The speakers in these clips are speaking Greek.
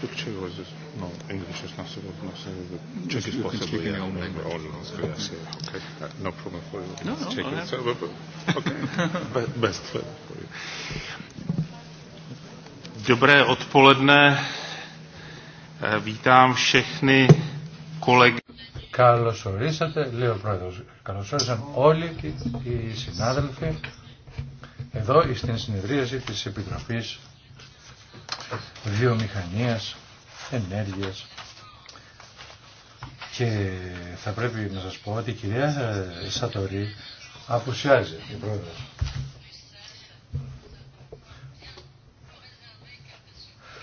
speak Czech or is it? No, English is not so good. so good. Czech is possible. Yeah, all Yeah. Okay, uh, no problem for you. No, no, Czech but, okay. but Best for you. Dobré odpoledne. Vítám všechny kolegy. Καλώς ορίσατε, λέει ο Πρόεδρος. Καλώς όρισαν όλοι οι συνάδελφοι εδώ στην συνεδρίαση της Επιτροπής βιομηχανίας, ενέργειας. Και θα πρέπει να σας πω ότι η κυρία ε, Σατορή απουσιάζει η πρόεδρος.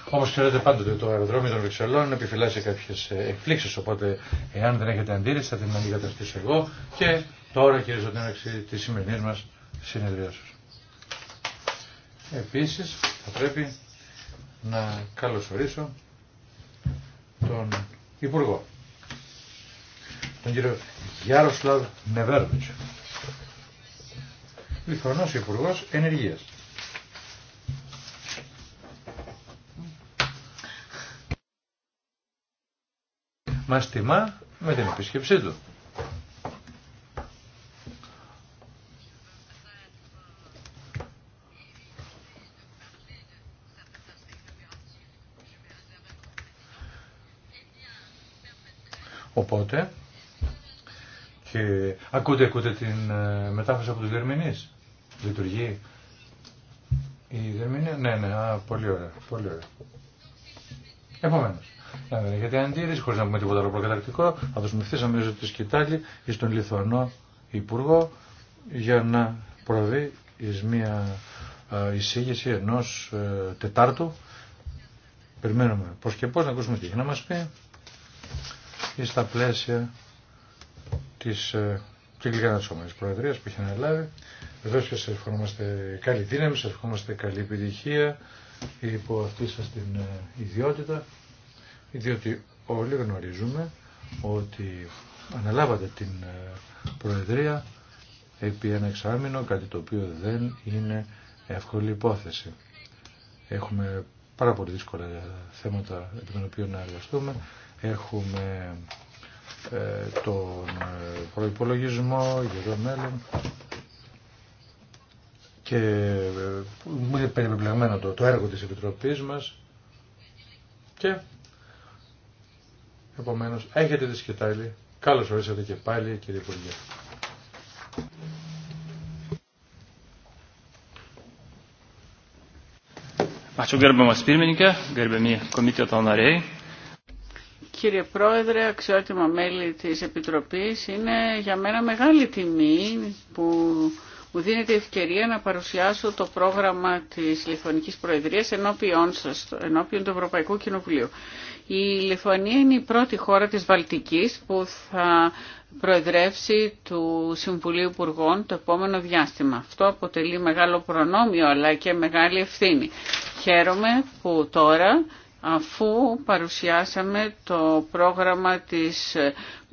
Όπω ξέρετε, πάντοτε το αεροδρόμιο των Βρυξελών επιφυλάσσει κάποιε εκπλήξει. Οπότε, εάν δεν έχετε αντίρρηση, θα την αντικαταστήσω εγώ. Και τώρα, κύριε Σωτήραξη, τη σημερινή μα συνεδρίαση. Επίση, θα πρέπει να καλωσορίσω τον Υπουργό, τον κύριο Γιάροσλαβ Νεβέρβιτς, Λιθωνός Υπουργός Ενεργείας. Μας τιμά με την επίσκεψή του. Οπότε, και ακούτε, ακούτε την ε, μετάφραση από τους Δερμηνείς. Λειτουργεί η Δερμηνία. Ναι, ναι, α, πολύ ωραία, πολύ ωραία. Επομένως, γιατί δεν έχετε αντίρρηση, χωρίς να πούμε τίποτα άλλο προκαταρκτικό, θα τους ευθύς αμέσως τη σκητάλη εις τον Λιθουανό Υπουργό για να προβεί εις μία εισήγηση ενός ε, τετάρτου. Περιμένουμε πώς και πώς να ακούσουμε τι έχει να μας πει ή στα πλαίσια της ε, κυκλική Προεδρίας που είχε αναλάβει. εδώ και σας ευχόμαστε καλή δύναμη, σας ευχόμαστε καλή επιτυχία υπό αυτή σας την ε, ιδιότητα, διότι όλοι γνωρίζουμε ότι αναλάβατε την ε, Προεδρία επί ένα εξάμεινο, κάτι το οποίο δεν είναι εύκολη υπόθεση. Έχουμε πάρα πολύ δύσκολα θέματα με των οποία να εργαστούμε έχουμε ε, τον ε, προϋπολογισμό για το μέλλον και ε, μου είναι το, το έργο της Επιτροπής μας και επομένως έχετε τη σκετάλη Καλώς ορίσατε και πάλι κύριε Υπουργέ. Ačiū gerbiamas pirmininkė, gerbiami komiteto nariai. Κύριε Πρόεδρε, αξιότιμα μέλη της Επιτροπής, είναι για μένα μεγάλη τιμή που μου δίνεται η ευκαιρία να παρουσιάσω το πρόγραμμα της Λιθουανικής Προεδρίας ενώπιον σας, ενώπιον του Ευρωπαϊκού Κοινοβουλίου. Η Λιθουανία είναι η πρώτη χώρα της Βαλτικής που θα προεδρεύσει του Συμβουλίου Υπουργών το επόμενο διάστημα. Αυτό αποτελεί μεγάλο προνόμιο αλλά και μεγάλη ευθύνη. Χαίρομαι που τώρα αφού παρουσιάσαμε το πρόγραμμα της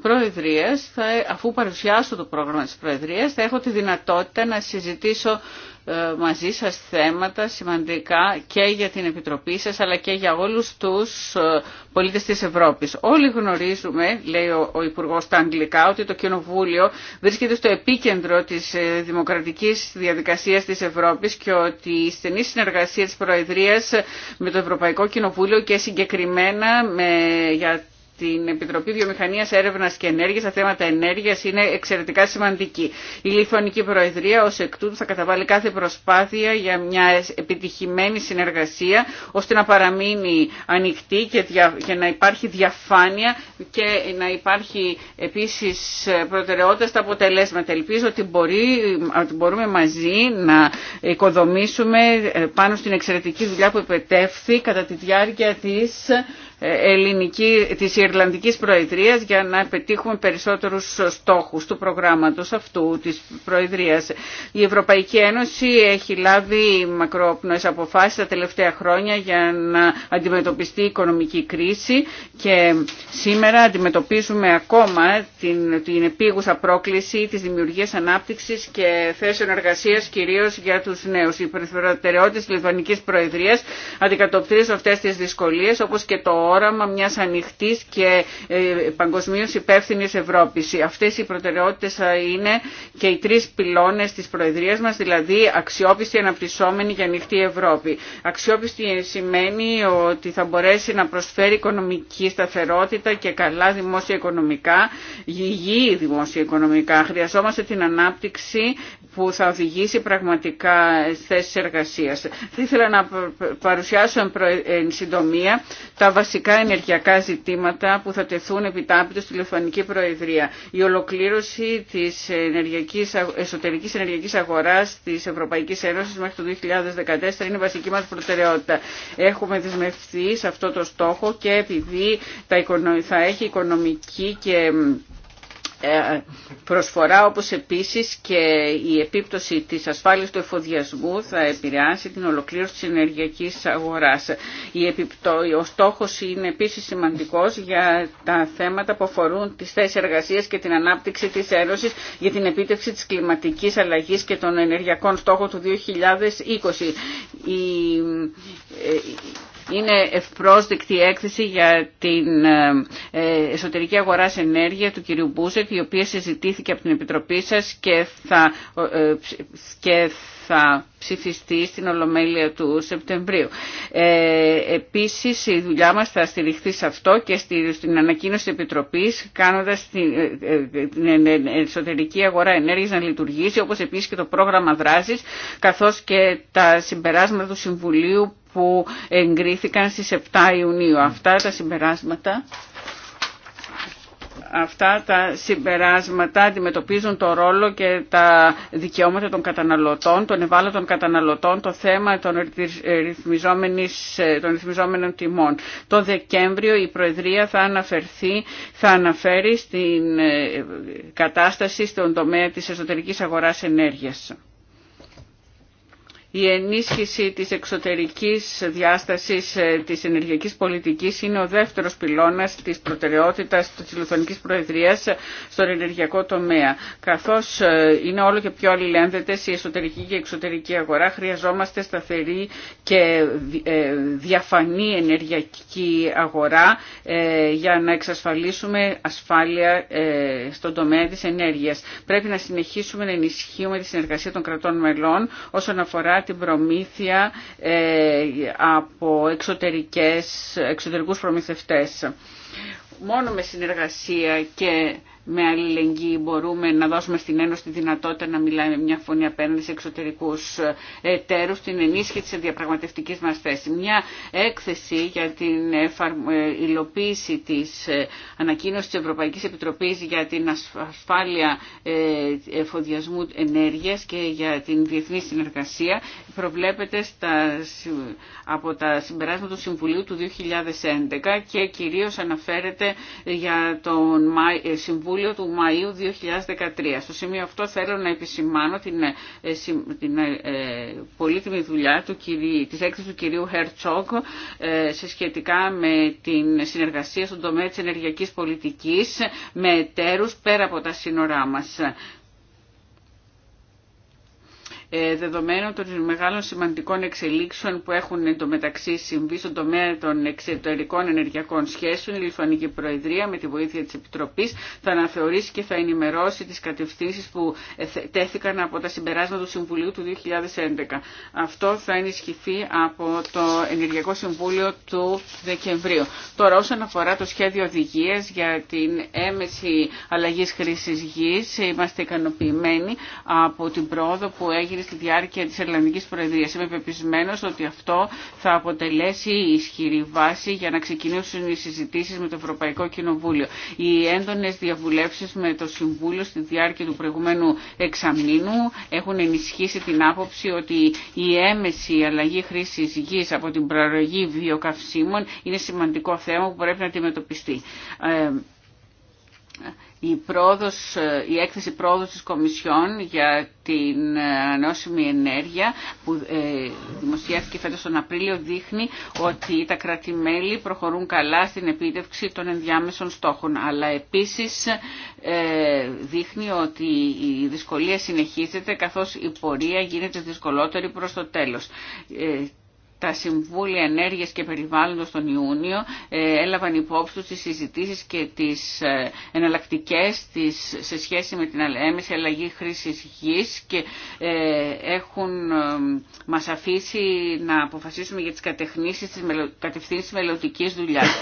Προεδρίας, θα, αφού παρουσιάσω το πρόγραμμα της Προεδρίας, θα έχω τη δυνατότητα να συζητήσω ε, μαζί σας θέματα σημαντικά και για την Επιτροπή σας αλλά και για όλους τους ε, πολίτες της Ευρώπης. Όλοι γνωρίζουμε, λέει ο, ο Υπουργός στα Αγγλικά, ότι το Κοινοβούλιο βρίσκεται στο επίκεντρο της ε, δημοκρατικής διαδικασίας της Ευρώπης και ότι η στενή συνεργασία της Προεδρίας με το Ευρωπαϊκό Κοινοβούλιο και συγκεκριμένα με, για στην Επιτροπή Βιομηχανίας Έρευνας και Ενέργειας τα θέματα ενέργειας είναι εξαιρετικά σημαντική. Η Λιθουανική Προεδρία ως εκ τούτου θα καταβάλει κάθε προσπάθεια για μια επιτυχημένη συνεργασία ώστε να παραμείνει ανοιχτή και, δια... να υπάρχει διαφάνεια και να υπάρχει επίσης προτεραιότητα στα αποτελέσματα. Ελπίζω ότι, μπορεί... μπορούμε μαζί να οικοδομήσουμε πάνω στην εξαιρετική δουλειά που επετεύχθη κατά τη διάρκεια της ε, ελληνική, της Ιρλανδικής Προεδρίας για να πετύχουμε περισσότερους στόχους του προγράμματος αυτού της Προεδρίας. Η Ευρωπαϊκή Ένωση έχει λάβει μακρόπνοες αποφάσεις τα τελευταία χρόνια για να αντιμετωπιστεί η οικονομική κρίση και σήμερα αντιμετωπίζουμε ακόμα την, την επίγουσα πρόκληση της δημιουργίας ανάπτυξης και θέσεων εργασίας κυρίως για τους νέους. Οι προτεραιότητες της Λιθουανικής Προεδρίας αντικατοπτρίζουν αυτές τις δυσκολίες όπως και το όραμα μιας ανοιχτής και ε, παγκοσμίως υπεύθυνης Ευρώπης. Αυτές οι προτεραιότητες θα είναι και οι τρεις πυλώνες της Προεδρίας μας, δηλαδή αξιόπιστη, αναπτυσσόμενη και ανοιχτή Ευρώπη. Αξιόπιστη σημαίνει ότι θα μπορέσει να προσφέρει οικονομική σταθερότητα και καλά δημόσια οικονομικά, υγιή δημόσια οικονομικά. Χρειαζόμαστε την ανάπτυξη που θα οδηγήσει πραγματικά θέσεις εργασία. Θα ήθελα να παρουσιάσω εν τα βασικά ενεργειακά ζητήματα που θα τεθούν επιτάπητο στη Λιθουανική Προεδρία. Η ολοκλήρωση τη εσωτερική ενεργειακή αγορά τη Ευρωπαϊκή Ένωση μέχρι το 2014 είναι βασική μα προτεραιότητα. Έχουμε δεσμευτεί σε αυτό το στόχο και επειδή θα έχει οικονομική και ε, προσφορά όπως επίσης και η επίπτωση της ασφάλειας του εφοδιασμού θα επηρεάσει την ολοκλήρωση της ενεργειακής αγοράς. Ο στόχος είναι επίσης σημαντικός για τα θέματα που αφορούν τις θέσεις εργασίας και την ανάπτυξη της Ένωσης για την επίτευξη της κλιματικής αλλαγής και των ενεργειακών στόχων του 2020. Είναι ευπρόσδεκτη έκθεση για την ε, εσωτερική αγορά σε ενέργεια του κυρίου Μπούσεκ, η οποία συζητήθηκε από την Επιτροπή σας και θα, ε, και θα ψηφιστεί στην Ολομέλεια του Σεπτεμβρίου. Ε, επίσης η δουλειά μας θα στηριχθεί σε αυτό και στην ανακοίνωση της Επιτροπής κάνοντας ε, την, εσωτερική αγορά ενέργειας να λειτουργήσει όπως επίσης και το πρόγραμμα δράσης καθώς και τα συμπεράσματα του Συμβουλίου που εγκρίθηκαν στις 7 Ιουνίου. Αυτά τα συμπεράσματα αυτά τα συμπεράσματα αντιμετωπίζουν το ρόλο και τα δικαιώματα των καταναλωτών, των ευάλωτων καταναλωτών, το θέμα των, των ρυθμιζόμενων τιμών. Το Δεκέμβριο η Προεδρία θα, αναφερθεί, θα αναφέρει στην ε, κατάσταση στον τομέα της εσωτερικής αγοράς ενέργειας η ενίσχυση της εξωτερικής διάστασης ε, της ενεργειακής πολιτικής είναι ο δεύτερος πυλώνας της προτεραιότητας της Λιθουανικής Προεδρίας στον ενεργειακό τομέα. Καθώς ε, είναι όλο και πιο αλληλένδετες η εσωτερική και η εξωτερική αγορά, χρειαζόμαστε σταθερή και ε, διαφανή ενεργειακή αγορά για να εξασφαλίσουμε ασφάλεια στον τομέα της ενέργειας. Πρέπει να συνεχίσουμε να ενισχύουμε τη συνεργασία των κρατών μελών όσον αφορά την προμήθεια ε, από εξωτερικές, εξωτερικούς προμηθευτές. Μόνο με συνεργασία και με αλληλεγγύη μπορούμε να δώσουμε στην Ένωση τη δυνατότητα να μιλάει με μια φωνή απέναντι σε εξωτερικού εταίρου, την ενίσχυση τη διαπραγματευτική μα θέση. Μια έκθεση για την υλοποίηση τη ε, ανακοίνωση τη Ευρωπαϊκή Επιτροπή για την ασφάλεια ε, εφοδιασμού ενέργεια και για την διεθνή συνεργασία προβλέπεται στα, από τα συμπεράσματα του Συμβουλίου του 2011 και κυρίως αναφέρεται για τον ε, Συμβούλιο Συμβούλιο του Μαΐου 2013. Στο σημείο αυτό θέλω να επισημάνω την, ε, την ε, ε, πολύτιμη δουλειά του κυρί, της έκθεσης του κυρίου Χερτσόγκ σε σχετικά με την συνεργασία στον τομέα της ενεργειακής πολιτικής με εταίρους πέρα από τα σύνορά μας. Ε, δεδομένων των μεγάλων σημαντικών εξελίξεων που έχουν το μεταξύ συμβεί στον τομέα των εξωτερικών ενεργειακών σχέσεων, η Λιθουανική Προεδρία με τη βοήθεια της Επιτροπής θα αναθεωρήσει και θα ενημερώσει τις κατευθύνσεις που τέθηκαν από τα συμπεράσματα του Συμβουλίου του 2011. Αυτό θα ενισχυθεί από το Ενεργειακό Συμβούλιο του Δεκεμβρίου. Τώρα όσον αφορά το σχέδιο οδηγίας για την έμεση αλλαγή χρήση γης, είμαστε ικανοποιημένοι από την πρόοδο που έγινε στη διάρκεια της ελληνικής Προεδρίας. Είμαι πεπισμένος ότι αυτό θα αποτελέσει ισχυρή βάση για να ξεκινήσουν οι συζητήσεις με το Ευρωπαϊκό Κοινοβούλιο. Οι έντονες διαβουλεύσεις με το Συμβούλιο στη διάρκεια του προηγουμένου εξαμήνου έχουν ενισχύσει την άποψη ότι η έμεση αλλαγή χρήσης γης από την προαρρογή βιοκαυσίμων είναι σημαντικό θέμα που πρέπει να αντιμετωπιστεί. Ε, η, ε, η έκθεση πρόοδος της Κομισιόν για την ε, ανώσιμη ενέργεια που ε, δημοσιεύτηκε φέτος τον Απρίλιο δείχνει ότι τα κρατημέλη προχωρούν καλά στην επίτευξη των ενδιάμεσων στόχων αλλά επίσης δείχνει ότι η δυσκολία συνεχίζεται καθώς η πορεία γίνεται δυσκολότερη προς το τέλος τα Συμβούλια Ενέργειας και Περιβάλλοντος τον Ιούνιο ε, έλαβαν υπόψη τους τις συζητήσεις και τις ε, εναλλακτικές της, σε σχέση με την έμεση αλλαγή χρήσης γης και ε, έχουν μας αφήσει να αποφασίσουμε για τις κατευθύνσεις της, κατευθύνσεις μελλοντικής δουλειάς.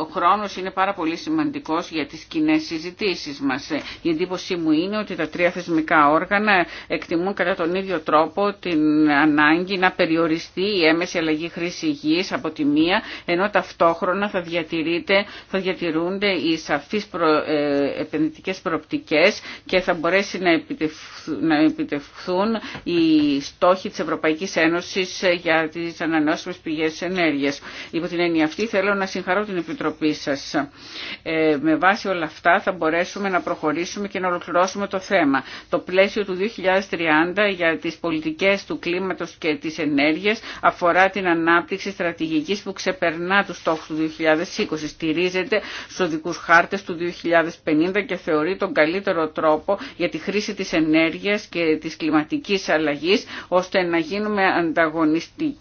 ο χρόνος είναι πάρα πολύ σημαντικός για τις κοινέ συζητήσεις μας. Η εντύπωσή μου είναι ότι τα τρία θεσμικά όργανα εκτιμούν κατά τον ίδιο τρόπο την ανάγκη να περιοριστεί η έμεση αλλαγή χρήση υγιής από τη μία, ενώ ταυτόχρονα θα, θα διατηρούνται οι σαφείς προ, ε, επενδυτικές προοπτικές και θα μπορέσει να, επιτευχθούν, να επιτευχθούν οι στόχοι της Ευρωπαϊκής Ένωσης για τις ανανεώσιμες πηγές ενέργειας. Υπό την έννοια αυτή θέλω να συγχαρώ την Επιτροπή σας. Ε, με βάση όλα αυτά θα μπορέσουμε να προχωρήσουμε και να ολοκληρώσουμε το θέμα. Το πλαίσιο του 2030 για τις πολιτικές του κλίματος και της ενέργειας αφορά την ανάπτυξη στρατηγικής που ξεπερνά τους στόχους του 2020. Στηρίζεται στους δικούς χάρτες του 2050 και θεωρεί τον καλύτερο τρόπο για τη χρήση της ενέργειας και της κλιματικής αλλαγής ώστε να γίνουμε ανταγωνιστικοί,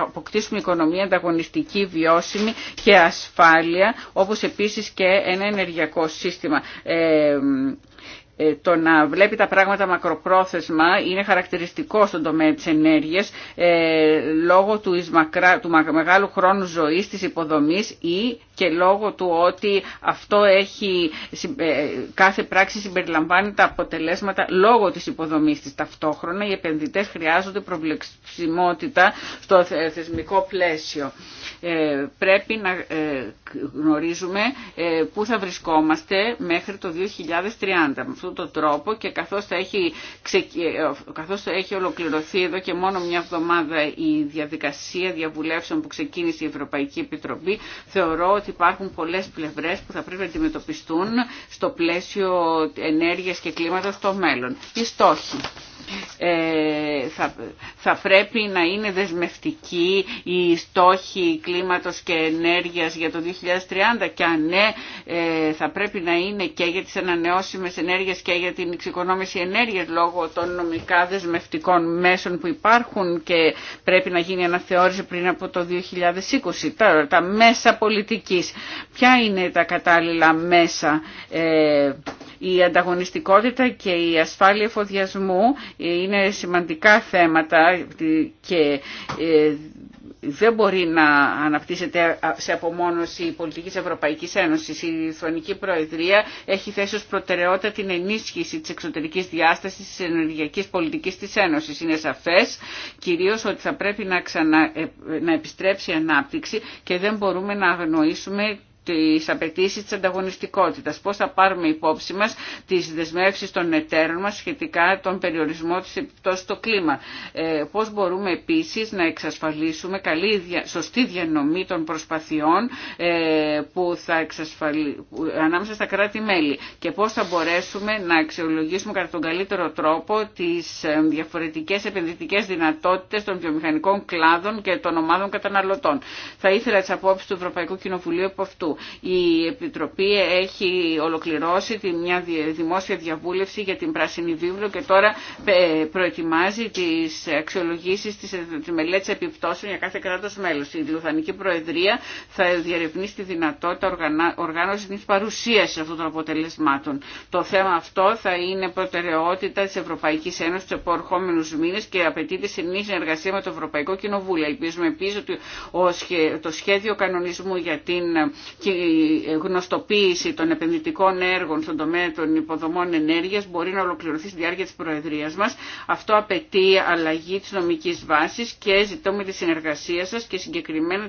αποκτήσουμε οικονομία ανταγωνιστική, βιώσιμη και ασφάλεια όπως επίσης και ένα ενεργειακό σύστημα ε, ε, το να βλέπει τα πράγματα μακροπρόθεσμα είναι χαρακτηριστικό στον τομέα της ενέργειας ε, λόγω του, του μεγάλου χρόνου ζωής της υποδομής ή και λόγω του ότι αυτό έχει, ε, κάθε πράξη συμπεριλαμβάνει τα αποτελέσματα λόγω της υποδομής της. Ταυτόχρονα οι επενδυτές χρειάζονται προβλεψιμότητα στο θεσμικό πλαίσιο. πρέπει να γνωρίζουμε πού θα βρισκόμαστε μέχρι το 2030 τον τρόπο και καθώς θα έχει, ε, καθώς θα έχει ολοκληρωθεί εδώ και μόνο μια εβδομάδα η διαδικασία διαβουλεύσεων που ξεκίνησε η Ευρωπαϊκή Επιτροπή, θεωρώ ότι υπάρχουν πολλές πλευρές που θα πρέπει να αντιμετωπιστούν στο πλαίσιο ενέργειας και κλίματος στο μέλλον. Οι στόχοι. Ε, θα, θα πρέπει να είναι δεσμευτική η στόχοι κλίματος και ενέργειας για το 2030 και αν ναι ε, θα πρέπει να είναι και για τις ανανεώσιμες ενέργειες και για την εξοικονόμηση ενέργειας λόγω των νομικά δεσμευτικών μέσων που υπάρχουν και πρέπει να γίνει αναθεώρηση πριν από το 2020. τα μέσα πολιτικής. Ποια είναι τα κατάλληλα μέσα ε, η ανταγωνιστικότητα και η ασφάλεια εφοδιασμού είναι σημαντικά θέματα και ε, δεν μπορεί να αναπτύσσεται σε απομόνωση η πολιτική της Ευρωπαϊκής Ένωσης. Η Ιθουανική Προεδρία έχει θέσει ως προτεραιότητα την ενίσχυση της εξωτερικής διάστασης της ενεργειακής πολιτικής της Ένωσης. Είναι σαφές κυρίως ότι θα πρέπει να, ε, να επιστρέψει η ανάπτυξη και δεν μπορούμε να αγνοήσουμε τις απαιτήσει της ανταγωνιστικότητας. Πώς θα πάρουμε υπόψη μας τις δεσμεύσεις των εταίρων μας σχετικά τον περιορισμό της επιπτώσης στο κλίμα. Ε, πώς μπορούμε επίσης να εξασφαλίσουμε καλή, σωστή διανομή των προσπαθειών ε, που θα εξασφαλί, ανάμεσα στα κράτη-μέλη και πώς θα μπορέσουμε να αξιολογήσουμε κατά τον καλύτερο τρόπο τις ε, διαφορετικές επενδυτικές δυνατότητες των βιομηχανικών κλάδων και των ομάδων καταναλωτών. Θα ήθελα τις απόψεις του Ευρωπαϊκού Κοινοβουλίου από αυτού. Η Επιτροπή έχει ολοκληρώσει τη μια δημόσια διαβούλευση για την Πράσινη Βίβλο και τώρα ε, προετοιμάζει τις αξιολογήσεις τις ε, μελέτη επιπτώσεων για κάθε κράτος μέλος. Η Λουθανική Προεδρία θα διερευνήσει τη δυνατότητα οργάνωσης της παρουσίας αυτών των αποτελεσμάτων. Το θέμα αυτό θα είναι προτεραιότητα της Ευρωπαϊκής Ένωσης του επόμενου μήνες και απαιτείται συνήθεια συνεργασία με το Ευρωπαϊκό Κοινοβούλιο. Ελπίζουμε επίσης ότι το σχέδιο κανονισμού για την και η γνωστοποίηση των επενδυτικών έργων στον τομέα των υποδομών ενέργειας μπορεί να ολοκληρωθεί στη διάρκεια της Προεδρίας μας. Αυτό απαιτεί αλλαγή της νομικής βάσης και ζητώ με τη συνεργασία σας και συγκεκριμένα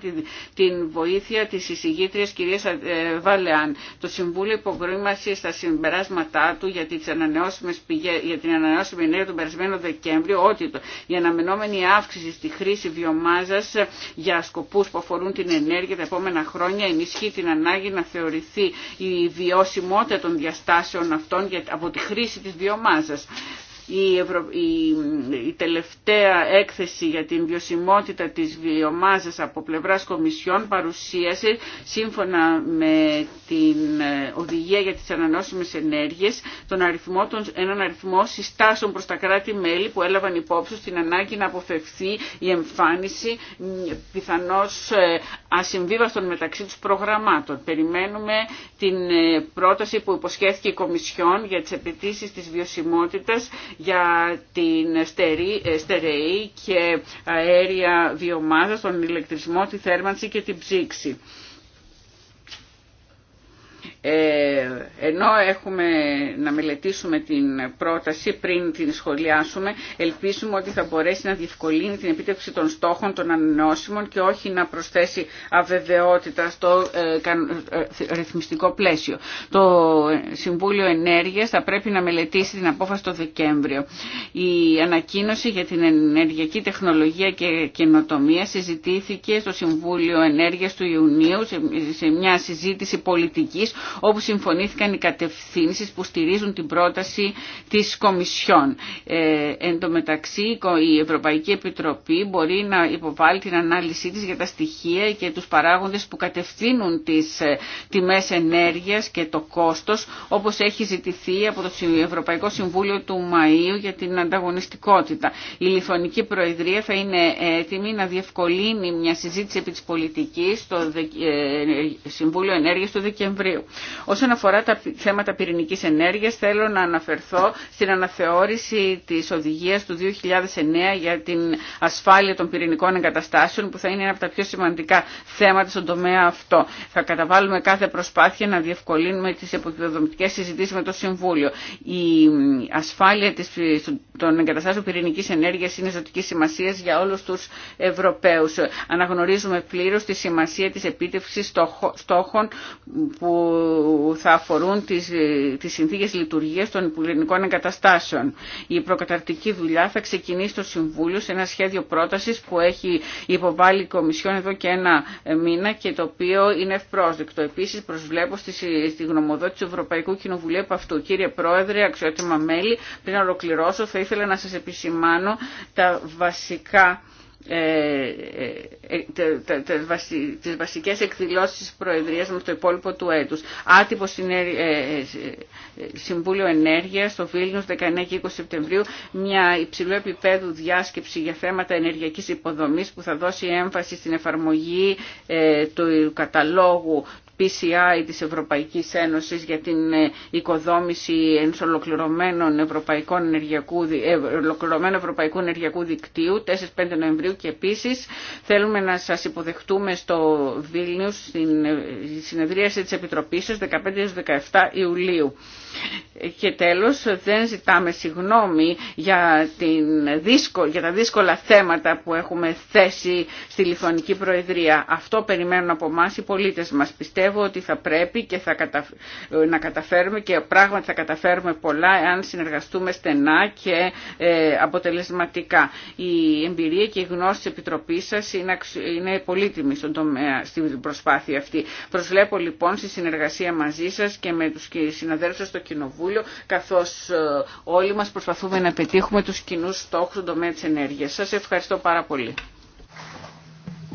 την, βοήθεια της εισηγήτριας κυρίας ε, Βαλεάν. Το Συμβούλιο υπογρήμασε στα συμπεράσματά του για, τις ανανεώσιμες για την ανανεώσιμη ενέργεια τον περασμένο Δεκέμβριο ότι η αναμενόμενη αύξηση στη χρήση βιομάζας για σκοπούς που αφορούν την ενέργεια τα επόμενα χρόνια ενισχύει την ανάγκη να θεωρηθεί η βιώσιμότητα των διαστάσεων αυτών από τη χρήση της βιομάζας η, Ευρω... η... τελευταία έκθεση για την βιωσιμότητα της βιομάζας από πλευράς Κομισιόν παρουσίασε σύμφωνα με την ε, Οδηγία για τις Ανανόσιμες Ενέργειες τον αριθμό, των έναν αριθμό συστάσεων προς τα κράτη-μέλη που έλαβαν υπόψη στην ανάγκη να αποφευθεί η εμφάνιση πιθανώς ε, ασυμβίβαστον μεταξύ τους προγραμμάτων. Περιμένουμε την ε, πρόταση που υποσχέθηκε η Κομισιόν για τις απαιτήσει της βιωσιμότητας για την ε, στερεή και αέρια βιομάζα, τον ηλεκτρισμό, τη θέρμανση και την ψήξη. Ε, ενώ έχουμε να μελετήσουμε την πρόταση πριν την σχολιάσουμε, ελπίζουμε ότι θα μπορέσει να διευκολύνει την επίτευξη των στόχων των ανανεώσιμων και όχι να προσθέσει αβεβαιότητα στο ε, ε, ρυθμιστικό πλαίσιο. Το Συμβούλιο Ενέργειας θα πρέπει να μελετήσει την απόφαση το Δεκέμβριο. Η ανακοίνωση για την ενεργειακή τεχνολογία και καινοτομία συζητήθηκε στο Συμβούλιο Ενέργειας του Ιουνίου σε μια συζήτηση πολιτικής όπου συμφωνήθηκαν οι κατευθύνσεις που στηρίζουν την πρόταση της Κομισιόν. Ε, εν τω μεταξύ η Ευρωπαϊκή Επιτροπή μπορεί να υποβάλει την ανάλυση της για τα στοιχεία και τους παράγοντες που κατευθύνουν τις ε, τιμές ενέργειας και το κόστος όπως έχει ζητηθεί από το Ευρωπαϊκό Συμβούλιο του Μαΐου για την ανταγωνιστικότητα. Η Λιθωνική Προεδρία θα είναι έτοιμη να διευκολύνει μια συζήτηση επί της πολιτικής στο ε, ε, Συμβούλιο Ενέργειας του Δεκεμβρίου. Όσον αφορά τα θέματα πυρηνικής ενέργειας, θέλω να αναφερθώ στην αναθεώρηση της οδηγίας του 2009 για την ασφάλεια των πυρηνικών εγκαταστάσεων, που θα είναι ένα από τα πιο σημαντικά θέματα στον τομέα αυτό. Θα καταβάλουμε κάθε προσπάθεια να διευκολύνουμε τις επικοδομητικές συζητήσεις με το Συμβούλιο. Η ασφάλεια των εγκαταστάσεων πυρηνικής ενέργειας είναι ζωτική σημασία για όλους τους Ευρωπαίους. Αναγνωρίζουμε πλήρως τη σημασία της επίτευξης στόχων που θα αφορούν τις, τις συνθήκες λειτουργίας των υπουργενικών εγκαταστάσεων. Η προκαταρτική δουλειά θα ξεκινήσει στο Συμβούλιο σε ένα σχέδιο πρότασης που έχει υποβάλει η Κομισιόν εδώ και ένα μήνα και το οποίο είναι ευπρόσδεκτο. Επίσης προσβλέπω στη, γνωμοδότηση του Ευρωπαϊκού Κοινοβουλίου από αυτού. Κύριε Πρόεδρε, αξιότιμα μέλη, πριν ολοκληρώσω θα ήθελα να σας επισημάνω τα βασικά ε, ε, ε, τις βασικές εκδηλώσεις της Προεδρίας με το υπόλοιπο του έτους. Άτυπο Συμβούλιο Ενέργειας στο Βίλνιους 19 και 20 Σεπτεμβρίου μια υψηλού επίπεδου διάσκεψη για θέματα ενεργειακής υποδομής που θα δώσει έμφαση στην εφαρμογή του καταλόγου PCI της Ευρωπαϊκής Ένωσης για την ε, οικοδόμηση ενός ε, ολοκληρωμένου ευρωπαϊκού ενεργειακού δικτύου 4-5 Νοεμβρίου και επίσης θέλουμε να σας υποδεχτούμε στο Βίλνιους στην ε, συνεδρίαση της Επιτροπής σας 15-17 Ιουλίου. Και τέλος δεν ζητάμε συγνώμη για, για τα δύσκολα θέματα που έχουμε θέσει στη Λιθουανική Προεδρία. Αυτό περιμένουν από εμά οι πολίτες μας. πιστεύουν πιστεύω ότι θα πρέπει και θα κατα... Ε, να καταφέρουμε και πράγματι θα καταφέρουμε πολλά αν συνεργαστούμε στενά και ε, αποτελεσματικά. Η εμπειρία και η γνώση τη Επιτροπής σας είναι, είναι πολύτιμη στον τομέα, στην προσπάθεια αυτή. Προσβλέπω λοιπόν στη συνεργασία μαζί σας και με τους συναδέλφους στο Κοινοβούλιο καθώς ε, όλοι μας προσπαθούμε να πετύχουμε του κοινού στόχου στον τομέα τη ενέργεια. Σα ευχαριστώ πάρα πολύ.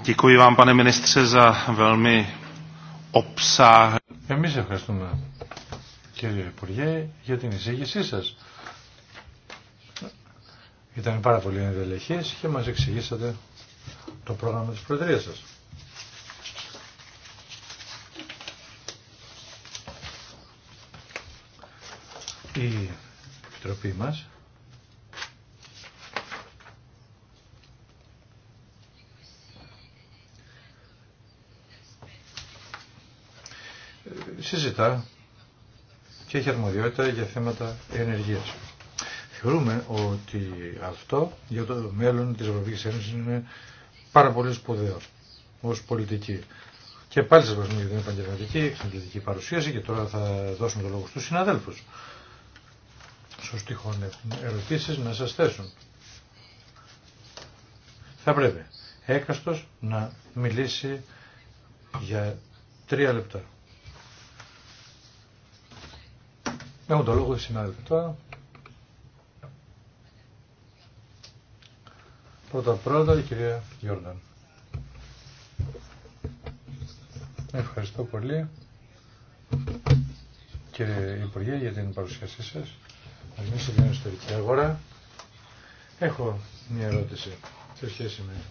Děkuji vám, pane ministře, za velmi εμείς ευχαριστούμε κύριε Υπουργέ για την εισήγησή σας. Ήταν πάρα πολύ ενδελεχής και μας εξηγήσατε το πρόγραμμα της Προεδρίας σας. Η Επιτροπή μας συζητά και έχει αρμοδιότητα για θέματα ενεργείας. Θεωρούμε ότι αυτό για το μέλλον της Ευρωπαϊκής Ένωσης είναι πάρα πολύ σπουδαίο ως πολιτική. Και πάλι σας την επαγγελματική, παρουσίαση και τώρα θα δώσουμε το λόγο στους συναδέλφους. τυχόν να σας θέσουν. Θα πρέπει να μιλήσει για τρία λεπτά. Έχω το λόγο οι συνάδελφοι τώρα. Πρώτα πρώτα η κυρία Γιόρνταν. Ευχαριστώ πολύ κύριε Υπουργέ για την παρουσίασή σας. Εμείς στην ιστορική αγορά έχω μια ερώτηση σε σχέση με την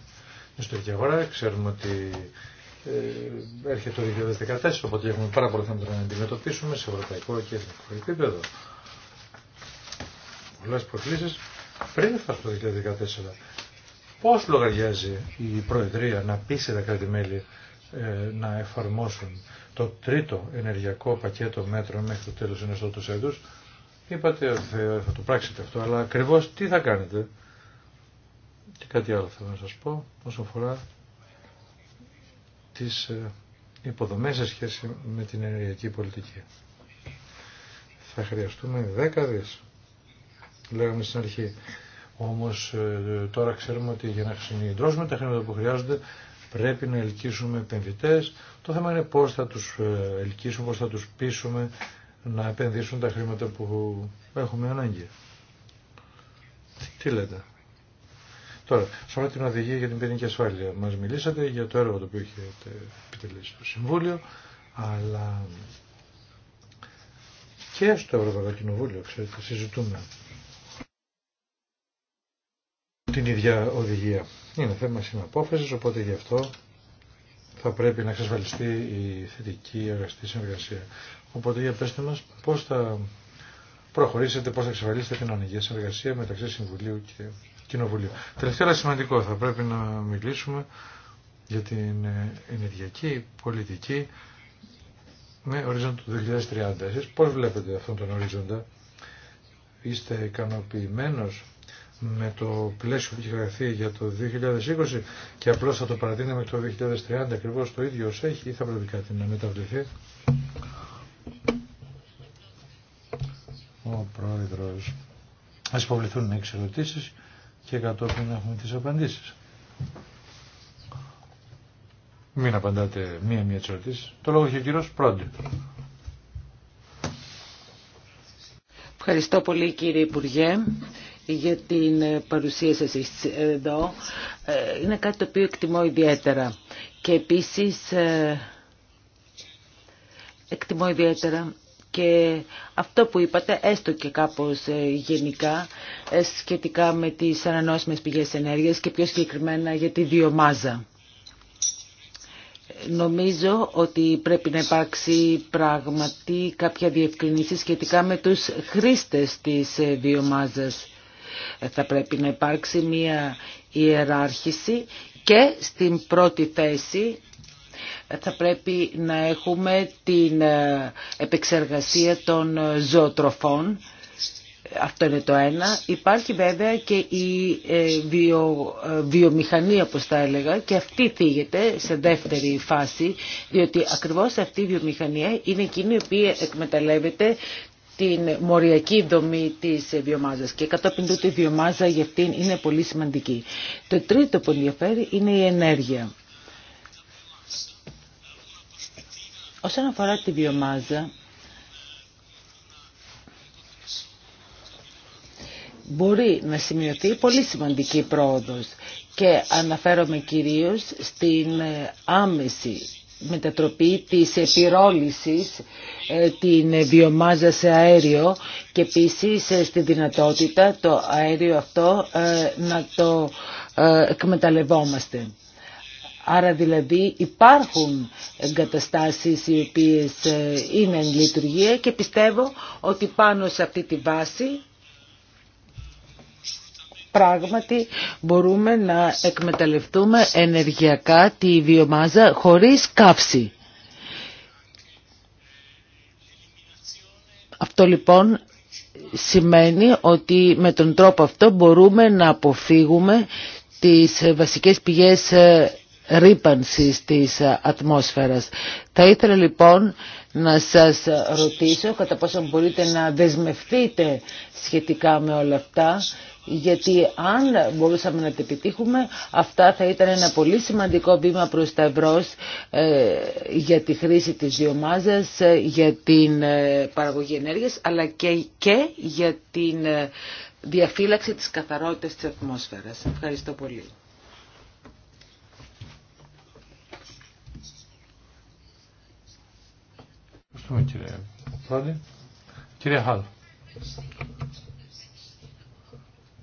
ιστορική αγορά. Ξέρουμε ότι ε, έρχεται το 2014, οπότε έχουμε πάρα πολλά θέματα να αντιμετωπίσουμε σε ευρωπαϊκό και εθνικό επίπεδο. Πολλέ προκλήσεις πριν φτάσουμε το 2014. Πώς λογαριάζει η Προεδρία να πείσει τα κράτη-μέλη ε, να εφαρμόσουν το τρίτο ενεργειακό πακέτο μέτρων μέχρι το τέλος ενός έτους. Είπατε ότι θα το πράξετε αυτό, αλλά ακριβώ τι θα κάνετε. Και κάτι άλλο θέλω να σας πω όσον αφορά τις ε, υποδομές σε σχέση με την ενεργειακή πολιτική. Θα χρειαστούμε δέκα λέγαμε στην αρχή. Όμως ε, τώρα ξέρουμε ότι για να συνειδητρώσουμε τα χρήματα που χρειάζονται πρέπει να ελκύσουμε επενδυτέ. Το θέμα είναι πώς θα τους ε, ελκύσουμε, πώς θα τους πείσουμε να επενδύσουν τα χρήματα που έχουμε ανάγκη. Τι λέτε, Τώρα, σε αυτή την οδηγία για την ποινική ασφάλεια, μας μιλήσατε για το έργο το οποίο έχετε επιτελέσει στο Συμβούλιο, αλλά και στο Ευρωπαϊκό Κοινοβούλιο, ξέρετε, συζητούμε την ίδια οδηγία. Είναι θέμα συναπόφαση, οπότε γι' αυτό θα πρέπει να εξασφαλιστεί η θετική εργαστή συνεργασία. Οπότε για πέστε μας πώς θα προχωρήσετε, πώς θα εξασφαλίσετε την ανοιγία συνεργασία μεταξύ Συμβουλίου και Κοινοβουλίου. Τελευταία σημαντικό, θα πρέπει να μιλήσουμε για την ε, ενεργειακή πολιτική με ορίζοντα του 2030. Εσείς πώς βλέπετε αυτόν τον ορίζοντα. Είστε ικανοποιημένο με το πλαίσιο που έχει γραφτεί για το 2020 και απλώς θα το παρατείναμε το 2030 ακριβώ το ίδιο ως έχει ή θα πρέπει κάτι να μεταβληθεί. Ο Πρόεδρος. Ας υποβληθούν έξι ερωτήσεις και κατόπιν έχουμε τις απαντήσεις. Μην απαντάτε μία-μία τις ερωτήσεις. Το λόγο έχει ο κύριος Πρόντι. Ευχαριστώ πολύ κύριε Υπουργέ για την παρουσία σας εδώ. Ε, είναι κάτι το οποίο εκτιμώ ιδιαίτερα. Και επίσης ε, εκτιμώ ιδιαίτερα και αυτό που είπατε, έστω και κάπως ε, γενικά, ε, σχετικά με τις ανανόσιμες πηγές ενέργειας και πιο συγκεκριμένα για τη βιομάζα. Νομίζω ότι πρέπει να υπάρξει πραγματί κάποια διευκρινήση σχετικά με τους χρήστες της ε, βιομάζας. Θα πρέπει να υπάρξει μια ιεράρχηση και στην πρώτη θέση θα πρέπει να έχουμε την ε, επεξεργασία των ε, ζωοτροφών. Αυτό είναι το ένα. Υπάρχει βέβαια και η ε, βιο, βιομηχανία, όπως τα έλεγα, και αυτή θίγεται σε δεύτερη φάση, διότι ακριβώς αυτή η βιομηχανία είναι εκείνη η οποία εκμεταλλεύεται την μοριακή δομή της βιομάζας και κατόπιν τούτη η βιομάζα για αυτήν είναι πολύ σημαντική. Το τρίτο που ενδιαφέρει είναι η ενέργεια. Όσον αφορά τη βιομάζα, μπορεί να σημειωθεί πολύ σημαντική πρόοδος και αναφέρομαι κυρίως στην ε, άμεση μετατροπή της επιρόλησης ε, την βιομάζα σε αέριο και επίσης ε, στη δυνατότητα το αέριο αυτό να το εκμεταλλευόμαστε. Άρα δηλαδή υπάρχουν εγκαταστάσεις οι οποίες ε, είναι εν λειτουργία και πιστεύω ότι πάνω σε αυτή τη βάση πράγματι μπορούμε να εκμεταλλευτούμε ενεργειακά τη βιομάζα χωρίς καύση. Αυτό λοιπόν σημαίνει ότι με τον τρόπο αυτό μπορούμε να αποφύγουμε τις βασικές πηγές ε, ρήπανσης της ε, ατμόσφαιρας. Θα ήθελα λοιπόν να σας ρωτήσω κατά πόσο μπορείτε να δεσμευτείτε σχετικά με όλα αυτά γιατί αν μπορούσαμε να τα επιτύχουμε αυτά θα ήταν ένα πολύ σημαντικό βήμα προς τα ευρώς ε, για τη χρήση της βιομάζας, ε, για την παραγωγή ενέργειας αλλά και, και για την διαφύλαξη της καθαρότητας της ατμόσφαιρας. Ευχαριστώ πολύ. Ευχαριστούμε κύριε Πρόεδρε. Κύριε Χάλ.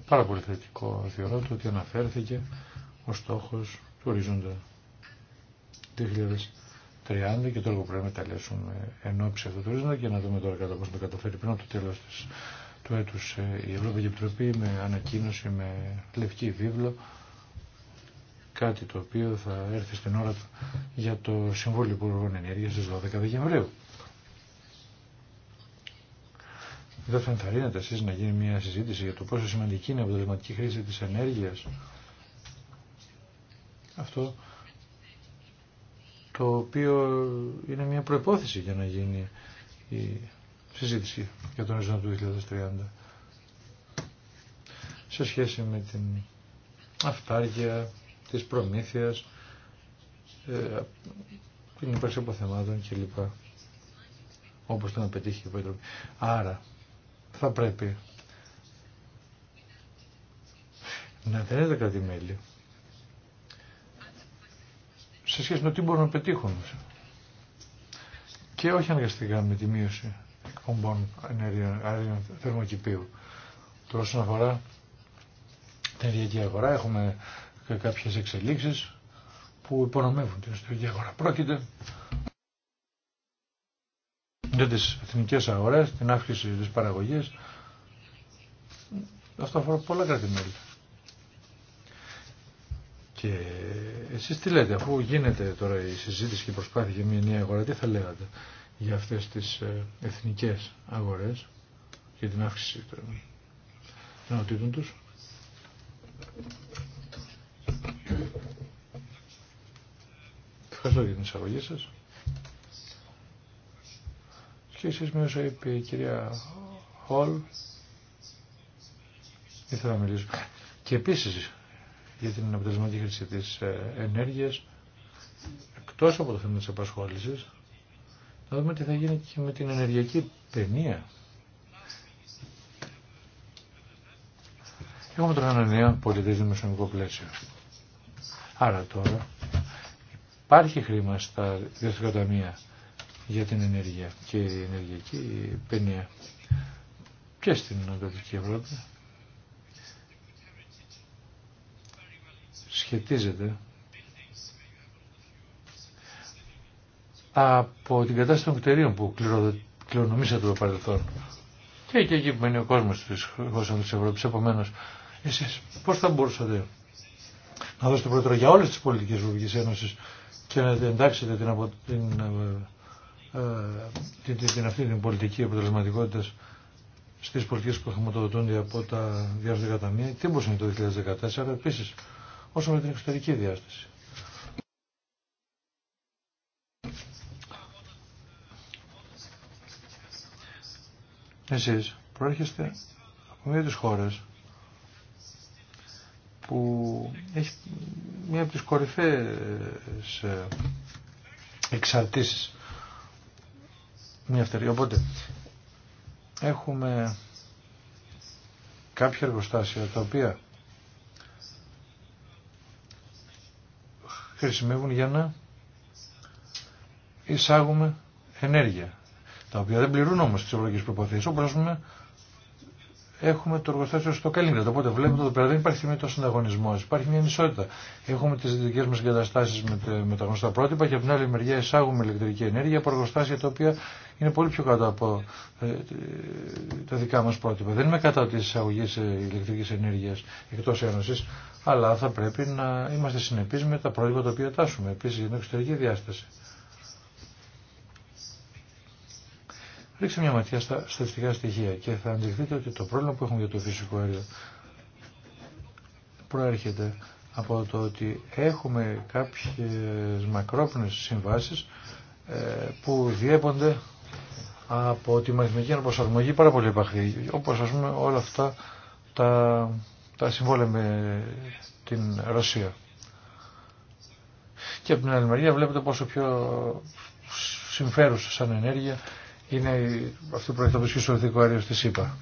Πάρα πολύ θετικό θεωρώ το ότι αναφέρθηκε ο στόχος του ορίζοντα 2030 και τώρα που πρέπει να τα εν ώψη αυτού του ορίζοντα και να δούμε τώρα κατά πώς το καταφέρει πριν από το τέλος του έτους ε, η Ευρωπαϊκή Επιτροπή με ανακοίνωση, με λευκή βίβλο κάτι το οποίο θα έρθει στην ώρα για το Συμβούλιο Υπουργών Ενέργειας στις 12 Δεκεμβρίου. Δεν θα ενθαρρύνετε εσείς να γίνει μια συζήτηση για το πόσο σημαντική είναι η αποτελεσματική χρήση της ενέργειας. Αυτό το οποίο είναι μια προϋπόθεση για να γίνει η συζήτηση για τον οριζόντα του 2030. Σε σχέση με την αυτάρκεια της προμήθειας, ε, την ύπαρξη αποθεμάτων κλπ. Όπως το να πετύχει η Επιτροπή. Άρα, θα πρέπει να δεν κατι μέλη σε σχέση με το τι μπορούν να πετύχουν και όχι αναγκαστικά με τη μείωση εκπομπών αερίων θερμοκηπίου. Τώρα όσον αφορά την ενεργειακή αγορά έχουμε και κάποιες εξελίξεις που υπονομεύουν την ενεργειακή αγορά. Πρόκειται για τις εθνικές αγορές, την αύξηση της παραγωγής. Αυτό αφορά πολλά κράτη-μέλη Και εσείς τι λέτε, αφού γίνεται τώρα η συζήτηση και η προσπάθεια για μια νέα αγορά, τι θα λέγατε για αυτές τις ε, εθνικές αγορές και την αύξηση των νοοτήτων τους. Ευχαριστώ για την εισαγωγή σας εσείς με όσο είπε η κυρία Χολ, ήθελα να μιλήσω. Και επίση για την αποτελεσματική χρήση της ε, ενέργειας, εκτό από το θέμα της απασχόλησης, να δούμε τι θα γίνει και με την ενεργειακή ταινία. Έχουμε τώρα ένα νέο πολιτικό δημοσιονομικό πλαίσιο. Άρα τώρα υπάρχει χρήμα στα διευθυντικά ταμεία για την ενέργεια και η ενεργειακή παινία και στην Ανατολική Ευρώπη σχετίζεται από την κατάσταση των κτηρίων που κληρονομήσατε το παρελθόν. Και, εκεί που μένει ο κόσμος της χώρας της Ευρώπης. Επομένως, εσείς πώς θα μπορούσατε να δώσετε πρόεδρο για όλες τις πολιτικές Ευρωπαϊκής Ένωσης και να εντάξετε την, απο... την ε, ε, την, την, αυτή την πολιτική αποτελεσματικότητα στι πολιτικέ που χρηματοδοτούνται από τα διάφορα ταμεία. Τι μπορούσε να είναι το 2014, επίση όσο με την εξωτερική διάσταση. Εσείς προέρχεστε από μία από τις χώρες που έχει μία από τις κορυφαίες ε, εξαρτήσεις μια Οπότε έχουμε κάποια εργοστάσια τα οποία χρησιμεύουν για να εισάγουμε ενέργεια, τα οποία δεν πληρούν όμως τις ευρωπαϊκές προποθέσεις, όπως ας πούμε έχουμε το εργοστάσιο στο Καλίνγκραντ. Οπότε βλέπουμε εδώ πέρα δεν υπάρχει σημείο τόσο ανταγωνισμό, υπάρχει μια ανισότητα. Έχουμε τι δικέ μα εγκαταστάσει με, με τα γνωστά πρότυπα και από την άλλη μεριά εισάγουμε ηλεκτρική ενέργεια από εργοστάσια τα οποία είναι πολύ πιο κάτω από ε, ε τα δικά μα πρότυπα. Δεν είμαι κατά τη εισαγωγή ε, ηλεκτρική ενέργεια εκτό Ένωση, αλλά θα πρέπει να είμαστε συνεπεί με τα πρότυπα τα οποία τάσουμε. Επίση για την εξωτερική διάσταση. ρίξτε μια ματιά στα στατιστικά στοιχεία και θα αντιληφθείτε ότι το πρόβλημα που έχουμε για το φυσικό αέριο προέρχεται από το ότι έχουμε κάποιες μακρόπνες συμβάσεις ε, που διέπονται από τη μαθηματική αναπροσαρμογή πάρα πολύ επαχθή. Όπως ας πούμε όλα αυτά τα, τα συμβόλαια με την Ρωσία. Και από την άλλη μεριά βλέπετε πόσο πιο συμφέρουσα σαν ενέργεια είναι αυτό που προέρχεται από το αέριο στη ΣΥΠΑ.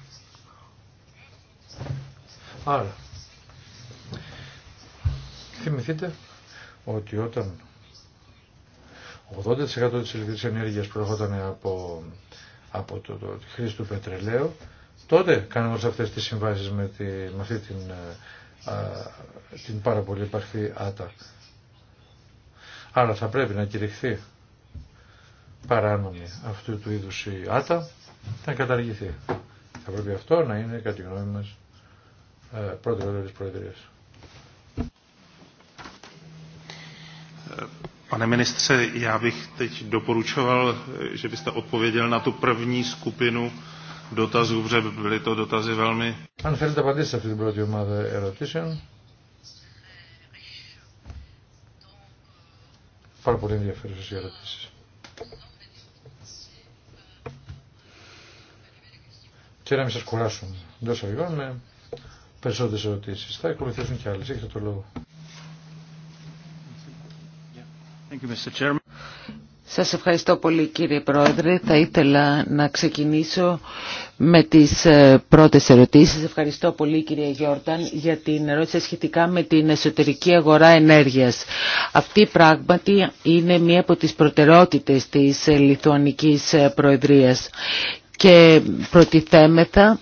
Άρα, θυμηθείτε ότι όταν 80% της ηλεκτρικής ενέργειας προερχόταν από, από το, το, τη χρήση του πετρελαίου, τότε κάναμε αυτές τις συμβάσεις με, τη, με αυτή την, ε, α, την πάρα πολύ υπαρχή άτα. Άρα θα πρέπει να κηρυχθεί παράνομη αυτού του είδους η άτα θα καταργηθεί. Θα πρέπει αυτό να είναι κατά τη γνώμη μας ε, πρώτη ερώτηση της Προεδρίας. Ε, pane ministře, já bych teď doporučoval, e, že byste odpověděl na tu první skupinu dotazů, protože byly to dotazy velmi... Αν θέλετε απαντήσετε αυτή την πρώτη ομάδα ερωτήσεων. Πάρα πολύ ενδιαφέρουσες οι ερωτήσεις. και να μην σας κουράσουν εντός με περισσότερες ερωτήσεις. Θα ακολουθήσουν και άλλες. Έχετε το λόγο. Σας ευχαριστώ πολύ κύριε Πρόεδρε. Θα ήθελα να ξεκινήσω με τις ε, πρώτες ερωτήσεις. Ευχαριστώ πολύ κύριε Γιόρταν για την ερώτηση σχετικά με την εσωτερική αγορά ενέργειας. Αυτή πράγματι είναι μία από τι προτεραιότητες της Λιθουανικής Προεδρίας και προτιθέμεθα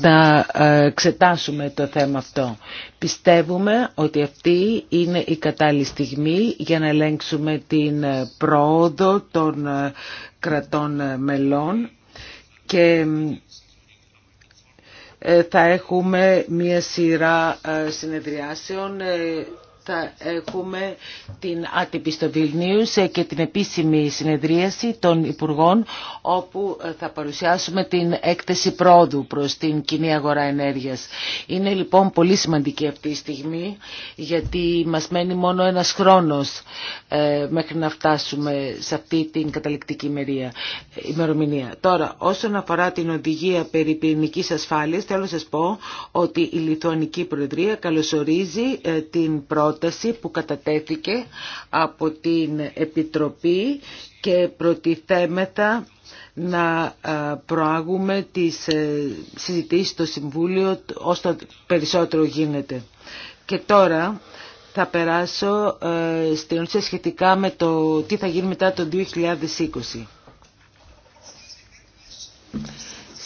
να ε, εξετάσουμε το θέμα αυτό. Πιστεύουμε ότι αυτή είναι η κατάλληλη στιγμή για να ελέγξουμε την ε, πρόοδο των ε, κρατών μελών και θα έχουμε μία σειρά συνεδριάσεων θα έχουμε την άτυπη στο Βιλνίους και την επίσημη συνεδρίαση των Υπουργών όπου θα παρουσιάσουμε την έκθεση πρόοδου προς την κοινή αγορά ενέργειας. Είναι λοιπόν πολύ σημαντική αυτή η στιγμή γιατί μας μένει μόνο ένας χρόνος ε, μέχρι να φτάσουμε σε αυτή την καταληκτική ημερομηνία. Τώρα, όσον αφορά την οδηγία περί πυρηνικής ασφάλειας, θέλω να σας πω ότι η Λιθουανική Προεδρία καλωσορίζει ε, την πρώτη πρόταση που κατατέθηκε από την Επιτροπή και προτιθέμεθα να ε, προάγουμε τις ε, συζητήσεις στο Συμβούλιο όσο περισσότερο γίνεται. Και τώρα θα περάσω ε, στην ουσία σχετικά με το τι θα γίνει μετά το 2020.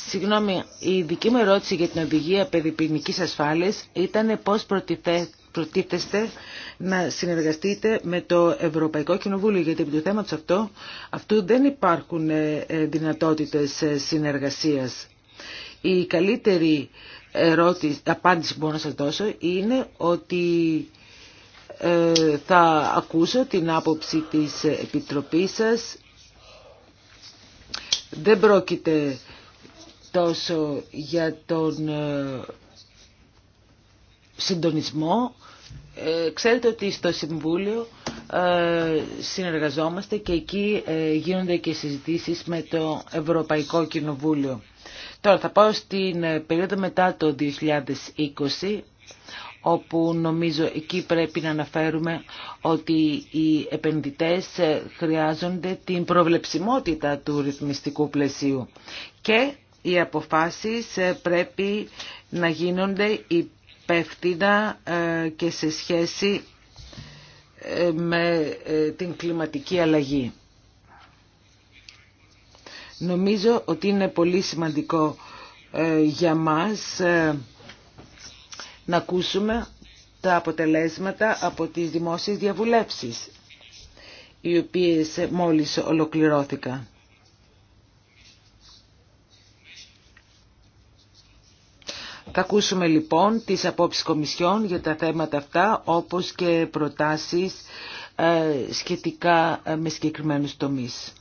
Συγγνώμη, η δική μου ερώτηση για την οδηγία περιπληνικής ασφάλειας ήταν πώς προτιθέ, προτίθεστε να συνεργαστείτε με το Ευρωπαϊκό Κοινοβούλιο γιατί επί του θέμα αυτό, αυτού δεν υπάρχουν ε, ε, δυνατότητες ε, συνεργασίας. Η καλύτερη ερώτηση, απάντηση που μπορώ να σας δώσω είναι ότι θα ακούσω την άποψη της Επιτροπής σας. Δεν πρόκειται τόσο για τον συντονισμό. Ε, ξέρετε ότι στο Συμβούλιο ε, συνεργαζόμαστε και εκεί ε, γίνονται και συζητήσεις με το Ευρωπαϊκό Κοινοβούλιο. Τώρα θα πάω στην περίοδο μετά το 2020 όπου νομίζω εκεί πρέπει να αναφέρουμε ότι οι επενδυτές χρειάζονται την προβλεψιμότητα του ρυθμιστικού πλαισίου και οι αποφάσεις πρέπει να γίνονται υπό υπεύθυνα ε, και σε σχέση ε, με ε, την κλιματική αλλαγή. Νομίζω ότι είναι πολύ σημαντικό για μας να ακούσουμε τα αποτελέσματα από τις δημόσιες διαβουλεύσεις, οι οποίες μόλις ολοκληρώθηκαν. Θα ακούσουμε λοιπόν τις απόψεις Κομισιόν για τα θέματα αυτά, όπως και προτάσεις ε, σχετικά ε, με συγκεκριμένους τομείς.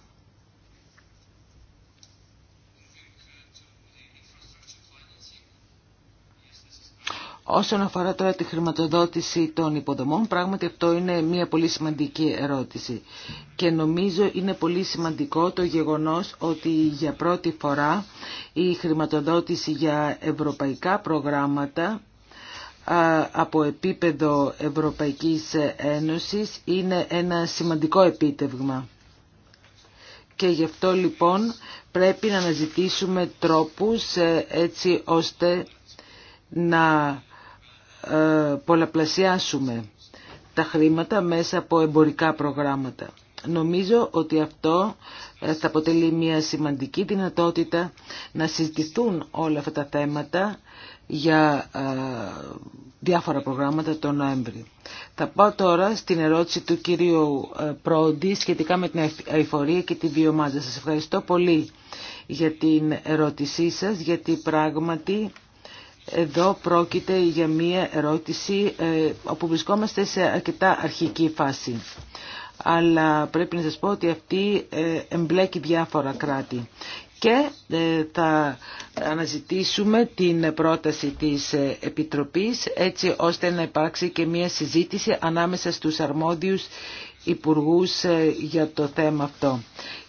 Όσον αφορά τώρα τη χρηματοδότηση των υποδομών, πράγματι αυτό είναι μια πολύ σημαντική ερώτηση. Και νομίζω είναι πολύ σημαντικό το γεγονός ότι για πρώτη φορά η χρηματοδότηση για ευρωπαϊκά προγράμματα από επίπεδο Ευρωπαϊκής Ένωσης είναι ένα σημαντικό επίτευγμα. Και γι' αυτό λοιπόν πρέπει να αναζητήσουμε τρόπους ε, έτσι ώστε να ε, πολλαπλασιάσουμε τα χρήματα μέσα από εμπορικά προγράμματα. Νομίζω ότι αυτό ε, θα αποτελεί μια σημαντική δυνατότητα να συζητηθούν όλα αυτά τα θέματα για ε, διάφορα προγράμματα τον Νοέμβρη. Θα πάω τώρα στην ερώτηση του κυρίου Πρόντι σχετικά με την αηφορία και τη βιομάζα. Σας ευχαριστώ πολύ για την ερώτησή σας, γιατί πράγματι εδώ πρόκειται για μία ερώτηση ε, όπου βρισκόμαστε σε αρκετά αρχική φάση. Αλλά πρέπει να σας πω ότι αυτή ε, εμπλέκει διάφορα κράτη. Και ε, θα αναζητήσουμε την πρόταση της Επιτροπής έτσι ώστε να υπάρξει και μία συζήτηση ανάμεσα στους αρμόδιους υπουργούς για το θέμα αυτό.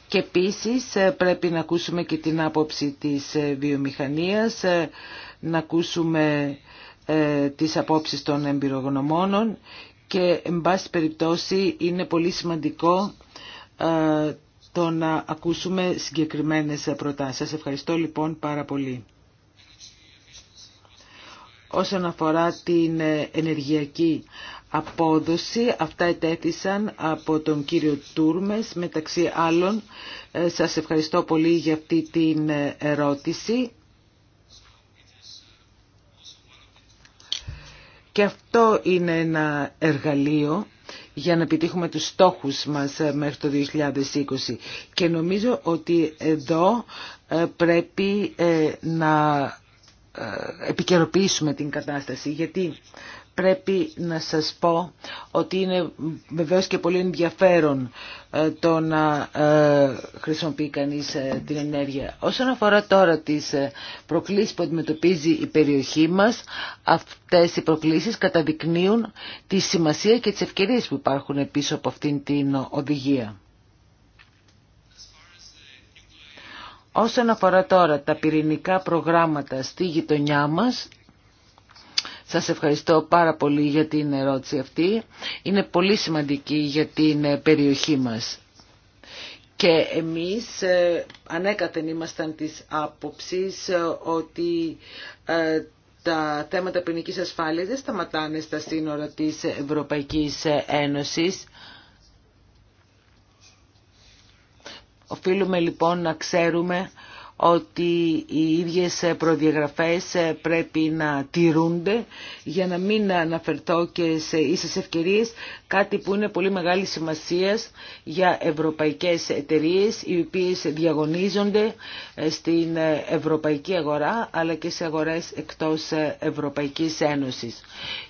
Και επίσης πρέπει να ακούσουμε και την άποψη της βιομηχανίας να ακούσουμε ε, τις απόψεις των εμπειρογνωμόνων και εν πάση περιπτώσει είναι πολύ σημαντικό ε, το να ακούσουμε συγκεκριμένες προτάσεις. Σας ευχαριστώ λοιπόν πάρα πολύ. Όσον αφορά την ε, ενεργειακή απόδοση, αυτά ετέθησαν από τον κύριο Τούρμες. Μεταξύ άλλων, ε, σας ευχαριστώ πολύ για αυτή την ερώτηση. Και αυτό είναι ένα εργαλείο για να επιτύχουμε τους στόχους μας ε, μέχρι το 2020. Και νομίζω ότι εδώ ε, πρέπει ε, να επικαιροποιήσουμε την κατάσταση γιατί πρέπει να σας πω ότι είναι βεβαίως και πολύ ενδιαφέρον ε, το να ε, χρησιμοποιεί κανείς ε, την ενέργεια. Όσον αφορά τώρα τις προκλήσεις που αντιμετωπίζει η περιοχή μας, αυτές οι προκλήσεις καταδεικνύουν τη σημασία και τις ευκαιρίες που υπάρχουν πίσω από αυτήν την οδηγία. Όσον αφορά τώρα τα πυρηνικά προγράμματα στη γειτονιά μας, σας ευχαριστώ πάρα πολύ για την ερώτηση αυτή. Είναι πολύ σημαντική για την ε, περιοχή μας. Και εμείς ε, ανέκαθεν ήμασταν της άποψης ε, ότι τα θέματα ποινικής ασφάλειας δεν σταματάνε στα σύνορα της Ευρωπαϊκής Ένωσης. Οφείλουμε λοιπόν να ξέρουμε ότι οι ίδιες προδιαγραφές πρέπει να τηρούνται για να μην αναφερθώ και σε ίσες ευκαιρίες κάτι που είναι πολύ μεγάλη σημασία για ευρωπαϊκές εταιρείες οι οποίες διαγωνίζονται στην ευρωπαϊκή αγορά αλλά και σε αγορές εκτός Ευρωπαϊκής Ένωσης.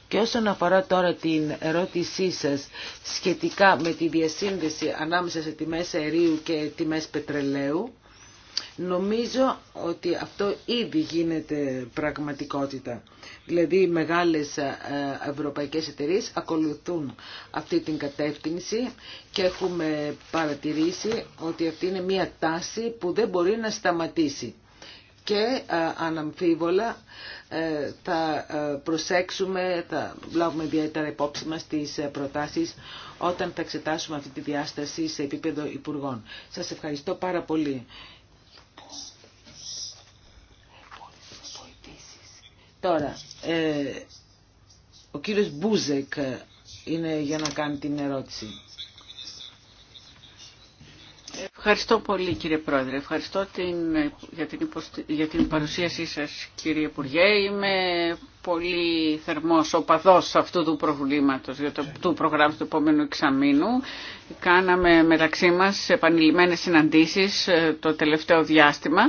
Και όσον αφορά τώρα την ερώτησή σας σχετικά με τη διασύνδεση ανάμεσα σε τιμές αερίου και τιμές πετρελαίου, Νομίζω ότι αυτό ήδη γίνεται πραγματικότητα. Δηλαδή οι μεγάλες ε, ευρωπαϊκές εταιρείες ακολουθούν αυτή την κατεύθυνση και έχουμε παρατηρήσει ότι αυτή είναι μια τάση που δεν μπορεί να σταματήσει. Και ε, αναμφίβολα ε, θα προσέξουμε, θα βλάβουμε ιδιαίτερα υπόψη μας τις προτάσεις όταν θα εξετάσουμε αυτή τη διάσταση σε επίπεδο υπουργών. Σας ευχαριστώ πάρα πολύ. Τώρα, ε, ο κύριος Μπούζεκ είναι για να κάνει την ερώτηση. Ευχαριστώ πολύ κύριε Πρόεδρε. Ευχαριστώ την, για, την για την παρουσίασή σας κύριε Υπουργέ. Είμαι πολύ θερμός οπαδός αυτού του προβλήματος, του προγράμματος του επόμενου εξαμήνου. Κάναμε μεταξύ μας επανειλημμένες συναντήσεις ε, το τελευταίο διάστημα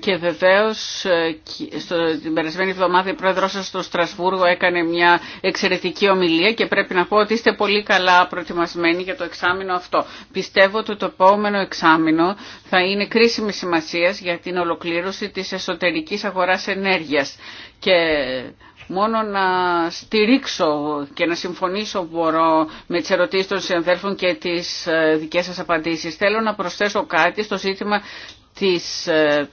και βεβαίως ε, στο, την περασμένη εβδομάδα η πρόεδρος σας στο Στρασβούργο έκανε μια εξαιρετική ομιλία και πρέπει να πω ότι είστε πολύ καλά προετοιμασμένοι για το εξάμεινο αυτό. Πιστεύω ότι το επόμενο εξάμεινο θα είναι κρίσιμη σημασία για την ολοκλήρωση της εσωτερικής αγοράς ενέργειας και μόνο να στηρίξω και να συμφωνήσω μπορώ με τις ερωτήσεις των συναδέλφων και τις ε, δικές σας απαντήσεις. Θέλω να προσθέσω κάτι στο ζήτημα της, ε,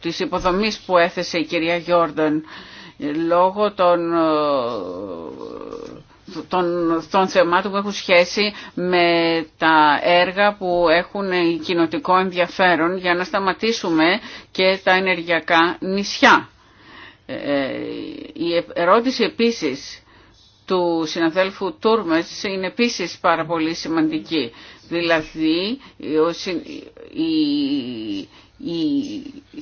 της υποδομής που έθεσε η κυρία Γιόρντον λόγω των, ε, των, των θεμάτων που έχουν σχέση με τα έργα που έχουν κοινοτικό ενδιαφέρον για να σταματήσουμε και τα ενεργειακά νησιά. Ε, ε, η ερώτηση επίσης του συναδέλφου Τούρμες είναι επίσης πάρα πολύ σημαντική. Δηλαδή η,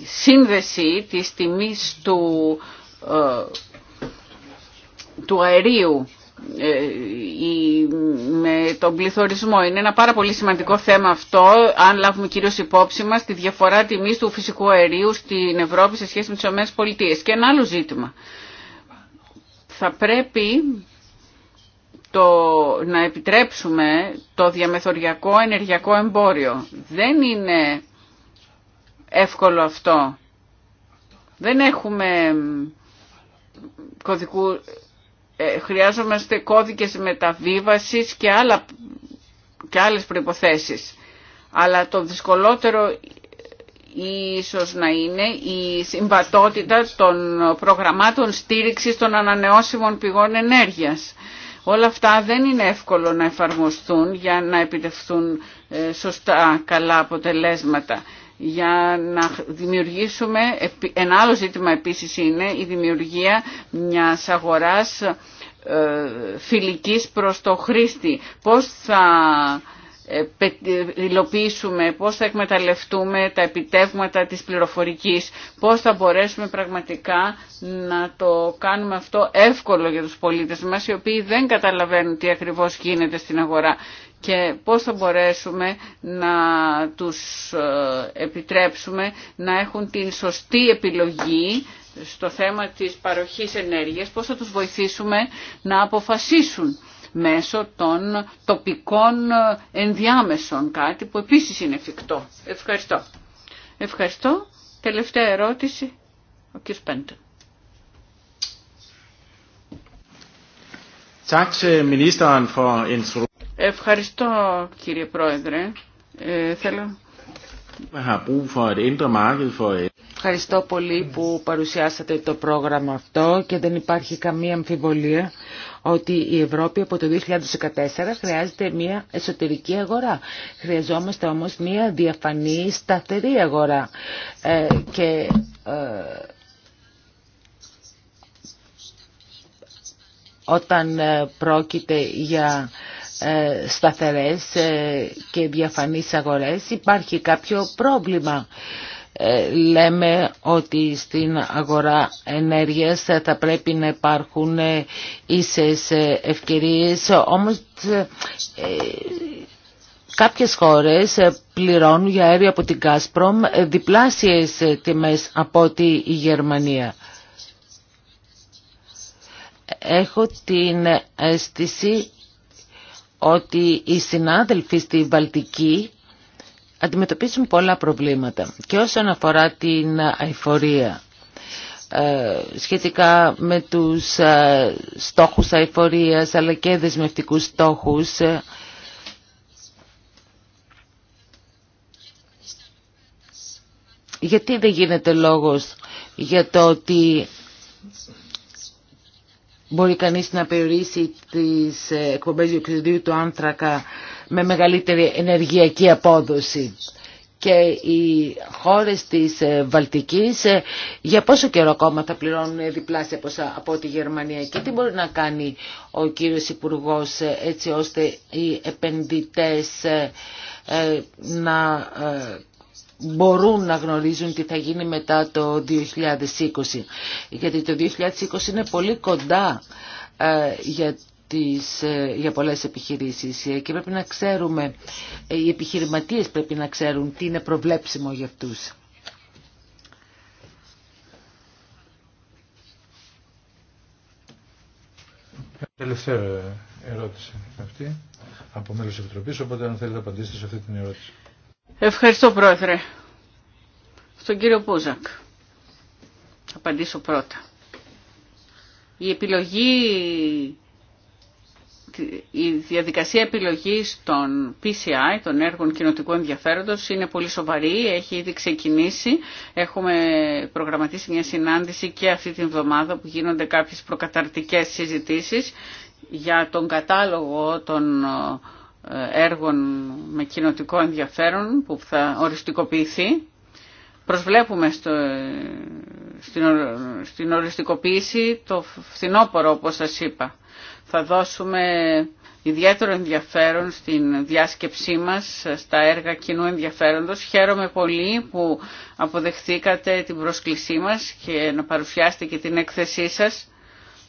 σύνδεση της τιμής του, ε, του αερίου με τον πληθωρισμό. Είναι ένα πάρα πολύ σημαντικό θέμα αυτό, αν λάβουμε κυρίω υπόψη μα τη διαφορά τιμή του φυσικού αερίου στην Ευρώπη σε σχέση με τι ΗΠΑ. Και ένα άλλο ζήτημα. Θα πρέπει το, να επιτρέψουμε το διαμεθοριακό ενεργειακό εμπόριο. Δεν είναι εύκολο αυτό. Δεν έχουμε κωδικού ε, χρειάζομαστε κώδικες μεταβίβασης και, άλλα, και άλλες προϋποθέσεις. Αλλά το δυσκολότερο ίσως να είναι η συμβατότητα των προγραμμάτων στήριξης των ανανεώσιμων πηγών ενέργειας. Όλα αυτά δεν είναι εύκολο να εφαρμοστούν για να επιτευχθούν ε, σωστά καλά αποτελέσματα για να δημιουργήσουμε, ένα άλλο ζήτημα επίσης είναι η δημιουργία μιας αγοράς ε, φιλικής προς το χρήστη. Πώς θα ε, ε, υλοποιήσουμε, πώς θα εκμεταλλευτούμε τα επιτεύγματα της πληροφορικής, πώς θα μπορέσουμε πραγματικά να το κάνουμε αυτό εύκολο για τους πολίτες μας, οι οποίοι δεν καταλαβαίνουν τι ακριβώς γίνεται στην αγορά και πώς θα μπορέσουμε να τους ε, επιτρέψουμε να έχουν την σωστή επιλογή στο θέμα της παροχής ενέργειας, πώς θα τους βοηθήσουμε να αποφασίσουν μέσω των τοπικών ενδιάμεσων, κάτι που επίσης είναι εφικτό. Ευχαριστώ. Ευχαριστώ. Τελευταία ερώτηση, ο κ. Πέντε. Ευχαριστώ κύριε Πρόεδρε. Ε, θέλω... Ευχαριστώ πολύ που παρουσιάσατε το πρόγραμμα αυτό και δεν υπάρχει καμία αμφιβολία ότι η Ευρώπη από το 2014 χρειάζεται μια εσωτερική αγορά. Χρειαζόμαστε όμως μια διαφανή σταθερή αγορά. Ε, και ε, όταν ε, πρόκειται για ε, σταθερές ε, και διαφανείς αγορές υπάρχει κάποιο πρόβλημα. Ε, λέμε ότι στην αγορά ενέργειας θα πρέπει να υπάρχουν ίσες ευκαιρίες, όμως Κάποιες χώρες πληρώνουν για αέριο από την Gazprom διπλάσιες τιμές από ότι η Γερμανία. Έχω την αίσθηση ότι οι συνάδελφοι στη Βαλτική αντιμετωπίζουν πολλά προβλήματα και όσον αφορά την αηφορία ε, σχετικά με τους ε, στόχους αηφορίας αλλά και δεσμευτικούς στόχους ε, γιατί δεν γίνεται λόγος για το ότι Μπορεί κανείς να περιορίσει τις ε, εκπομπές διοξιδίου του άνθρακα με μεγαλύτερη ενεργειακή απόδοση. Και οι χώρες της ε, Βαλτικής ε, για πόσο καιρό ακόμα θα πληρώνουν διπλάσια από τη Γερμανία και τι μπορεί να κάνει ο κύριος Υπουργός έτσι ώστε οι επενδυτές να μπορούν να γνωρίζουν τι θα γίνει μετά το 2020. Γιατί το 2020 είναι πολύ κοντά ε, για τις, ε, για πολλές επιχειρήσεις ε, και πρέπει να ξέρουμε, οι επιχειρηματίες πρέπει να ξέρουν τι είναι προβλέψιμο για αυτούς. Τελευταία ερώτηση αυτή από μέλος της Επιτροπής, οπότε αν θέλετε απαντήστε σε αυτή την ερώτηση. Ευχαριστώ πρόεδρε. Στον κύριο Πούζακ. απαντήσω πρώτα. Η επιλογή, η διαδικασία επιλογής των PCI, των έργων κοινοτικού ενδιαφέροντος, είναι πολύ σοβαρή, έχει ήδη ξεκινήσει. Έχουμε προγραμματίσει μια συνάντηση και αυτή την εβδομάδα που γίνονται κάποιες προκαταρτικές συζητήσεις για τον κατάλογο των έργων με κοινοτικό ενδιαφέρον που θα οριστικοποιηθεί. Προσβλέπουμε στο, στην, στην οριστικοποίηση το φθινόπωρο όπως σας είπα. Θα δώσουμε ιδιαίτερο ενδιαφέρον στην διάσκεψή μας στα έργα κοινού ενδιαφέροντος. Χαίρομαι πολύ που αποδεχθήκατε την πρόσκλησή μας και να παρουσιάσετε και την έκθεσή σας.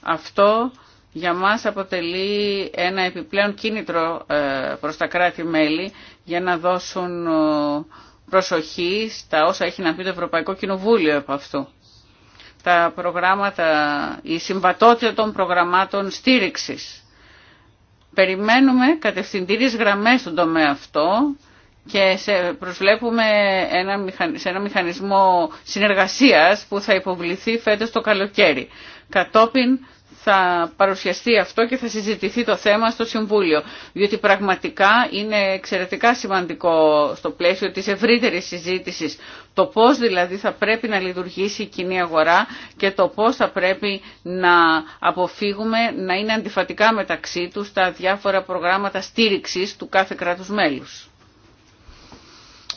Αυτό για μας αποτελεί ένα επιπλέον κίνητρο ε, προς τα κράτη-μέλη για να δώσουν ε, προσοχή στα όσα έχει να πει το Ευρωπαϊκό Κοινοβούλιο από αυτού. Τα προγράμματα, η συμβατότητα των προγραμμάτων στήριξης. Περιμένουμε κατευθυντήριες γραμμές στον τομέα αυτό και σε προσβλέπουμε ένα, σε ένα μηχανισμό συνεργασίας που θα υποβληθεί φέτος το καλοκαίρι. Κατόπιν θα παρουσιαστεί αυτό και θα συζητηθεί το θέμα στο Συμβούλιο. Διότι πραγματικά είναι εξαιρετικά σημαντικό στο πλαίσιο της ευρύτερης συζήτησης το πώς δηλαδή θα πρέπει να λειτουργήσει η κοινή αγορά και το πώς θα πρέπει να αποφύγουμε να είναι αντιφατικά μεταξύ τους τα διάφορα προγράμματα στήριξης του κάθε κράτους μέλους.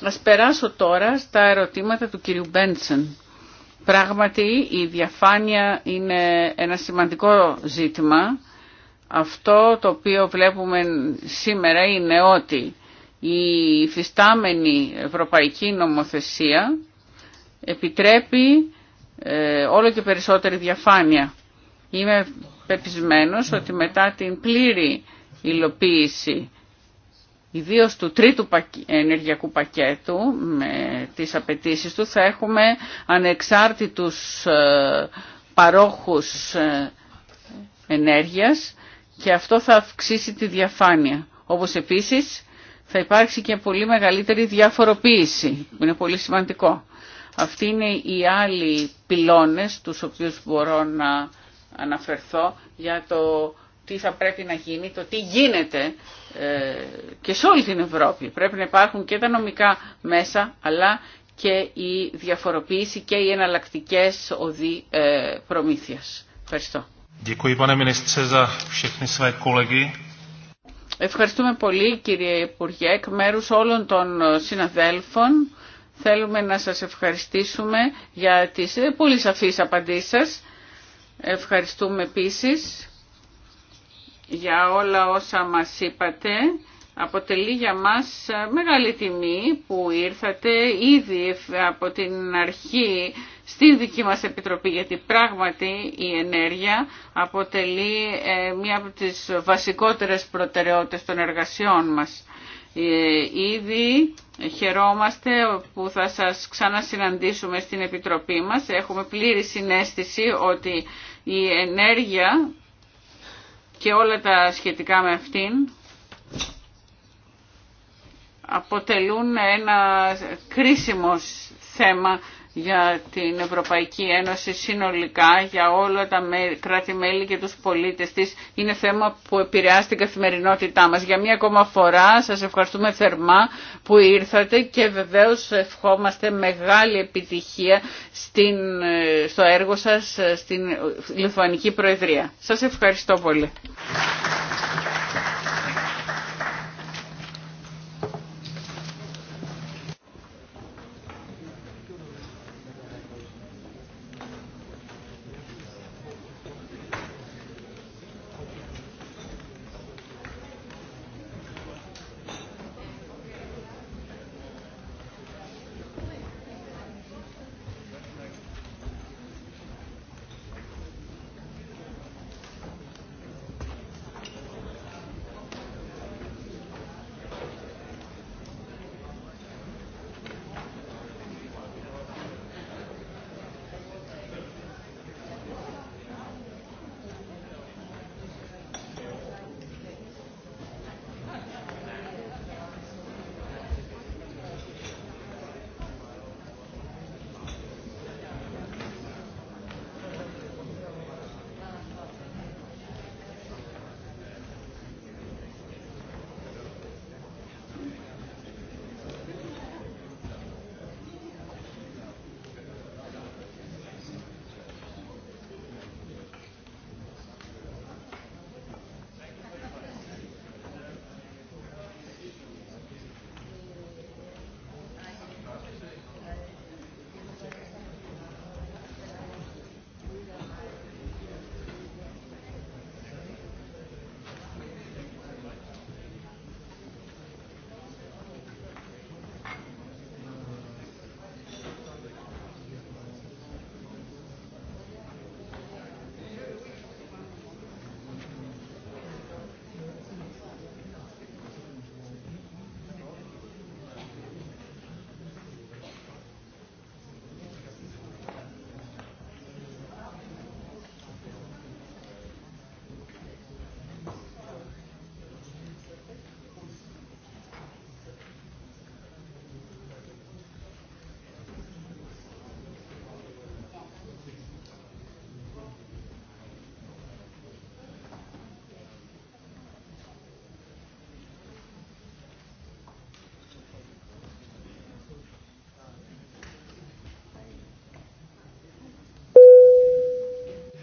Ας περάσω τώρα στα ερωτήματα του κυρίου Μπέντσεν. Πράγματι η διαφάνεια είναι ένα σημαντικό ζήτημα. Αυτό το οποίο βλέπουμε σήμερα είναι ότι η φυστάμενη ευρωπαϊκή νομοθεσία επιτρέπει ε, όλο και περισσότερη διαφάνεια. Είμαι πεπισμένος ότι μετά την πλήρη υλοποίηση ιδίω του τρίτου ενεργειακού πακέτου με τις απαιτήσεις του θα έχουμε ανεξάρτητους ε, παρόχους ε, ενέργειας και αυτό θα αυξήσει τη διαφάνεια. Όπως επίσης θα υπάρξει και πολύ μεγαλύτερη διαφοροποίηση, που είναι πολύ σημαντικό. Αυτοί είναι οι άλλοι πυλώνες, τους οποίους μπορώ να αναφερθώ, για το τι θα πρέπει να γίνει, το τι γίνεται ε, και σε όλη την Ευρώπη. Πρέπει να υπάρχουν και τα νομικά μέσα, αλλά και η διαφοροποίηση και οι εναλλακτικέ οδοί ε, προμήθεια. Ευχαριστώ. Ευχαριστούμε πολύ κύριε Υπουργέ, εκ μέρου όλων των συναδέλφων. Θέλουμε να σας ευχαριστήσουμε για τις ε, πολύ σαφείς απαντήσεις σας. Ευχαριστούμε επίσης για όλα όσα μας είπατε. Αποτελεί για μας ε, μεγάλη τιμή που ήρθατε ήδη από την αρχή στη δική μας Επιτροπή, γιατί πράγματι η ενέργεια αποτελεί ε, μία από τις βασικότερες προτεραιότητες των εργασιών μας. Ε, ήδη χαιρόμαστε που θα σας ξανασυναντήσουμε στην Επιτροπή μας. Έχουμε πλήρη συνέστηση ότι η ενέργεια και όλα τα σχετικά με αυτήν αποτελούν ένα κρίσιμο θέμα για την Ευρωπαϊκή Ένωση συνολικά, για όλα τα κράτη-μέλη και τους πολίτες της. Είναι θέμα που επηρεάζει την καθημερινότητά μας. Για μία ακόμα φορά σας ευχαριστούμε θερμά που ήρθατε και βεβαίως ευχόμαστε μεγάλη επιτυχία στην, στο έργο σας στην Λιθουανική Προεδρία. Σας ευχαριστώ πολύ.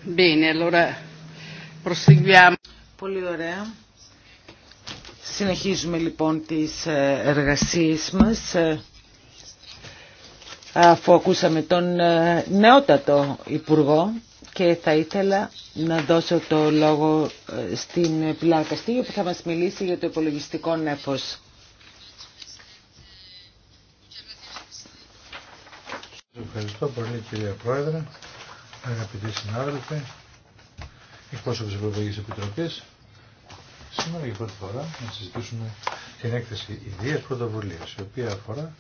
Bene, allora proseguiamo. Πολύ ωραία. Συνεχίζουμε λοιπόν τις ε, εργασίες μας ε, αφού ακούσαμε τον ε, νεότατο Υπουργό και θα ήθελα να δώσω το λόγο στην Πιλάρ που θα μας μιλήσει για το υπολογιστικό νέφος. Ευχαριστώ πολύ κυρία Πρόεδρε. Αγαπητοί συνάδελφοι, εκπρόσωποι τη Ευρωπαϊκή Επιτροπή, σήμερα για πρώτη φορά να συζητήσουμε την έκθεση ιδίας πρωτοβουλία, η οποία αφορά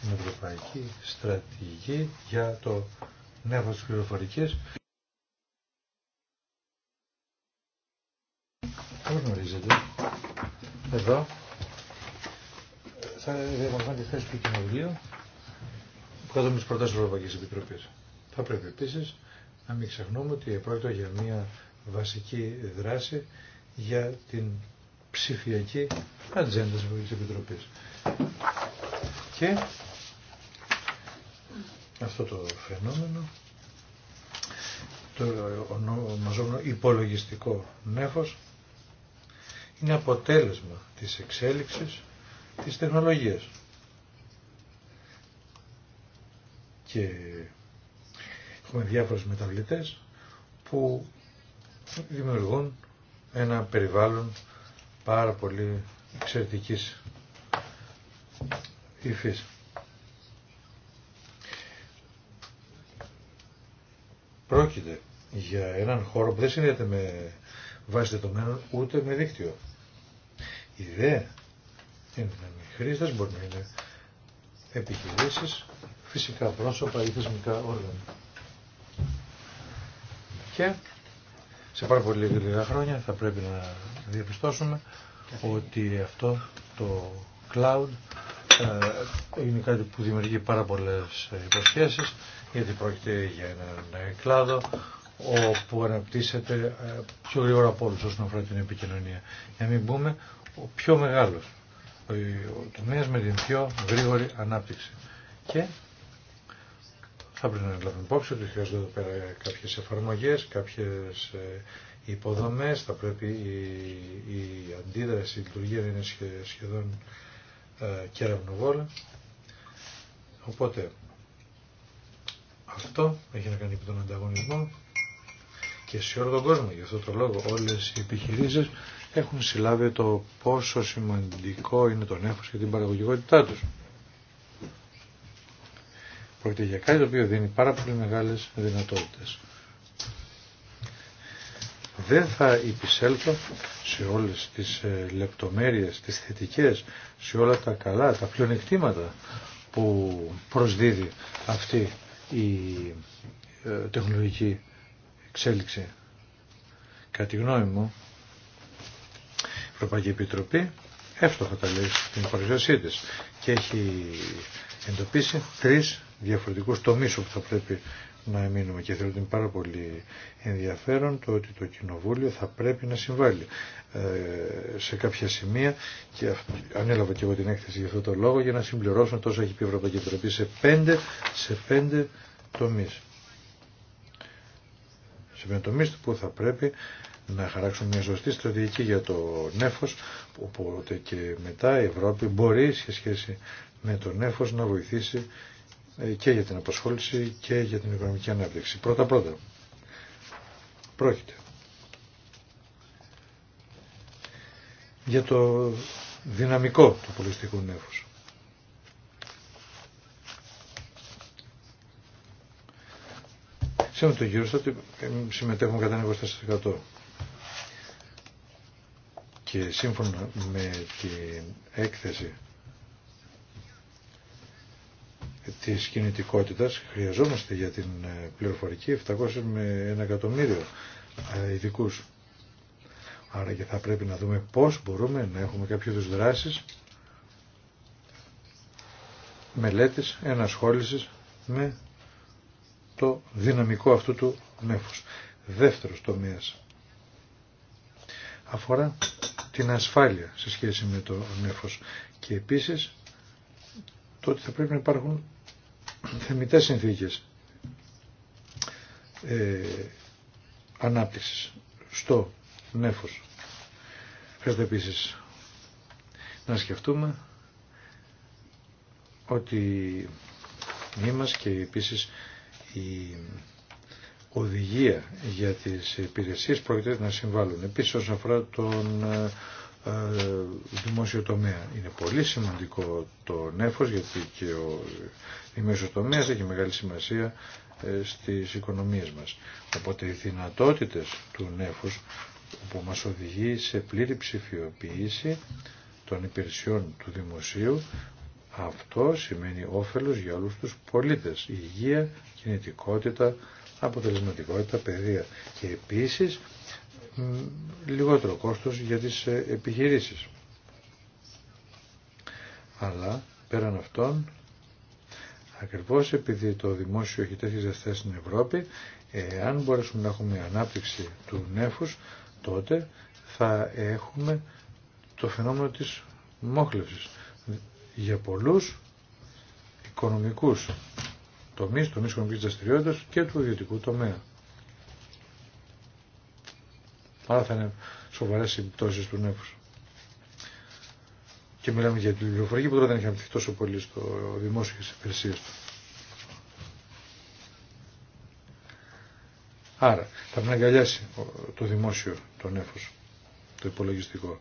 την Ευρωπαϊκή Στρατηγική για το νέο τη πληροφορική. Όπω γνωρίζετε, εδώ θα διαμορφώνει τη θέση του Κοινοβουλίου κατά με τι προτάσει τη Ευρωπαϊκή Επιτροπή. Θα πρέπει επίση να μην ξεχνούμε ότι πρόκειται για μια βασική δράση για την ψηφιακή ατζέντα τη επιτροπή. Και αυτό το φαινόμενο το ονομαζόμενο υπολογιστικό νέφος είναι αποτέλεσμα της εξέλιξης της τεχνολογίας. Και Έχουμε διάφορους μεταβλητές που δημιουργούν ένα περιβάλλον πάρα πολύ εξαιρετικής υφής. Πρόκειται για έναν χώρο που δεν συνδέεται με βάση δεδομένων ούτε με δίκτυο. Η ιδέα είναι χρήστες, μπορεί να είναι επιχειρήσεις, φυσικά πρόσωπα ή θεσμικά όργανα και σε πάρα πολύ λίγα χρόνια θα πρέπει να διαπιστώσουμε ότι αυτό το cloud ε, είναι κάτι που δημιουργεί πάρα πολλές υποσχέσεις γιατί πρόκειται για έναν ε, κλάδο όπου αναπτύσσεται ε, πιο γρήγορα από όλους όσον αφορά την επικοινωνία. Για να μην πούμε ο πιο μεγάλος, ο τομέας με την πιο γρήγορη ανάπτυξη. Και θα πρέπει να λάβουμε υπόψη ότι χρειάζονται εδώ πέρα κάποιες εφαρμογές, κάποιες ε, υποδομές, θα πρέπει η, αντίδραση, η λειτουργία να είναι σχεδόν ε, κεραυνοβόλα. Οπότε αυτό έχει να κάνει με τον ανταγωνισμό και σε όλο τον κόσμο. Γι' αυτό το λόγο όλες οι επιχειρήσεις έχουν συλλάβει το πόσο σημαντικό είναι το νέφος και την παραγωγικότητά τους. Πρόκειται για κάτι το οποίο δίνει πάρα πολύ μεγάλες δυνατότητες. Δεν θα υπησέλθω σε όλες τις ε, λεπτομέρειες, τις θετικές, σε όλα τα καλά, τα πλεονεκτήματα που προσδίδει αυτή η ε, τεχνολογική εξέλιξη. Κατά τη γνώμη μου, η Ευρωπαϊκή Επιτροπή εύστοχα τα λέει στην παρουσίασή και έχει εντοπίσει τρεις διαφορετικούς τομείς όπου θα πρέπει να μείνουμε και θεωρώ ότι είναι πάρα πολύ ενδιαφέρον το ότι το Κοινοβούλιο θα πρέπει να συμβάλλει ε, σε κάποια σημεία και ανέλαβα και εγώ την έκθεση για αυτό το λόγο για να συμπληρώσουμε τόσο έχει πει η Ευρωπαϊκή Επιτροπή σε πέντε, σε πέντε τομείς. Σε πέντε τομείς που θα πρέπει να χαράξουν μια σωστή στρατηγική για το νέφος οπότε και μετά η Ευρώπη μπορεί σε σχέση με το νέφος να βοηθήσει ε, και για την απασχόληση και για την οικονομική ανάπτυξη. Πρώτα πρώτα. Πρόκειται. Για το δυναμικό του πολιτιστικού νεύους. Σε το γύρο ότι ε, συμμετέχουμε κατά 24%. Και σύμφωνα με την έκθεση της κινητικότητας χρειαζόμαστε για την ε, πληροφορική 700 με 1 εκατομμύριο ε, ειδικού. Άρα και θα πρέπει να δούμε πώς μπορούμε να έχουμε κάποιες δράσεις μελέτης, ενασχόλησης με το δυναμικό αυτού του νέφους. Δεύτερος τομέας αφορά την ασφάλεια σε σχέση με το νέφος και επίσης το ότι θα πρέπει να υπάρχουν θεμητές συνθήκες ε, ανάπτυξης στο νέφος. Χρειάζεται επίσης να σκεφτούμε ότι μας και επίσης η οδηγία για τις υπηρεσίε πρόκειται να συμβάλλουν. Επίσης όσον αφορά τον ε, ε, δημόσιο τομέα. Είναι πολύ σημαντικό το νέφος γιατί και ο το τομέας έχει μεγάλη σημασία ε, στις οικονομίες μας. Οπότε οι δυνατότητες του νέφους που μας οδηγεί σε πλήρη ψηφιοποίηση των υπηρεσιών του δημοσίου αυτό σημαίνει όφελος για όλους τους πολίτες. Υγεία, κινητικότητα, αποτελεσματικότητα, παιδεία και επίσης λιγότερο κόστος για τις ε, επιχειρήσεις. Αλλά πέραν αυτών, ακριβώς επειδή το δημόσιο έχει τέτοιες στην Ευρώπη, εάν μπορέσουμε να έχουμε ανάπτυξη του νέφους, τότε θα έχουμε το φαινόμενο της μόχλευσης. Για πολλούς οικονομικούς τομείς, τομείς οικονομικής δραστηριότητας και του ιδιωτικού τομέα. Άρα θα είναι σοβαρέ επιπτώσει του νεύου. Και μιλάμε για την πληροφορική που τώρα δεν έχει αναπτυχθεί τόσο πολύ στο δημόσιο και στι υπηρεσίε του. Άρα θα πρέπει να αγκαλιάσει το δημόσιο το νέφος, το υπολογιστικό.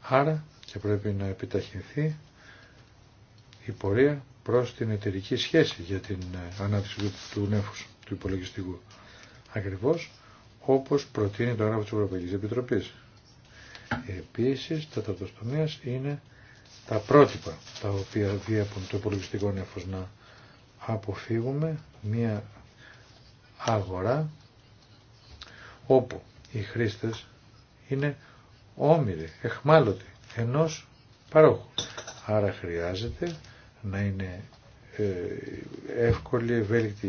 Άρα και πρέπει να επιταχυνθεί η πορεία προς την εταιρική σχέση για την ε, ανάπτυξη του νέφους του υπολογιστικού. ακριβώ, όπως προτείνει το έγγραφο τη Ευρωπαϊκή Επιτροπή. Επίσης, τα ταυτοστομία είναι τα πρότυπα τα οποία διέπουν το υπολογιστικό νέφος να αποφύγουμε μία αγορά όπου οι χρήστες είναι όμοιροι, εχμάλωτοι ενός παρόχου. Άρα χρειάζεται να είναι ε, εύκολη, ευέλικτη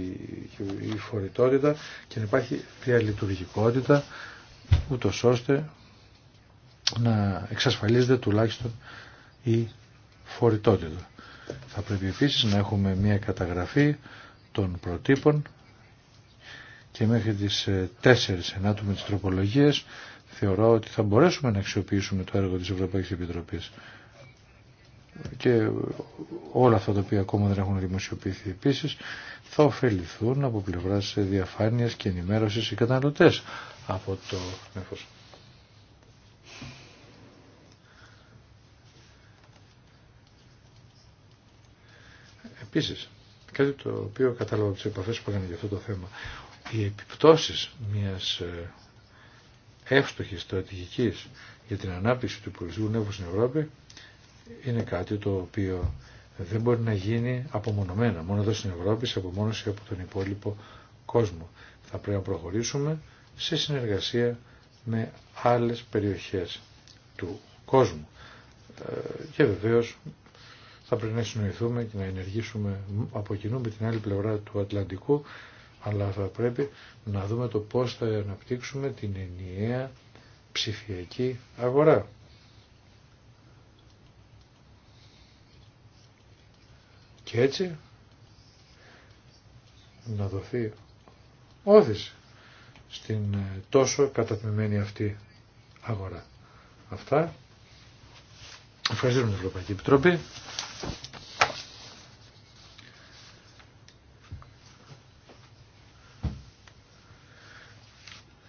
η φορητότητα και να υπάρχει λειτουργικότητα ούτω ώστε να εξασφαλίζεται τουλάχιστον η φορητότητα. Θα πρέπει επίσης να έχουμε μια καταγραφή των προτύπων και μέχρι τις 4 ε, ενάτου με τις τροπολογίες θεωρώ ότι θα μπορέσουμε να αξιοποιήσουμε το έργο της Ευρωπαϊκής Επιτροπής και όλα αυτά τα οποία ακόμα δεν έχουν δημοσιοποιηθεί επίσης θα ωφεληθούν από πλευράς διαφάνειας και ενημέρωσης οι καταναλωτές από το νεφος. Επίσης, κάτι το οποίο κατάλαβα από τις που έκανε για αυτό το θέμα, οι επιπτώσεις μιας ε, εύστοχης στρατηγικής για την ανάπτυξη του πολιτισμού νεύου στην Ευρώπη είναι κάτι το οποίο δεν μπορεί να γίνει απομονωμένα, μόνο εδώ στην Ευρώπη, σε απομόνωση από τον υπόλοιπο κόσμο. Θα πρέπει να προχωρήσουμε σε συνεργασία με άλλες περιοχές του κόσμου. Ε, και βεβαίως θα πρέπει να συνοηθούμε και να ενεργήσουμε από κοινού με την άλλη πλευρά του Ατλαντικού, αλλά θα πρέπει να δούμε το πώς θα αναπτύξουμε την ενιαία ψηφιακή αγορά. Και έτσι να δοθεί όθηση στην ε, τόσο καταπλημένη αυτή αγορά. Αυτά. Ευχαριστούμε την Ευρωπαϊκή Επιτροπή.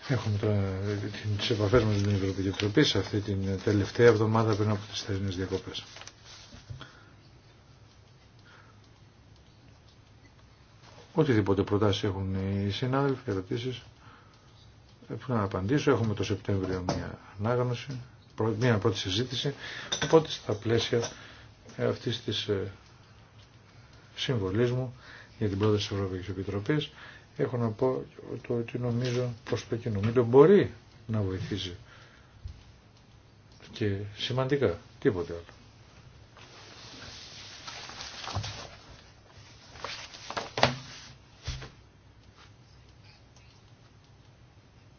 Έχουμε τώρα ε, τις επαφές με την Ευρωπαϊκή Επιτροπή σε αυτή την ε, τελευταία εβδομάδα πριν από τις θερινές διακοπές. Οτιδήποτε προτάσει έχουν οι συνάδελφοι, ερωτήσει, Πρέπει να απαντήσω. Έχουμε το Σεπτέμβριο μια ανάγνωση, μια πρώτη συζήτηση. Οπότε στα πλαίσια αυτής της ε, συμβολή μου για την πρόταση τη Ευρωπαϊκή Επιτροπή, έχω να πω το ότι νομίζω πω το κοινό μπορεί να βοηθήσει και σημαντικά τίποτε άλλο.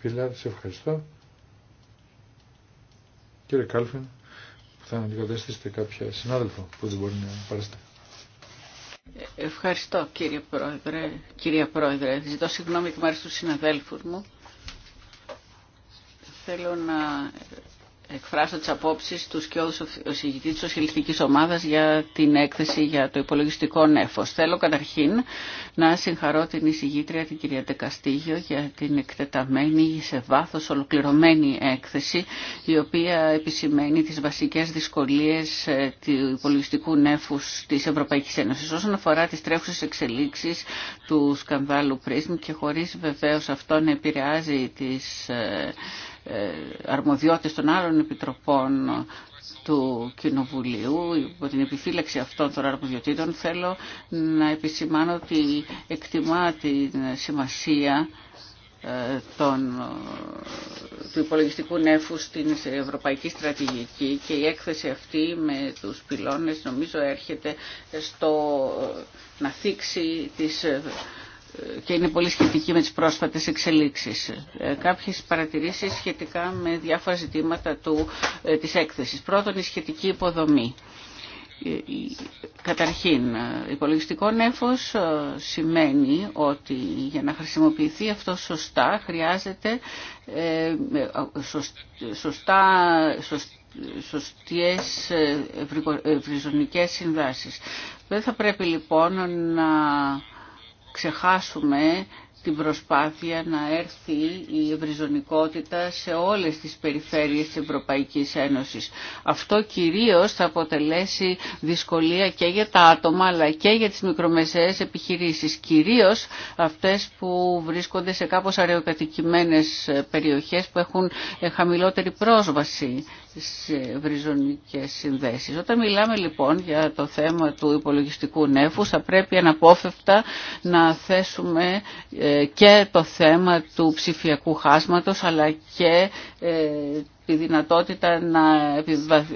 Πιλάρ, σε ευχαριστώ. Κύριε Κάλφιν, που θα αντικαταστήσετε κάποια συνάδελφο που δεν μπορεί να παραστεί. Ευχαριστώ κύριε Πρόεδρε. Κυρία Πρόεδρε, ζητώ συγγνώμη και μάρες του συναδέλφου μου. Θέλω να εκφράσω τις απόψεις του σκιώδους συγητή της Σοσιαλιστικής Ομάδας για την έκθεση για το υπολογιστικό νέφος. Θέλω καταρχήν να συγχαρώ την εισηγήτρια την κυρία Τεκαστήγιο για την εκτεταμένη σε βάθος ολοκληρωμένη έκθεση η οποία επισημαίνει τις βασικές δυσκολίες ε, του υπολογιστικού νέφους της Ευρωπαϊκής Ένωσης όσον αφορά τις τρέχουσες εξελίξεις του σκανδάλου Prism και χωρίς βεβαίως αυτό να επηρεάζει τις ε, ε, αρμοδιότητες των άλλων επιτροπών του Κοινοβουλίου, υπό την επιφύλαξη αυτών των αρμοδιοτήτων, θέλω να επισημάνω ότι εκτιμά την σημασία ε, των, ε, του υπολογιστικού νέφου στην ευρωπαϊκή στρατηγική και η έκθεση αυτή με τους πυλώνες νομίζω έρχεται στο να θίξει τις και είναι πολύ σχετική με τις πρόσφατες εξελίξεις. Ε, κάποιες παρατηρήσεις σχετικά με διάφορα ζητήματα του, ε, της έκθεσης. Πρώτον, η σχετική υποδομή. Ε, καταρχήν, υπολογιστικό νέφος σημαίνει ότι για να χρησιμοποιηθεί αυτό σωστά χρειάζεται σωστά, σωστές ευρυζωνικές συνδάσεις. Δεν θα πρέπει λοιπόν να ξεχάσουμε την προσπάθεια να έρθει η ευρυζωνικότητα σε όλες τις περιφέρειες της Ευρωπαϊκής Ένωσης. Αυτό κυρίως θα αποτελέσει δυσκολία και για τα άτομα αλλά και για τις μικρομεσαίες επιχειρήσεις. Κυρίως αυτές που βρίσκονται σε κάπως αραιοκατοικημένες περιοχές που έχουν χαμηλότερη πρόσβαση τις ε, βριζονικές συνδέσεις. Όταν μιλάμε λοιπόν για το θέμα του υπολογιστικού νέφους θα πρέπει αναπόφευτα να θέσουμε ε, και το θέμα του ψηφιακού χάσματος αλλά και ε, τη δυνατότητα να,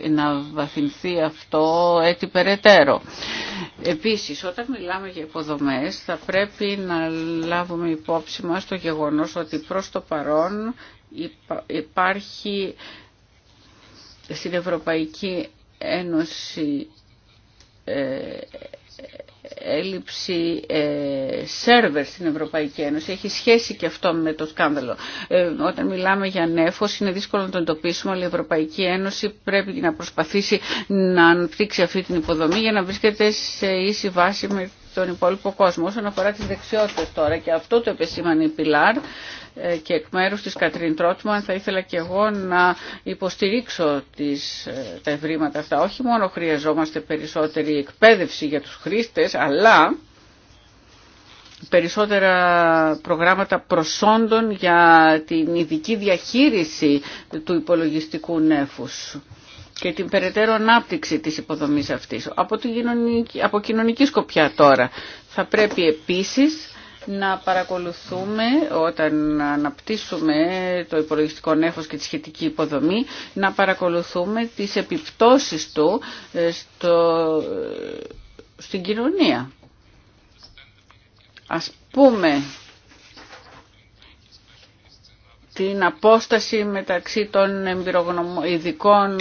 να βαθυνθεί αυτό έτσι περαιτέρω. Επίσης, όταν μιλάμε για υποδομές, θα πρέπει να λάβουμε υπόψη μας το γεγονός ότι προς το παρόν υπάρχει στην Ευρωπαϊκή Ένωση ε, έλλειψη ε, σερβερ στην Ευρωπαϊκή Ένωση. Έχει σχέση και αυτό με το σκάνδαλο. Ε, όταν μιλάμε για νέφος είναι δύσκολο να το εντοπίσουμε, αλλά η Ευρωπαϊκή Ένωση πρέπει να προσπαθήσει να αναπτύξει αυτή την υποδομή για να βρίσκεται σε ίση βάση με στον υπόλοιπο κόσμο. Όσον αφορά τις δεξιότητες τώρα και αυτό το επεσήμανε η Πιλάρ ε, και εκ μέρους της Κατρίν Τρότμαν θα ήθελα και εγώ να υποστηρίξω τις, ε, τα ευρήματα αυτά. Όχι μόνο χρειαζόμαστε περισσότερη εκπαίδευση για τους χρήστες, αλλά περισσότερα προγράμματα προσόντων για την ειδική διαχείριση του υπολογιστικού νέφους και την περαιτέρω ανάπτυξη της υποδομής αυτής. Από, την κοινωνική, από κοινωνική σκοπιά τώρα θα πρέπει επίσης να παρακολουθούμε όταν αναπτύσσουμε το υπολογιστικό νέφος και τη σχετική υποδομή να παρακολουθούμε τις επιπτώσεις του ε, στο, ε, στην κοινωνία. Ας πούμε την απόσταση μεταξύ των ειδικών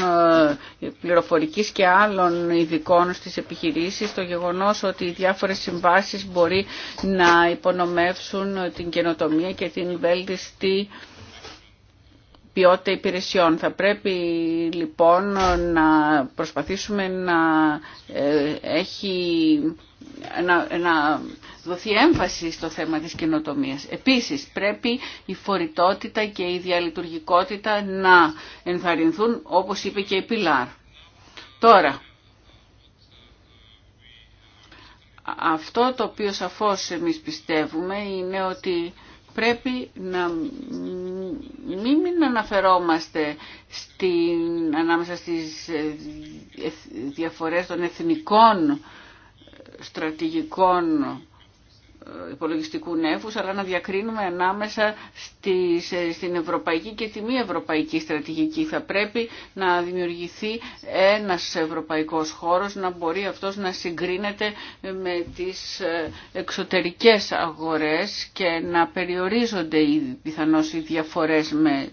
ε, πληροφορικής και άλλων ειδικών στις επιχειρήσεις, το γεγονός ότι οι διάφορες συμβάσεις μπορεί να υπονομεύσουν την καινοτομία και την βέλτιστη ποιότητα υπηρεσιών. Θα πρέπει λοιπόν να προσπαθήσουμε να ε, έχει να, να δοθεί έμφαση στο θέμα της καινοτομία. Επίσης πρέπει η φορητότητα και η διαλειτουργικότητα να ενθαρρυνθούν όπως είπε και η Πιλάρ. Τώρα, αυτό το οποίο σαφώς εμείς πιστεύουμε είναι ότι πρέπει να μην αναφερόμαστε στην, ανάμεσα στις διαφορές των εθνικών στρατηγικών υπολογιστικού νέφους, αλλά να διακρίνουμε ανάμεσα στις, στην ευρωπαϊκή και τη μη ευρωπαϊκή στρατηγική. Θα πρέπει να δημιουργηθεί ένας ευρωπαϊκός χώρος, να μπορεί αυτός να συγκρίνεται με τις εξωτερικές αγορές και να περιορίζονται οι, πιθανώς οι διαφορές με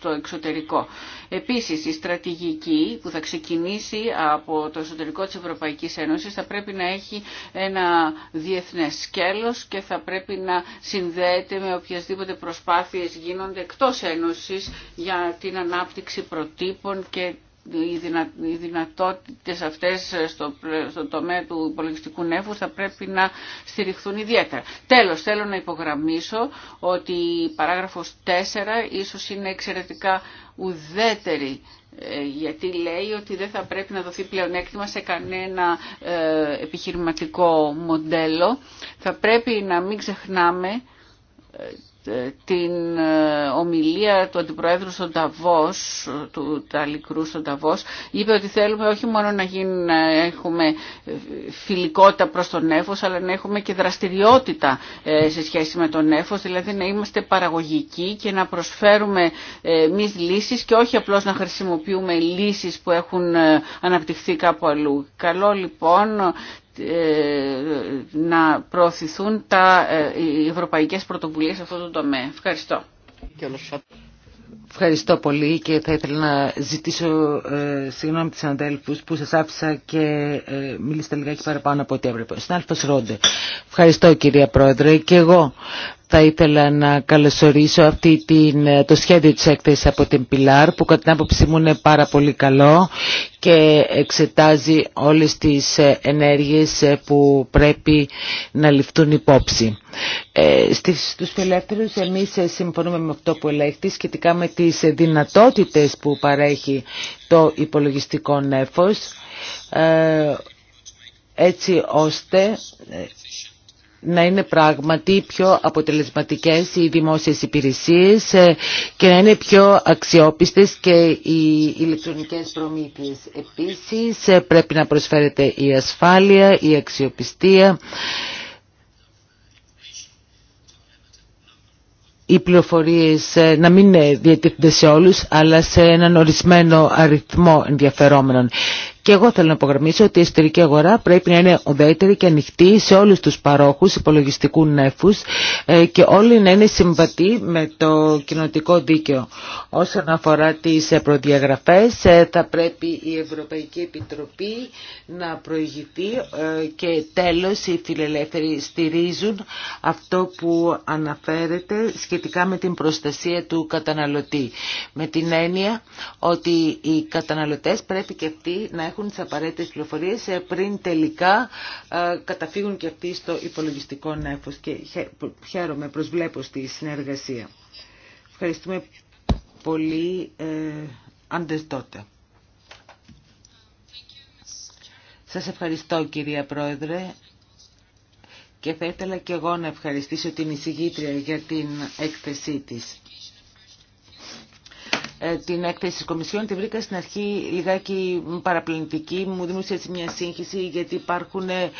στο εξωτερικό. Επίσης, η στρατηγική που θα ξεκινήσει από το εσωτερικό της Ευρωπαϊκής Ένωσης θα πρέπει να έχει ένα διεθνές σκέλος και θα πρέπει να συνδέεται με οποιασδήποτε προσπάθειες γίνονται εκτός Ένωσης για την ανάπτυξη προτύπων και οι, δυνα, οι δυνατότητες αυτές στο, τομέα του υπολογιστικού νεύου θα πρέπει να στηριχθούν ιδιαίτερα. Τέλος, θέλω να υπογραμμίσω ότι η παράγραφος 4 ίσως είναι εξαιρετικά ουδέτερη ε, γιατί λέει ότι δεν θα πρέπει να δοθεί πλεονέκτημα σε κανένα ε, επιχειρηματικό μοντέλο. Θα πρέπει να μην ξεχνάμε ε, την ε, ομιλία του Αντιπροέδρου στον Ταβός, του Ταλικρού στον Ταβός, είπε ότι θέλουμε όχι μόνο να, έχουμε φιλικότητα προς τον νέφος, αλλά να έχουμε και δραστηριότητα ε, σε σχέση με τον νέφος, δηλαδή να είμαστε παραγωγικοί και να προσφέρουμε ε, εμεί λύσεις και όχι απλώς να χρησιμοποιούμε λύσεις που έχουν αναπτυχθεί κάπου αλλού. Καλό λοιπόν ε, να προωθηθούν τα, ε, οι ευρωπαϊκές πρωτοβουλίες σε αυτό το τομέα. Ευχαριστώ. Ευχαριστώ πολύ και θα ήθελα να ζητήσω ε, συγγνώμη του που σας άφησα και ε, λιγάκι παραπάνω από ό,τι έπρεπε. Συνάδελφο Ρόντε. Ευχαριστώ κυρία Πρόεδρε. Και εγώ θα ήθελα να καλωσορίσω αυτή την, το σχέδιο της έκθεσης από την Πιλάρ που κατά την άποψή μου είναι πάρα πολύ καλό και εξετάζει όλες τις ε, ενέργειες ε, που πρέπει να ληφθούν υπόψη. Ε, στους φιλεύθερους εμείς ε, συμφωνούμε με αυτό που ελέγχει σχετικά με τις δυνατότητες που παρέχει το υπολογιστικό νέφος έτσι ώστε να είναι πράγματι πιο αποτελεσματικές οι δημόσιες υπηρεσίες ε, και να είναι πιο αξιόπιστες και οι ηλεκτρονικές προμήθειες. Επίσης ε, πρέπει να προσφέρεται η ασφάλεια, η αξιοπιστία, οι πληροφορίες ε, να μην διατίθενται σε όλους αλλά σε έναν ορισμένο αριθμό ενδιαφερόμενων. Και εγώ θέλω να υπογραμμίσω ότι η εσωτερική αγορά πρέπει να είναι ουδέτερη και ανοιχτή σε όλους τους παρόχους υπολογιστικού νέφους ε, και όλοι να είναι συμβατοί με το κοινοτικό δίκαιο. Όσον αφορά τις ε, προδιαγραφές ε, θα πρέπει η Ευρωπαϊκή Επιτροπή να προηγηθεί και τέλος οι φιλελεύθεροι στηρίζουν αυτό που αναφέρεται σχετικά με την προστασία του καταναλωτή. Με την έννοια ότι οι καταναλωτές πρέπει και αυτοί να έχουν έχουν τις απαραίτητες πληροφορίες ε, πριν τελικά ε, καταφύγουν και αυτοί στο υπολογιστικό νέφος και χαίρομαι, προσβλέπω στη συνεργασία. Ευχαριστούμε πολύ ε, αντεστότε. Σας ευχαριστώ κυρία Πρόεδρε και θα ήθελα και εγώ να ευχαριστήσω την εισηγήτρια για την έκθεσή της. Ε, την έκθεση της Κομισιόν τη βρήκα στην αρχή λιγάκι παραπλανητική. Μου δημιούργησε έτσι μια σύγχυση γιατί υπάρχουν ε,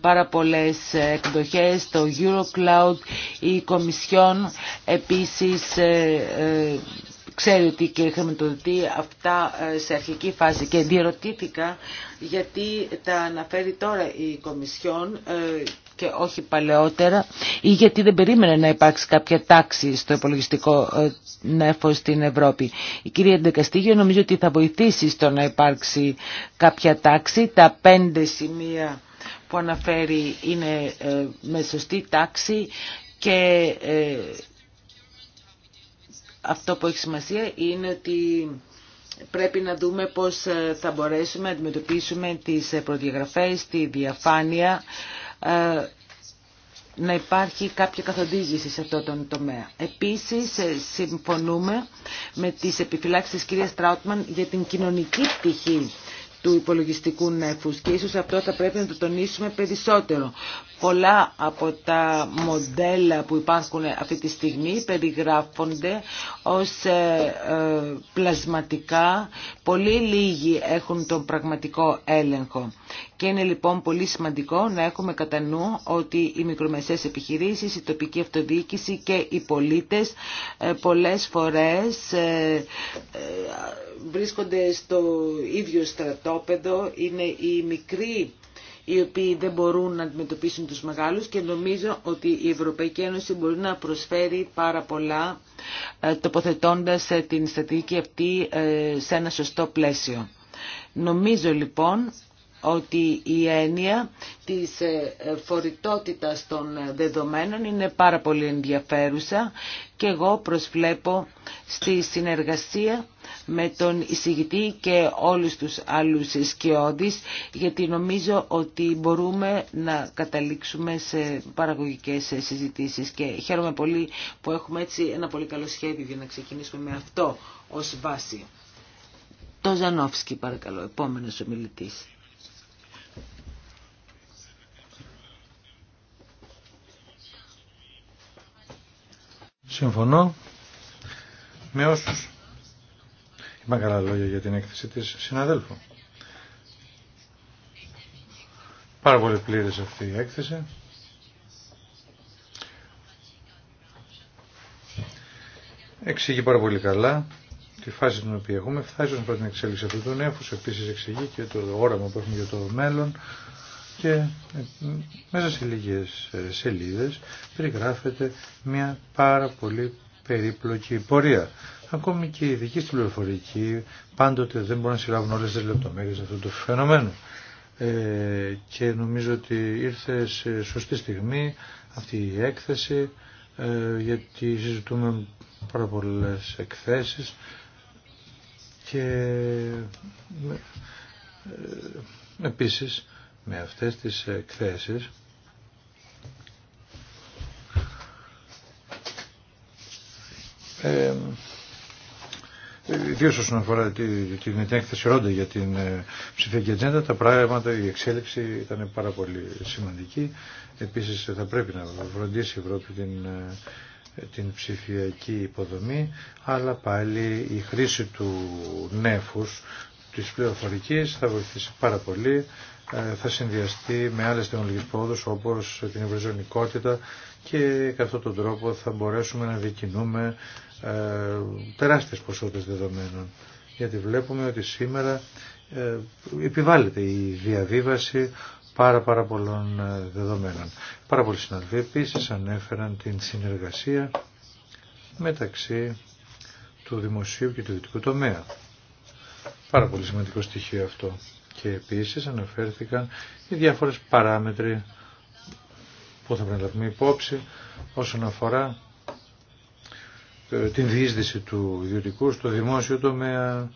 πάρα πολλές εκδοχές. Το Eurocloud, η Κομισιόν επίσης ε, ξέρει ότι και χρηματοδοτεί αυτά σε αρχική φάση και διερωτήθηκα γιατί τα αναφέρει τώρα η Κομισιόν και όχι παλαιότερα ή γιατί δεν περίμενε να υπάρξει κάποια τάξη στο υπολογιστικό ε, νέφος στην Ευρώπη. Η κυρία Ντεκαστήγιο νεφο στην ευρωπη η ότι θα βοηθήσει στο να υπάρξει κάποια τάξη. Τα πέντε σημεία που αναφέρει είναι ε, με σωστή τάξη και ε, αυτό που έχει σημασία είναι ότι πρέπει να δούμε πώς θα μπορέσουμε να αντιμετωπίσουμε τις προδιαγραφές, τη διαφάνεια ε, να υπάρχει κάποια καθοδήγηση σε αυτό τον τομέα. Επίσης, ε, συμφωνούμε με τις επιφυλάξεις της κυρίας Τράουτμαν για την κοινωνική πτυχή του υπολογιστικού νέφους και ίσως αυτό θα πρέπει να το τονίσουμε περισσότερο. Πολλά από τα μοντέλα που υπάρχουν αυτή τη στιγμή περιγράφονται ως ε, πλασματικά. Πολύ λίγοι έχουν τον πραγματικό έλεγχο. Και είναι λοιπόν πολύ σημαντικό να έχουμε κατά νου ότι οι μικρομεσαίες επιχειρήσεις, η τοπική αυτοδιοίκηση και οι πολίτες ε, πολλές φορές ε, ε, βρίσκονται στο ίδιο στρατόπεδο, είναι οι μικροί οι οποίοι δεν μπορούν να αντιμετωπίσουν τους μεγάλους και νομίζω ότι η Ευρωπαϊκή Ένωση μπορεί να προσφέρει πάρα πολλά τοποθετώντας την στρατηγική αυτή σε ένα σωστό πλαίσιο. Νομίζω λοιπόν ότι η έννοια της ε, ε, φορητότητας των ε, δεδομένων είναι πάρα πολύ ενδιαφέρουσα και εγώ προσβλέπω στη συνεργασία με τον εισηγητή και όλους τους άλλους σκιώδεις γιατί νομίζω ότι μπορούμε να καταλήξουμε σε παραγωγικές συζητήσεις και χαίρομαι πολύ που έχουμε έτσι ένα πολύ καλό σχέδιο για να ξεκινήσουμε με αυτό ως βάση. Το Ζανόφσκι παρακαλώ, επόμενος ομιλητής. Συμφωνώ με όσου είπα καλά λόγια για την έκθεση της συναδέλφου. Πάρα πολύ πλήρης αυτή η έκθεση. Εξηγεί πάρα πολύ καλά τη φάση την οποία έχουμε φτάσει όσον αφορά την εξέλιξη αυτού του νέου Επίση εξηγεί και το όραμα που έχουμε για το μέλλον και μέσα σε λίγες ε, σελίδες περιγράφεται μια πάρα πολύ περίπλοκη πορεία. Ακόμη και οι ειδικοί στην πληροφορική πάντοτε δεν μπορούν να συλλάβουν όλες τις λεπτομέρειες αυτού του φαινομένου. Ε, και νομίζω ότι ήρθε σε σωστή στιγμή αυτή η έκθεση ε, γιατί συζητούμε πάρα πολλέ εκθέσεις και ε, επίσης με αυτές τις εκθέσεις ε, Ιδίω όσον αφορά την, την έκθεση Ρόντα για την ε, ψηφιακή ατζέντα, τα πράγματα, η εξέλιξη ήταν πάρα πολύ σημαντική. Επίση, θα πρέπει να βροντίσει η Ευρώπη την, ε, την ψηφιακή υποδομή, αλλά πάλι η χρήση του νέφους της πληροφορικής θα βοηθήσει πάρα πολύ ε, θα συνδυαστεί με άλλες τεχνολογικές πρόοδου όπως την ευρυζωνικότητα και κατά αυτόν τον τρόπο θα μπορέσουμε να διακινούμε ε, τεράστιες ποσότητες δεδομένων. Γιατί βλέπουμε ότι σήμερα ε, επιβάλλεται η διαβίβαση πάρα πάρα πολλών δεδομένων. Πάρα πολλοί συναδελφοί επίσης ανέφεραν την συνεργασία μεταξύ του δημοσίου και του ιδιωτικού τομέα. Πάρα πολύ σημαντικό στοιχείο αυτό και επίσης αναφέρθηκαν οι διάφορες παράμετροι που θα πρέπει να λάβουμε υπόψη όσον αφορά ε, την διείσδυση του ιδιωτικού στο δημόσιο τομέα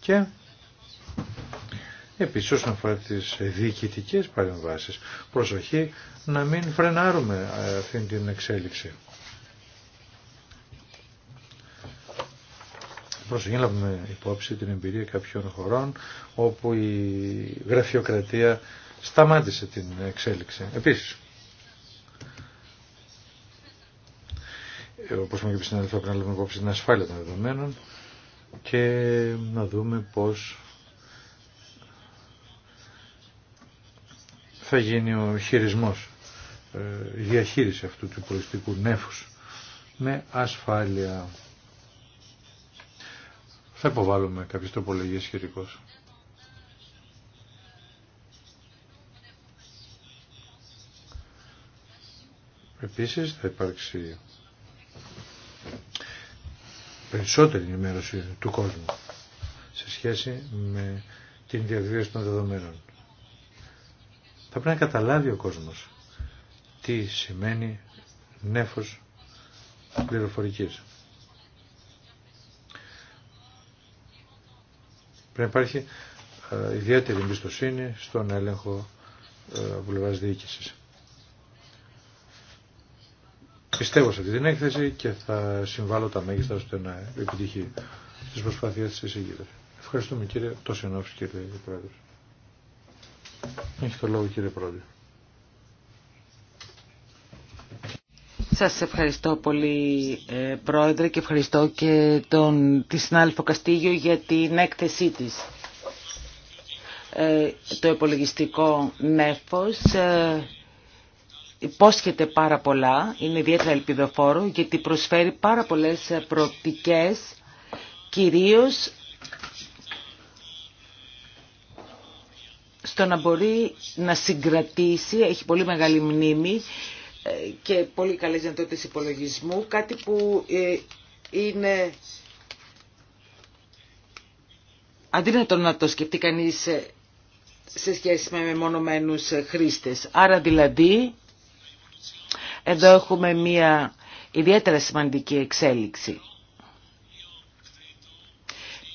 και επίσης όσον αφορά τις διοικητικές παρεμβάσεις. Προσοχή να μην φρενάρουμε ε, αυτή την εξέλιξη. προσοχή να λάβουμε υπόψη την εμπειρία κάποιων χωρών όπου η γραφειοκρατία σταμάτησε την εξέλιξη. Επίσης, όπως είπαμε και πρέπει να λάβουμε υπόψη την ασφάλεια των δεδομένων και να δούμε πώς θα γίνει ο χειρισμός, ε, η διαχείριση αυτού του πολιτικού νέφους με ασφάλεια θα υποβάλουμε κάποιες τροπολογίες σχετικώς. Επίσης θα υπάρξει περισσότερη ενημέρωση του κόσμου σε σχέση με την διαβίωση των δεδομένων. Θα πρέπει να καταλάβει ο κόσμος τι σημαίνει νέφος πληροφορικής. Πρέπει να υπάρχει ε, ιδιαίτερη εμπιστοσύνη στον έλεγχο βουλευάς ε, διοίκησης. Πιστεύω σε αυτή την έκθεση και θα συμβάλλω τα μέγιστα ώστε να επιτυχεί τις προσπάθειες της εισηγήτρια. Ευχαριστούμε κύριε Τόσενόφης κύριε Πρόεδρε. Έχει το λόγο κύριε Πρόεδρε. Σας ευχαριστώ πολύ ε, Πρόεδρε και ευχαριστώ και τον, τη συνάδελφο Καστίγιο για την έκθεσή της. Ε, το υπολογιστικό νέφος ε, υπόσχεται πάρα πολλά, είναι ιδιαίτερα ελπιδοφόρο γιατί προσφέρει πάρα πολλές προοπτικές κυρίως στο να μπορεί να συγκρατήσει, έχει πολύ μεγάλη μνήμη ε, και πολύ καλές δυνατότητες υπολογισμού, κάτι που ε, είναι αντίθετο να το σκεφτεί κανείς ε, σε σχέση με μεμονωμένους χρήστες. Άρα δηλαδή, εδώ έχουμε μία ιδιαίτερα σημαντική εξέλιξη.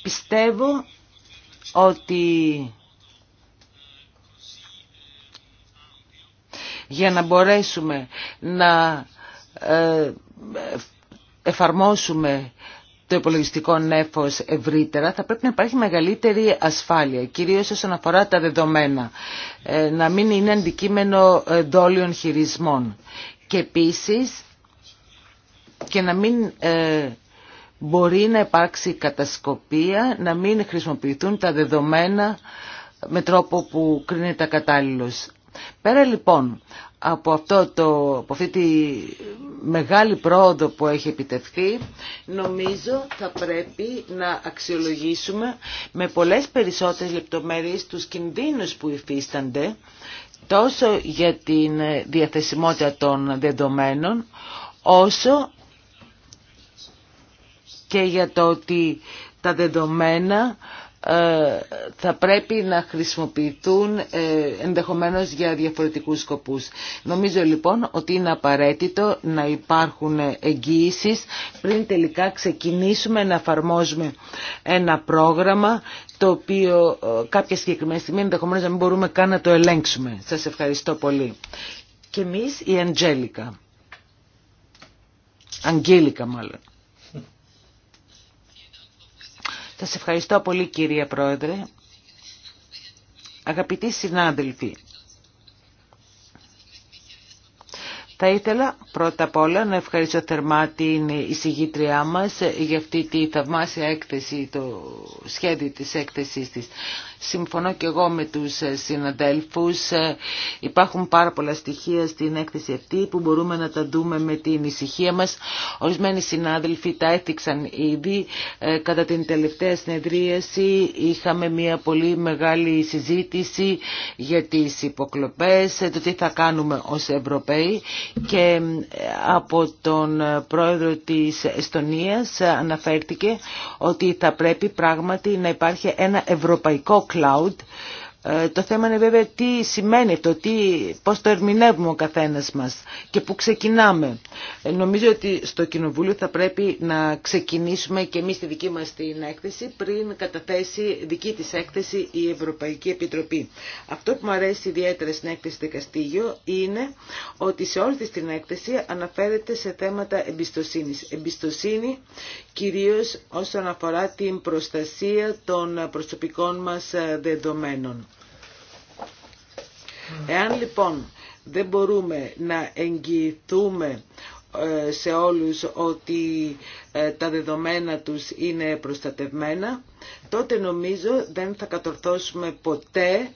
Πιστεύω ότι για να μπορέσουμε να ε, εφαρμόσουμε το υπολογιστικό νέφος ευρύτερα, θα πρέπει να υπάρχει μεγαλύτερη ασφάλεια, κυρίως όσον αφορά τα δεδομένα, ε, να μην είναι αντικείμενο ε, δόλιων χειρισμών. Και επίσης, και να μην μπορεί να υπάρξει κατασκοπία, να μην χρησιμοποιηθούν τα δεδομένα με τρόπο που κρίνεται κατάλληλος. Πέρα λοιπόν από, αυτό το, από αυτή τη μεγάλη πρόοδο που έχει επιτευχθεί, νομίζω θα πρέπει να αξιολογήσουμε με πολλές περισσότερες λεπτομέρειες τους κινδύνους που υφίστανται, τόσο για την διαθεσιμότητα των δεδομένων, όσο και για το ότι τα δεδομένα ε, θα πρέπει να χρησιμοποιηθούν ε, ενδεχομένως για διαφορετικούς σκοπούς. Νομίζω λοιπόν ότι είναι απαραίτητο να υπάρχουν εγγύησεις πριν τελικά ξεκινήσουμε να εφαρμόζουμε ένα πρόγραμμα το οποίο ε, κάποια συγκεκριμένη στιγμή ενδεχομένως να μην μπορούμε καν να το ελέγξουμε. Σας ευχαριστώ πολύ. Και εμείς η Αντζέλικα, Αγγέλικα μάλλον. Σας ευχαριστώ πολύ κυρία Πρόεδρε. Αγαπητοί συνάδελφοι, Θα ήθελα πρώτα απ' όλα να ευχαριστώ θερμά την εισηγήτριά μας για αυτή τη θαυμάσια έκθεση, το σχέδιο της έκθεσής της. Συμφωνώ και εγώ με τους συναδέλφους. Υπάρχουν πάρα πολλά στοιχεία στην έκθεση αυτή που μπορούμε να τα δούμε με την ησυχία μας. Ορισμένοι συνάδελφοι τα έθιξαν ήδη. Ε, κατά την τελευταία συνεδρίαση είχαμε μια πολύ μεγάλη συζήτηση για τις υποκλοπές, το τι θα κάνουμε ως Ευρωπαίοι και ε, από τον πρόεδρο της Εστονίας αναφέρθηκε ότι θα πρέπει πράγματι να υπάρχει ένα ευρωπαϊκό cloud ε, το θέμα είναι βέβαια τι σημαίνει αυτό, τι, πώς το ερμηνεύουμε ο καθένας μας και πού ξεκινάμε. Ε, νομίζω ότι στο Κοινοβούλιο θα πρέπει να ξεκινήσουμε και εμείς τη δική μας την έκθεση πριν καταθέσει δική της έκθεση η Ευρωπαϊκή Επιτροπή. Αυτό που μου αρέσει ιδιαίτερα στην έκθεση δικαστήριο είναι ότι σε όλη την έκθεση αναφέρεται σε θέματα εμπιστοσύνης. Εμπιστοσύνη κυρίως όσον αφορά την προστασία των προσωπικών μας δεδομένων. Εάν λοιπόν δεν μπορούμε να εγγυηθούμε ε, σε όλους ότι ε, τα δεδομένα τους είναι προστατευμένα, τότε νομίζω δεν θα κατορθώσουμε ποτέ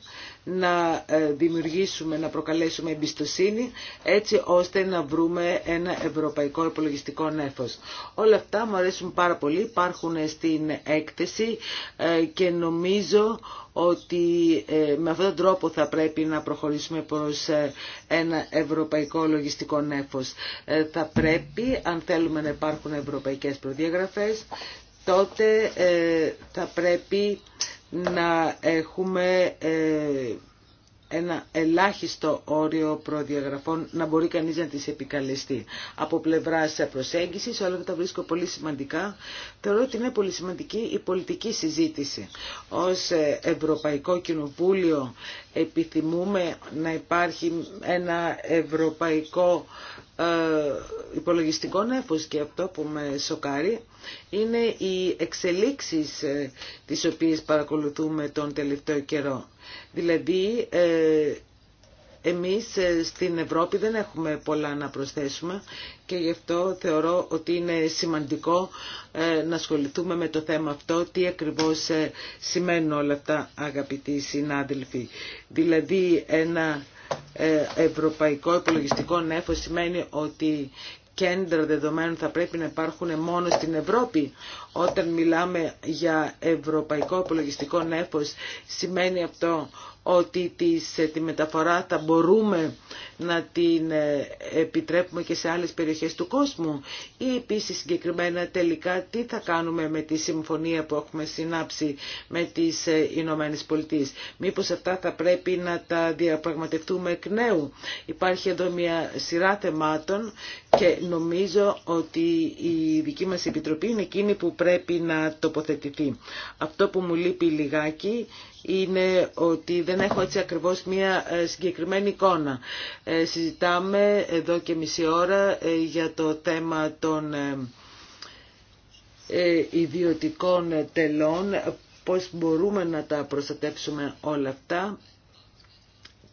να ε, δημιουργήσουμε, να προκαλέσουμε εμπιστοσύνη έτσι ώστε να βρούμε ένα ευρωπαϊκό υπολογιστικό νέφος. Όλα αυτά μου αρέσουν πάρα πολύ, υπάρχουν στην έκθεση ε, και νομίζω ότι ε, με αυτόν τον τρόπο θα πρέπει να προχωρήσουμε προς ένα ευρωπαϊκό λογιστικό νέφος. Θα πρέπει, αν θέλουμε να υπάρχουν ευρωπαϊκές προδιαγραφές, τότε θα πρέπει να έχουμε ε, ένα ελάχιστο όριο προδιαγραφών να μπορεί κανείς να τις επικαλεστεί. Από πλευράς προσέγγιση, όλα αυτά βρίσκω πολύ σημαντικά, θεωρώ ότι είναι πολύ σημαντική η πολιτική συζήτηση. Ως ε, Ευρωπαϊκό Κοινοβούλιο επιθυμούμε να υπάρχει ένα ευρωπαϊκό ε, υπολογιστικό νέφος και αυτό που με σοκάρει είναι οι εξελίξεις ε, τις οποίες παρακολουθούμε τον τελευταίο καιρό. Δηλαδή, ε, εμείς ε, στην Ευρώπη δεν έχουμε πολλά να προσθέσουμε και γι' αυτό θεωρώ ότι είναι σημαντικό ε, να ασχοληθούμε με το θέμα αυτό, τι ακριβώς σημαίνουν όλα αυτά αγαπητοί συνάδελφοι. Δηλαδή ένα ευρωπαϊκό υπολογιστικό νέφος σημαίνει ότι κέντρα δεδομένων θα πρέπει να υπάρχουν μόνο στην Ευρώπη. Όταν μιλάμε για ευρωπαϊκό υπολογιστικό νέφος σημαίνει αυτό ότι ε, τη μεταφορά θα μπορούμε να την ε, επιτρέπουμε και σε άλλες περιοχές του κόσμου ή επίσης συγκεκριμένα τελικά τι θα κάνουμε με τη συμφωνία που έχουμε συνάψει με τις ε, Ηνωμένες Πολιτείες. Μήπως αυτά θα πρέπει να τα διαπραγματευτούμε εκ νέου. Υπάρχει εδώ μια σειρά θεμάτων και νομίζω ότι η δική μας Επιτροπή είναι εκείνη που πρέπει να τοποθετηθεί. Αυτό που μου λείπει λιγάκι είναι ότι δεν έχω έτσι ακριβώς μια ε, συγκεκριμένη εικόνα. Ε, συζητάμε εδώ και μισή ώρα ε, για το θέμα των ε, ιδιωτικών τελών, πώς μπορούμε να τα προστατεύσουμε όλα αυτά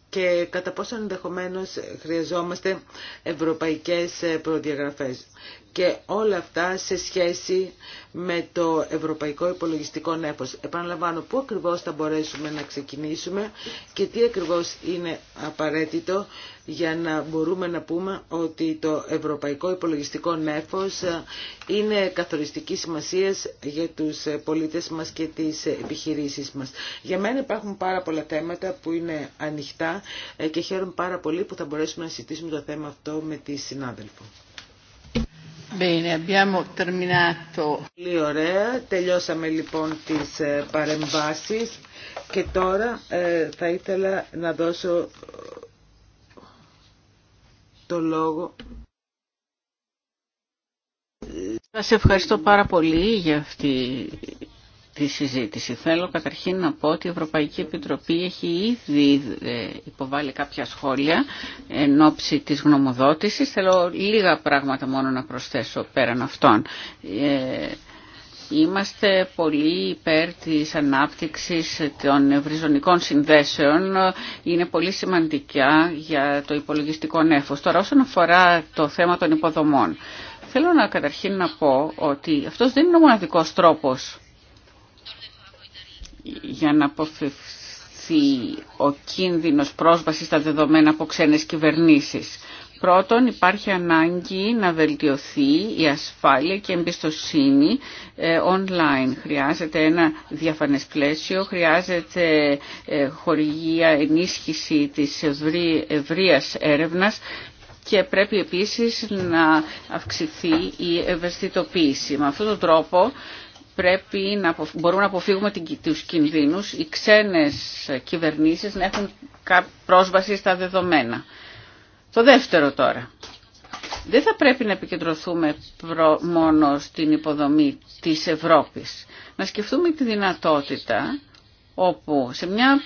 και κατά πόσο ενδεχομένως χρειαζόμαστε ευρωπαϊκές προδιαγραφές και όλα αυτά σε σχέση με το Ευρωπαϊκό Υπολογιστικό Νέφος. Επαναλαμβάνω πού ακριβώς θα μπορέσουμε να ξεκινήσουμε και τι ακριβώς είναι απαραίτητο για να μπορούμε να πούμε ότι το Ευρωπαϊκό Υπολογιστικό Νέφος είναι καθοριστική σημασία για τους πολίτες μας και τις επιχειρήσεις μας. Για μένα υπάρχουν πάρα πολλά θέματα που είναι ανοιχτά και χαίρομαι πάρα πολύ που θα μπορέσουμε να συζητήσουμε το θέμα αυτό με τη συνάδελφο. Bene, abbiamo terminato. Πολύ ωραία. Τελειώσαμε λοιπόν τις ε, παρεμβάσεις και τώρα ε, θα ήθελα να δώσω ε, το λόγο. Σας ευχαριστώ πάρα πολύ για αυτή τη συζήτηση. Θέλω καταρχήν να πω ότι η Ευρωπαϊκή Επιτροπή έχει ήδη ε, υποβάλει κάποια σχόλια εν ώψη της γνωμοδότησης. Θέλω λίγα πράγματα μόνο να προσθέσω πέραν αυτών. Ε, είμαστε πολύ υπέρ της ανάπτυξης των ευρυζωνικών συνδέσεων. Είναι πολύ σημαντικά για το υπολογιστικό νέφος. Τώρα όσον αφορά το θέμα των υποδομών. Θέλω να καταρχήν να πω ότι αυτός δεν είναι ο μοναδικός τρόπος για να αποφευθεί ο κίνδυνος πρόσβασης στα δεδομένα από ξένες κυβερνήσεις. Πρώτον, υπάρχει ανάγκη να βελτιωθεί η ασφάλεια και η εμπιστοσύνη ε, online. Χρειάζεται ένα διαφανές πλαίσιο, χρειάζεται ε, χορηγία, ενίσχυση της ευρείας έρευνας και πρέπει επίσης να αυξηθεί η ευαισθητοποίηση. Με αυτόν τον τρόπο πρέπει να μπορούμε να αποφύγουμε τους κινδύνους οι ξένες κυβερνήσεις να έχουν πρόσβαση στα δεδομένα. Το δεύτερο τώρα. Δεν θα πρέπει να επικεντρωθούμε μόνο στην υποδομή της Ευρώπης. Να σκεφτούμε τη δυνατότητα όπου σε μια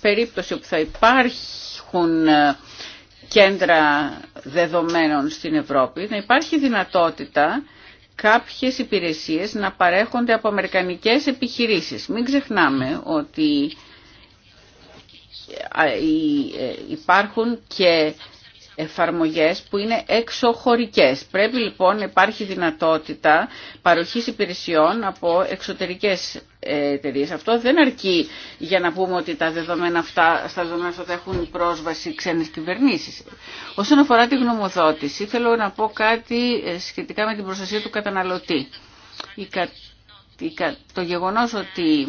περίπτωση που θα υπάρχουν ε, κέντρα δεδομένων στην Ευρώπη να υπάρχει δυνατότητα κάποιες υπηρεσίες να παρέχονται από αμερικανικές επιχειρήσεις. Μην ξεχνάμε ότι ε, ε, υπάρχουν και εφαρμογές που είναι εξωχωρικές. Πρέπει λοιπόν να υπάρχει δυνατότητα παροχής υπηρεσιών από εξωτερικές ε, εταιρείες. Αυτό δεν αρκεί για να πούμε ότι τα δεδομένα αυτά, στα δεδομένα αυτά έχουν πρόσβαση ξένες κυβερνήσεις. Όσον αφορά τη γνωμοδότηση, θέλω να πω κάτι ε, σχετικά με την προστασία του καταναλωτή. Το γεγονός ότι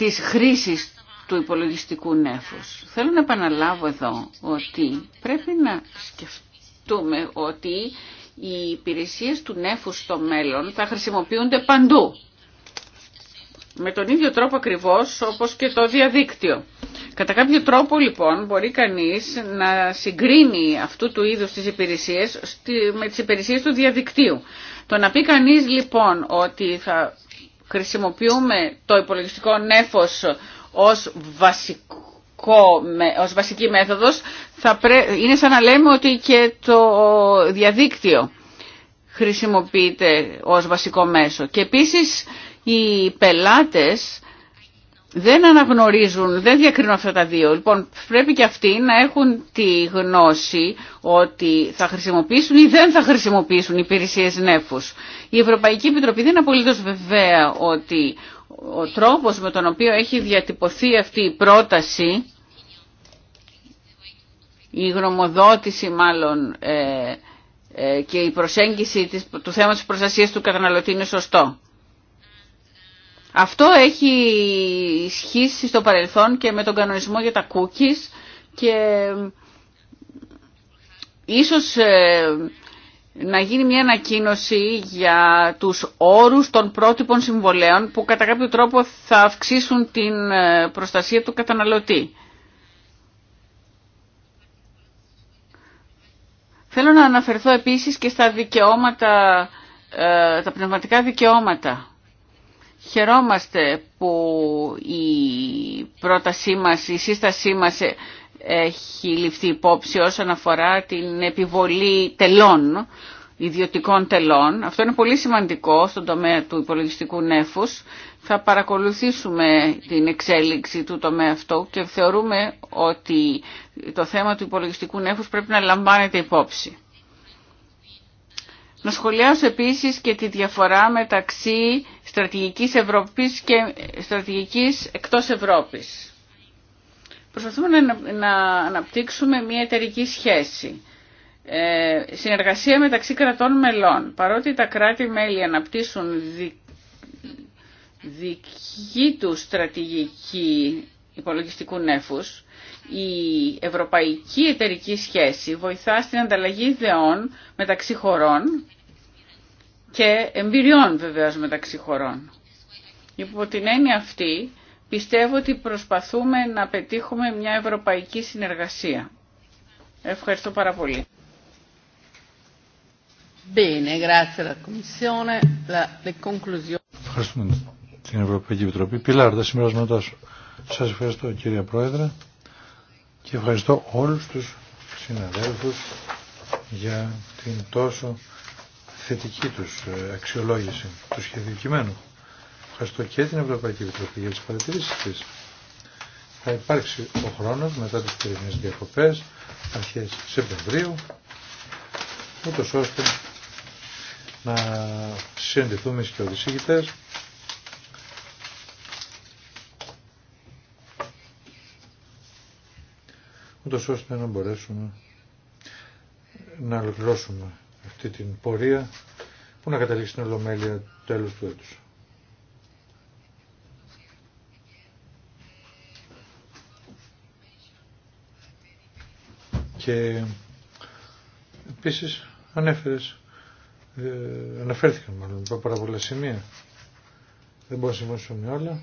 της χρήσης του υπολογιστικού νέφους. Θέλω να επαναλάβω εδώ ότι πρέπει να σκεφτούμε ότι οι υπηρεσίες του νέφους στο μέλλον θα χρησιμοποιούνται παντού. Με τον ίδιο τρόπο ακριβώς όπως και το διαδίκτυο. Κατά κάποιο τρόπο λοιπόν μπορεί κανείς να συγκρίνει αυτού του είδους τις υπηρεσίες με τις υπηρεσίες του διαδικτύου. Το να πει κανείς λοιπόν ότι θα χρησιμοποιούμε το υπολογιστικό νέφος ως βασικό ως βασική μέθοδος θα είναι σαν να λέμε ότι και το διαδίκτυο χρησιμοποιείται ως βασικό μέσο. Και επίσης οι πελάτες δεν αναγνωρίζουν, δεν διακρίνουν αυτά τα δύο. Λοιπόν, πρέπει και αυτοί να έχουν τη γνώση ότι θα χρησιμοποιήσουν ή δεν θα χρησιμοποιήσουν υπηρεσίες νέφους. Η Ευρωπαϊκή Επιτροπή δεν είναι απολύτως βεβαία ότι ο τρόπος με τον οποίο έχει διατυπωθεί αυτή η πρόταση, η γνωμοδότηση μάλλον ε, ε, και η προσέγγιση του θέματος του καταναλωτή είναι σωστό. Αυτό έχει ισχύσει στο παρελθόν και με τον κανονισμό για τα cookies και ίσως ε, να γίνει μια ανακοίνωση για τους όρους των πρότυπων συμβολέων που κατά κάποιο τρόπο θα αυξήσουν την ε, προστασία του καταναλωτή. Θέλω να αναφερθώ επίσης και στα δικαιώματα, ε, τα πνευματικά δικαιώματα. Χαιρόμαστε που η πρότασή μας, η σύστασή μας έχει ληφθεί υπόψη όσον αφορά την επιβολή τελών, ιδιωτικών τελών. Αυτό είναι πολύ σημαντικό στον τομέα του υπολογιστικού νέφους. Θα παρακολουθήσουμε την εξέλιξη του τομέα αυτού και θεωρούμε ότι το θέμα του υπολογιστικού νέφους πρέπει να λαμβάνεται υπόψη. Να σχολιάσω επίσης και τη διαφορά μεταξύ στρατηγικής Ευρώπης και στρατηγικής εκτός Ευρώπης. Προσπαθούμε να αναπτύξουμε μια εταιρική σχέση. Ε, συνεργασία μεταξύ κρατών μελών. Παρότι τα κράτη-μέλη αναπτύσσουν δική του στρατηγική υπολογιστικού νέφους, η ευρωπαϊκή εταιρική σχέση βοηθά στην ανταλλαγή ιδεών μεταξύ χωρών και εμπειριών βεβαίως μεταξύ χωρών. Υπό την έννοια αυτή πιστεύω ότι προσπαθούμε να πετύχουμε μια ευρωπαϊκή συνεργασία. Ευχαριστώ πάρα πολύ. Ευχαριστούμε την Ευρωπαϊκή Επιτροπή. Πιλάρ, τα συμπεράσματά σου. Σα ευχαριστώ κύριε Πρόεδρε και ευχαριστώ όλους τους συναδέλφους για την τόσο θετική τους ε, αξιολόγηση του σχεδίου κειμένου. Ευχαριστώ και την Ευρωπαϊκή Επιτροπή για τις παρατηρήσεις της. Θα υπάρξει ο χρόνος μετά τι περινές διακοπές, αρχές Σεπτεμβρίου, ούτως ώστε να συνδεθούμε και οδησίγητες ούτως ώστε να μπορέσουμε να ολοκληρώσουμε αυτή την πορεία που να καταλήξει στην Ολομέλεια τέλος του έτους. Και επίσης ανέφερες, ε, αναφέρθηκαν μάλλον πάρα πολλά σημεία. Δεν μπορώ να συμφωνήσω με όλα.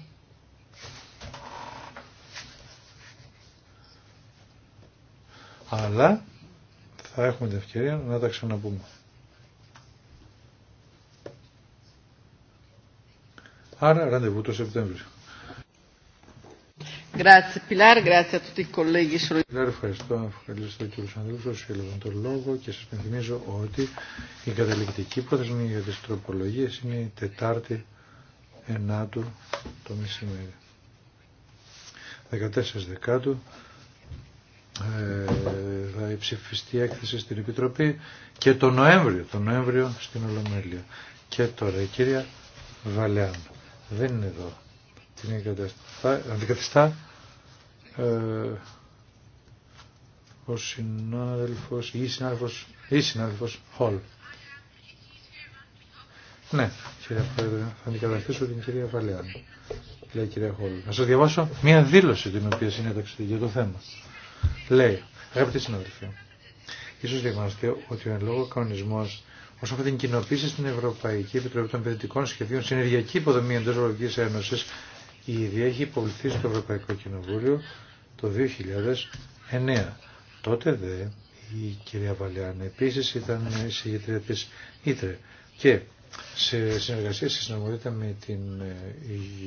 Αλλά θα έχουμε την ευκαιρία να τα ξαναπούμε. Άρα ραντεβού το Σεπτέμβριο. Grazie Pilar, grazie a tutti i colleghi. Pilar, ευχαριστώ, ευχαριστώ και τους που έλαβαν τον λόγο και σας πενθυμίζω ότι η καταληκτική πρόθεσμη για τι τροπολογίε είναι η Τετάρτη 9 το μεσημέρι. 14 Δεκάτου ε, θα ψηφιστεί η έκθεση στην Επιτροπή και το Νοέμβριο, το Νοέμβριο στην Ολομέλεια. Και τώρα η κυρία Βαλεάν δεν είναι εδώ. Την αντικαθιστά ε, ο συνάδελφος ή συνάδελφος ή συνάδελφος Χολ. Ναι, κυρία Πρόεδρε, θα αντικαταστήσω την κυρία Βαλιάν. Λέει κυρία Χολ. Να σας διαβάσω μια δήλωση την οποία συνέταξε για το θέμα. Λέει, αγαπητοί συνάδελφοι, ίσως διαγνωστεί ότι ο εν λόγω κανονισμός Όσο αφορά την κοινοποίηση στην Ευρωπαϊκή Επιτροπή των Παιδευτικών Σχεδίων, συνεργειακή υποδομή εντό Ευρωπαϊκή Ένωση, ΙΔΙΑ έχει υποβληθεί στο Ευρωπαϊκό Κοινοβούλιο το 2009. Τότε δε η κυρία Βαλιάν επίση ήταν συγγετρία τη Ίτρε και σε συνεργασία, σε με την ε,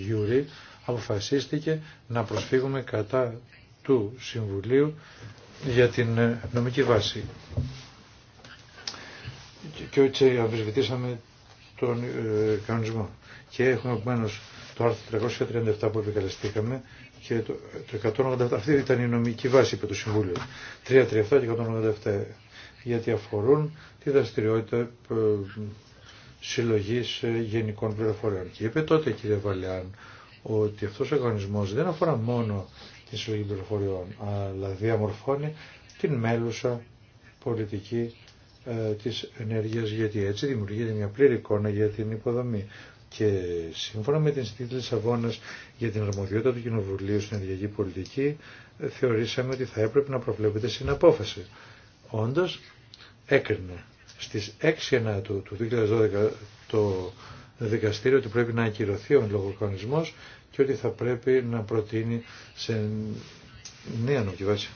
Γιούρη, αποφασίστηκε να προσφύγουμε κατά του Συμβουλίου για την ε, νομική βάση και έτσι αμφισβητήσαμε τον ε, κανονισμό. Και έχουμε επομένω το άρθρο 337 που επικαλεστήκαμε και το, το 187. Αυτή ήταν η νομική βάση, είπε το Συμβούλιο. 337 και 187. Γιατί αφορούν τη δραστηριότητα ε, συλλογή ε, γενικών πληροφοριών. Και είπε τότε, κύριε Βαλιάν, ότι αυτό ο οργανισμό δεν αφορά μόνο τη συλλογή πληροφοριών, αλλά διαμορφώνει την μέλουσα πολιτική ε, της ενέργειας γιατί έτσι δημιουργείται μια πλήρη εικόνα για την υποδομή. Και σύμφωνα με την συνθήκη αγώνας για την αρμοδιότητα του Κοινοβουλίου στην ενεργειακή πολιτική, ε, θεωρήσαμε ότι θα έπρεπε να προβλέπεται στην απόφαση Όντω, έκρινε στις 6 Ιανουαρίου του 2012 το δικαστήριο ότι πρέπει να ακυρωθεί ο λογοκονισμός και ότι θα πρέπει να προτείνει σε νέα νομική βάση.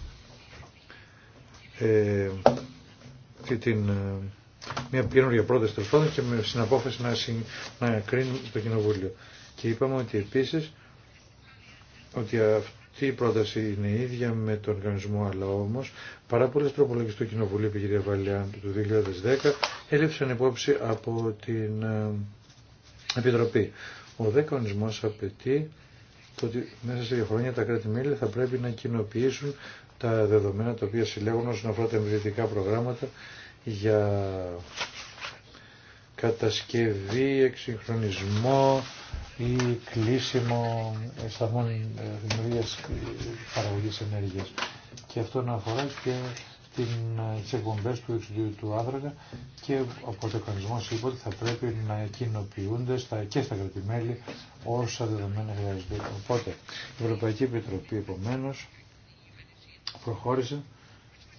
Ε, την, ε, μια καινούργια πρόταση τέλο και με συναπόφαση να, συ, να κρίνει το Κοινοβούλιο. Και είπαμε ότι επίση ότι αυτή η πρόταση είναι ίδια με τον οργανισμό, αλλά όμω παρά πολλέ τροπολογίε του Κοινοβουλίου, η κυρία Βαλιάν του 2010, έλειψαν υπόψη από την ε, Επιτροπή. Ο δε κανονισμό απαιτεί το ότι μέσα σε δύο χρόνια τα κράτη-μέλη θα πρέπει να κοινοποιήσουν τα δεδομένα τα οποία συλλέγουν όσον αφορά τα εμβλητικά προγράμματα για κατασκευή, εξυγχρονισμό ή κλείσιμο σταθμών ε, δημιουργία ε, παραγωγή ενέργεια. Και αυτό να αφορά και τι ε, τις του εξουδίου του Άδραγα και από ο κανονισμός είπε ότι θα πρέπει να κοινοποιούνται στα, και στα κρατημέλη όσα δεδομένα χρειάζονται. Οπότε η Ευρωπαϊκή Επιτροπή επομένως προχώρησε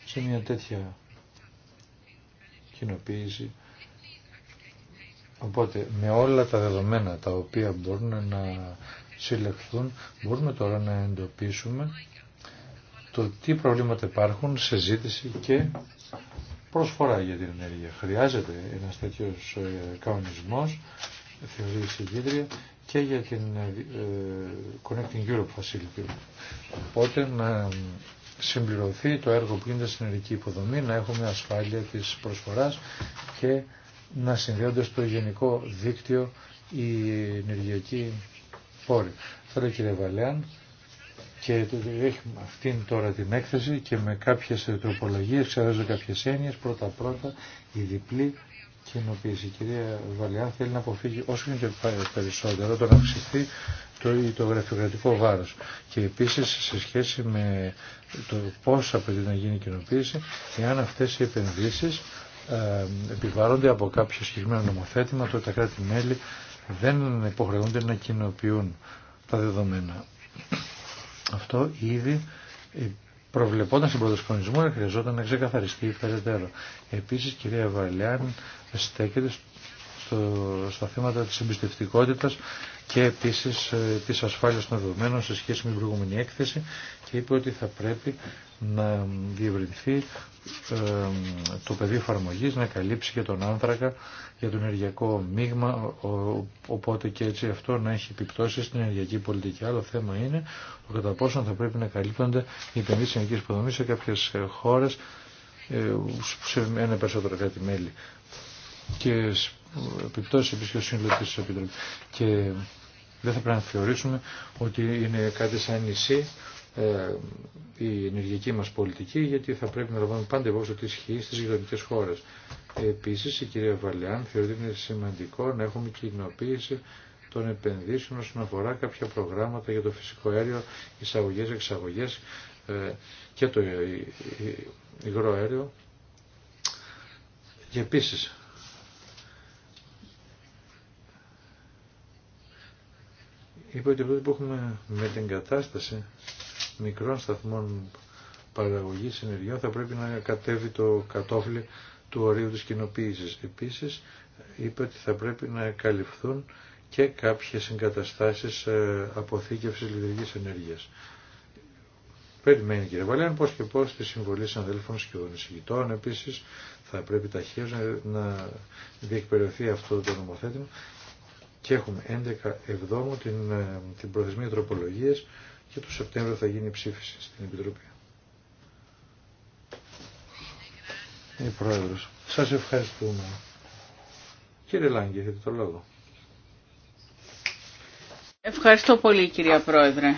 σε μια τέτοια κοινοποίηση. Οπότε με όλα τα δεδομένα τα οποία μπορούν να συλλεχθούν μπορούμε τώρα να εντοπίσουμε το τι προβλήματα υπάρχουν σε ζήτηση και προσφορά για την ενέργεια. Χρειάζεται ένας τέτοιος ε, κανονισμός, θεωρεί συγκίτρια, και για την ε, ε, Connecting Europe Facility. Οπότε να συμπληρωθεί το έργο που γίνεται στην ειδική υποδομή, να έχουμε ασφάλεια της προσφοράς και να συνδέονται στο γενικό δίκτυο η ενεργειακοί πόροι. Θέλω κύριε Βαλέαν και έχουμε αυτήν τώρα την έκθεση και με κάποιες τροπολογίες, ξεράζω κάποιες έννοιες, πρώτα πρώτα η διπλή κοινοποίηση. Η κυρία Βαλιά θέλει να αποφύγει όσο είναι και περισσότερο το να αυξηθεί το, το γραφειοκρατικό βάρος. Και επίσης σε σχέση με το πώς απαιτείται να γίνει η κοινοποίηση, εάν αυτές οι επενδύσεις ε, επιβάλλονται από κάποιο συγκεκριμένο νομοθέτημα, τότε τα κράτη-μέλη δεν υποχρεούνται να κοινοποιούν τα δεδομένα. Αυτό ήδη προβλεπόταν στην πρωτοσκονισμό να χρειαζόταν να ξεκαθαριστεί περαιτέρω. Επίσης κυρία Βαλιάν στέκεται στο, στα θέματα της εμπιστευτικότητας και επίσης ε, της ασφάλειας των δεδομένων σε σχέση με την προηγούμενη έκθεση και είπε ότι θα πρέπει να διευρυνθεί το πεδίο εφαρμογή να καλύψει και τον άνθρακα για το ενεργειακό μείγμα οπότε και έτσι αυτό να έχει επιπτώσει στην ενεργειακή πολιτική. Άλλο θέμα είναι το κατά πόσο θα πρέπει να καλύπτονται οι επενδύσει ενεργειακή υποδομή σε κάποιε ε, χώρε ε, σε ένα περισσότερο κάτι μέλη και επιπτώσει επίση και ο σύνολο τη Επιτροπή. Και δεν θα πρέπει να θεωρήσουμε ότι είναι κάτι σαν νησί ε, η ενεργειακή μας πολιτική γιατί θα πρέπει να λαμβάνουμε πάντα υπόψη ότι ισχύει στις γειτονικές χώρες. Επίσης η κυρία Βαλιάν θεωρεί ότι είναι σημαντικό να έχουμε κοινοποίηση των επενδύσεων όσον αφορά κάποια προγράμματα για το φυσικό αέριο, εισαγωγές, εξαγωγές ε, και το ε, υγρό αέριο. Και επίσης είπε ότι που έχουμε με την κατάσταση μικρών σταθμών παραγωγής ενεργειών θα πρέπει να κατέβει το κατόφλι του ορίου της κοινοποίηση. Επίσης είπε ότι θα πρέπει να καλυφθούν και κάποιε εγκαταστάσεις ε, αποθήκευσης λειτουργικής ενέργειας. Περιμένει κύριε Βαλέαν πώς και πώς τη συμβολή συναδέλφων των εισηγητών. Επίσης θα πρέπει ταχύως να διεκπαιρεωθεί αυτό το νομοθέτημα και έχουμε 11 εβδόμου την, ε, την προθεσμία τροπολογίας και το Σεπτέμβριο θα γίνει η ψήφιση στην Επιτροπή. Η ε, Πρόεδρος. Σας ευχαριστούμε. Κύριε Λάγκη, έχετε το λόγο. Ευχαριστώ πολύ κυρία Πρόεδρε.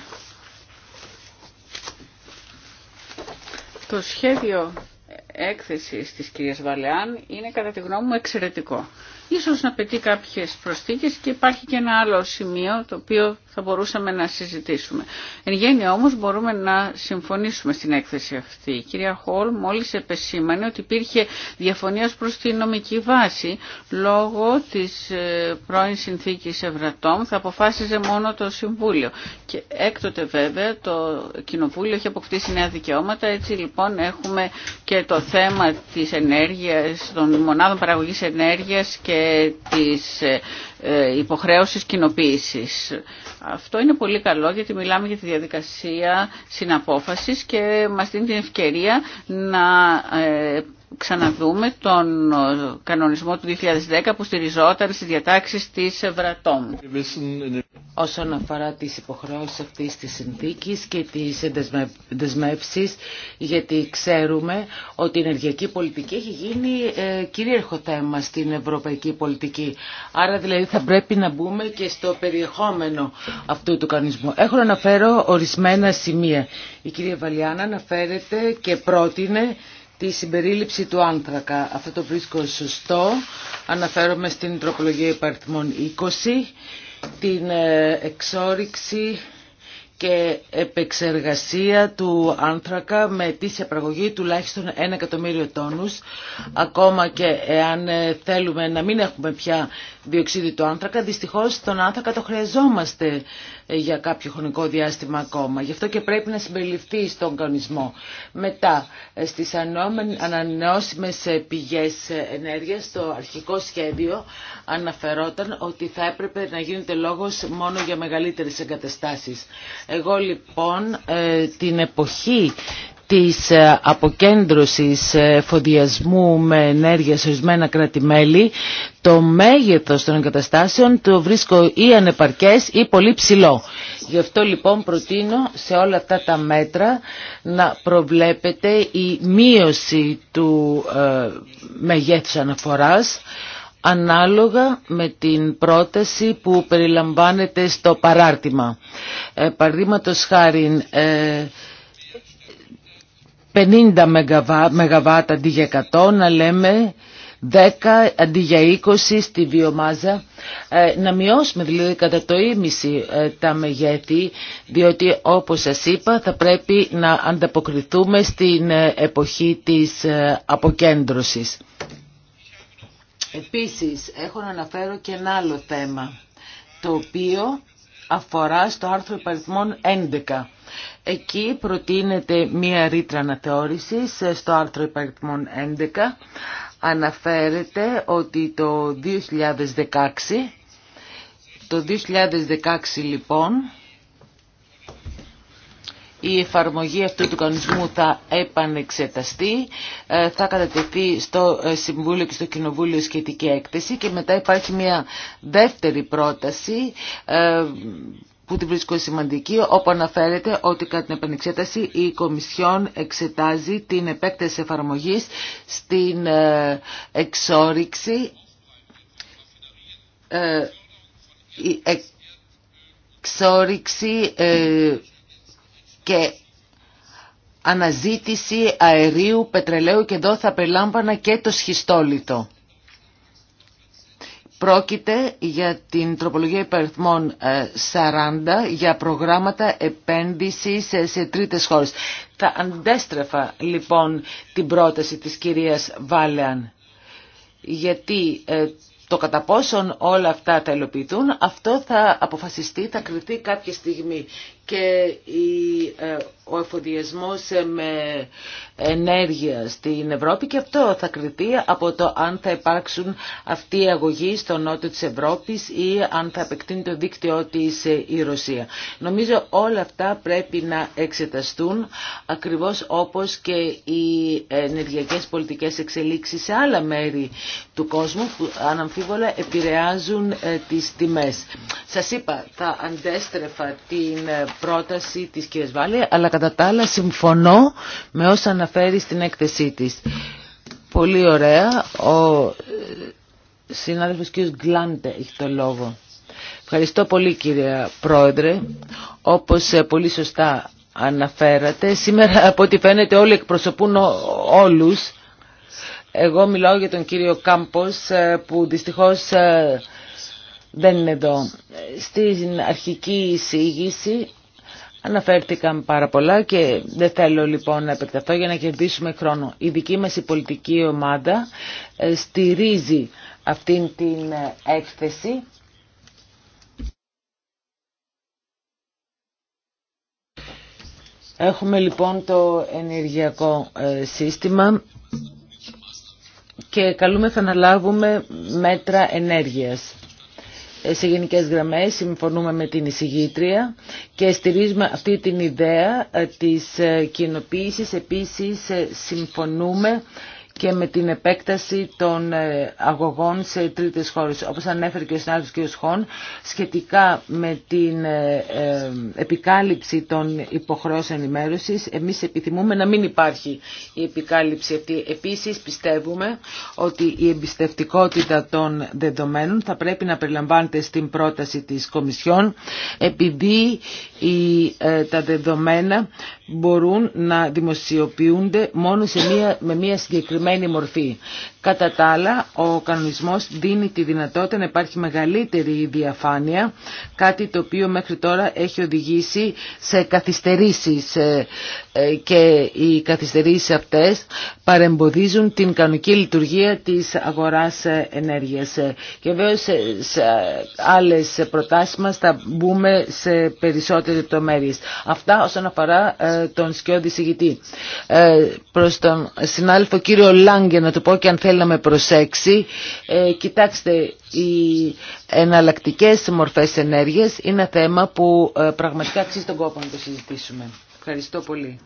Το σχέδιο έκθεσης της κυρίας Βαλεάν είναι κατά τη γνώμη μου εξαιρετικό ίσως να πετύχει κάποιες προσθήκες και υπάρχει και ένα άλλο σημείο το οποίο θα μπορούσαμε να συζητήσουμε. Εν γέννη όμως μπορούμε να συμφωνήσουμε στην έκθεση αυτή. Η κυρία Χολ μόλις επεσήμανε ότι υπήρχε διαφωνία προς τη νομική βάση λόγω της ε, πρώην συνθήκης Ευρατόμ θα αποφάσιζε μόνο το Συμβούλιο. Και έκτοτε βέβαια το Κοινοβούλιο έχει αποκτήσει νέα δικαιώματα έτσι λοιπόν έχουμε και το θέμα της ενέργειας, των μονάδων παραγωγής ενέργειας και της ε, ε, υποχρέωσης κοινοποίηση. Αυτό είναι πολύ καλό γιατί μιλάμε για τη διαδικασία συναπόφασης και μας δίνει την ευκαιρία να ε, ξαναδούμε τον ε, κανονισμό του 2010 που στηριζόταν στις διατάξεις της Ευρατόμ. Όσον αφορά τις υποχρεώσεις αυτής της συνθήκης και τις δεσμεύσεις, γιατί ξέρουμε ότι η ενεργειακή πολιτική έχει γίνει ε, κυρίαρχο θέμα στην ευρωπαϊκή πολιτική. Άρα δηλαδή θα πρέπει να μπούμε και στο περιεχόμενο αυτού του κανονισμού. Έχω να αναφέρω ορισμένα σημεία. Η κυρία Βαλιάνα αναφέρεται και πρότεινε τη συμπερίληψη του άνθρακα. Αυτό το βρίσκω σωστό. Αναφέρομαι στην τροπολογία υπαριθμών 20, την ε, εξόριξη και επεξεργασία του άνθρακα με αιτήσια πραγωγή τουλάχιστον 1 εκατομμύριο τόνους. Ακόμα και εάν ε, θέλουμε να μην έχουμε πια διοξίδι του άνθρακα. Δυστυχώς τον άνθρακα το χρειαζόμαστε ε, για κάποιο χρονικό διάστημα ακόμα. Γι' αυτό και πρέπει να συμπεριληφθεί στον κανονισμό. Μετά, ε, στις ανανεώσιμες ε, πηγές ενέργειας, το αρχικό σχέδιο αναφερόταν ότι θα έπρεπε να γίνεται λόγος μόνο για μεγαλύτερες εγκαταστάσεις. Εγώ λοιπόν την εποχή της ε, αποκέντρωσης ε, φοδιασμού με ενέργεια σε ορισμένα κράτη-μέλη, το μέγεθος των εγκαταστάσεων το βρίσκω ή ανεπαρκές ή πολύ ψηλό. Γι' αυτό λοιπόν προτείνω σε όλα αυτά τα μέτρα να προβλέπετε η μείωση του ε, μεγέθους αναφοράς ανάλογα με την πρόταση που περιλαμβάνεται στο παράρτημα. Ε, Παραδείγματος χάρη... Ε, 50 ΜΒ αντί για 100, να λέμε 10 αντί για 20 στη βιομάζα, ε, να μειώσουμε δηλαδή κατά το ίμιση ε, τα μεγέθη, διότι όπως σας είπα θα πρέπει να ανταποκριθούμε στην ε, εποχή της αποκέντρωσης. Επίσης, έχω να αναφέρω και ένα άλλο θέμα, το οποίο αφορά στο άρθρο υπαριθμών 11 Εκεί προτείνεται μία ρήτρα αναθεώρησης ε, στο άρθρο υπαριθμών 11. Αναφέρεται ότι το 2016, το 2016 λοιπόν, η εφαρμογή αυτού του κανονισμού θα επανεξεταστεί, ε, θα κατατεθεί στο ε, Συμβούλιο και στο Κοινοβούλιο σχετική έκθεση και μετά υπάρχει μια δεύτερη πρόταση που τη βρίσκω σημαντική, όπου αναφέρεται ότι κατά την επανεξέταση η Κομισιόν εξετάζει την επέκταση εφαρμογής στην ε, εξόριξη ε, εξόριξη ε, και αναζήτηση αερίου, πετρελαίου και εδώ θα περιλάμβανα και το σχιστόλιτο. Πρόκειται για την τροπολογία υπαριθμών 40 ε, για προγράμματα επένδυσης ε, σε τρίτες χώρες. Θα αντέστρεφα λοιπόν την πρόταση της κυρίας Βάλεαν γιατί ε, το κατά πόσον όλα αυτά θα υλοποιηθούν αυτό θα αποφασιστεί, θα κριθεί κάποια στιγμή και ε, ο εφοδιασμός με ενέργεια στην Ευρώπη και αυτό θα κριθεί από το αν θα υπάρξουν αυτοί οι αγωγοί στο νότο της Ευρώπης ή αν θα επεκτείνει το δίκτυό της ε, η Ρωσία. Νομίζω όλα αυτά πρέπει να εξεταστούν ακριβώς όπως και οι ενεργειακές πολιτικές εξελίξεις σε άλλα μέρη του κόσμου που αναμφίβολα επηρεάζουν ε, τις τιμές. Σας είπα, θα αντέστρεφα την πρόταση της κυρίας Βάλε, αλλά κατά τα άλλα συμφωνώ με όσα αναφέρει στην έκθεσή της. Πολύ ωραία. Ο ε, συνάδελφος κ. Γκλάντε έχει το λόγο. Ευχαριστώ πολύ κύριε Πρόεδρε. Όπως ε, πολύ σωστά αναφέρατε, σήμερα από ό,τι φαίνεται όλοι εκπροσωπούν όλους. Εγώ μιλάω για τον κύριο Κάμπος ε, που δυστυχώ δεν είναι εδώ. Στην αρχική εισήγηση Αναφέρθηκαν πάρα πολλά και δεν θέλω λοιπόν να επεκταθώ για να κερδίσουμε χρόνο. Η δική μας η πολιτική ομάδα ε, στηρίζει αυτήν την ε, έκθεση. Έχουμε λοιπόν το ενεργειακό ε, σύστημα και καλούμε θα αναλάβουμε μέτρα ενέργειας. Ε, σε γενικές γραμμές συμφωνούμε με την εισηγήτρια και στηρίζουμε αυτή την ιδέα ε, της ε, κοινοποίησης. Επίσης συμφωνούμε και με την επέκταση των ε, αγωγών σε τρίτες χώρες. Όπως ανέφερε και ο συνάδελφος κ. Χων, σχετικά με την ε, ε, επικάλυψη των υποχρεώσεων ενημέρωσης, εμείς επιθυμούμε να μην υπάρχει η επικάλυψη αυτή. Επίσης πιστεύουμε ότι η εμπιστευτικότητα των δεδομένων θα πρέπει να περιλαμβάνεται στην πρόταση της Κομισιόν, επειδή τα δεδομένα μπορούν να δημοσιοποιούνται μόνο σε με μια συγκεκριμένη μορφή. Κατά τα άλλα, ο κανονισμός δίνει τη δυνατότητα να υπάρχει μεγαλύτερη διαφάνεια, κάτι το οποίο μέχρι τώρα έχει οδηγήσει σε καθυστερήσεις ε, ε, και οι καθυστερήσεις αυτές παρεμποδίζουν την κανονική λειτουργία της αγοράς ε, ενέργειας. Και βέβαια σε άλλες προτάσεις μας θα μπούμε σε περισσότερες λεπτομέρειες. Αυτά όσον αφορά τον σκιώδη συγητή. Προς τον συνάδελφο κύριο Λάγκε να το πω και αν θέλει να με προσέξει. Ε, κοιτάξτε, οι εναλλακτικέ μορφές ενέργειας είναι ένα θέμα που ε, πραγματικά αξίζει τον κόπο να το συζητήσουμε. Ευχαριστώ πολύ.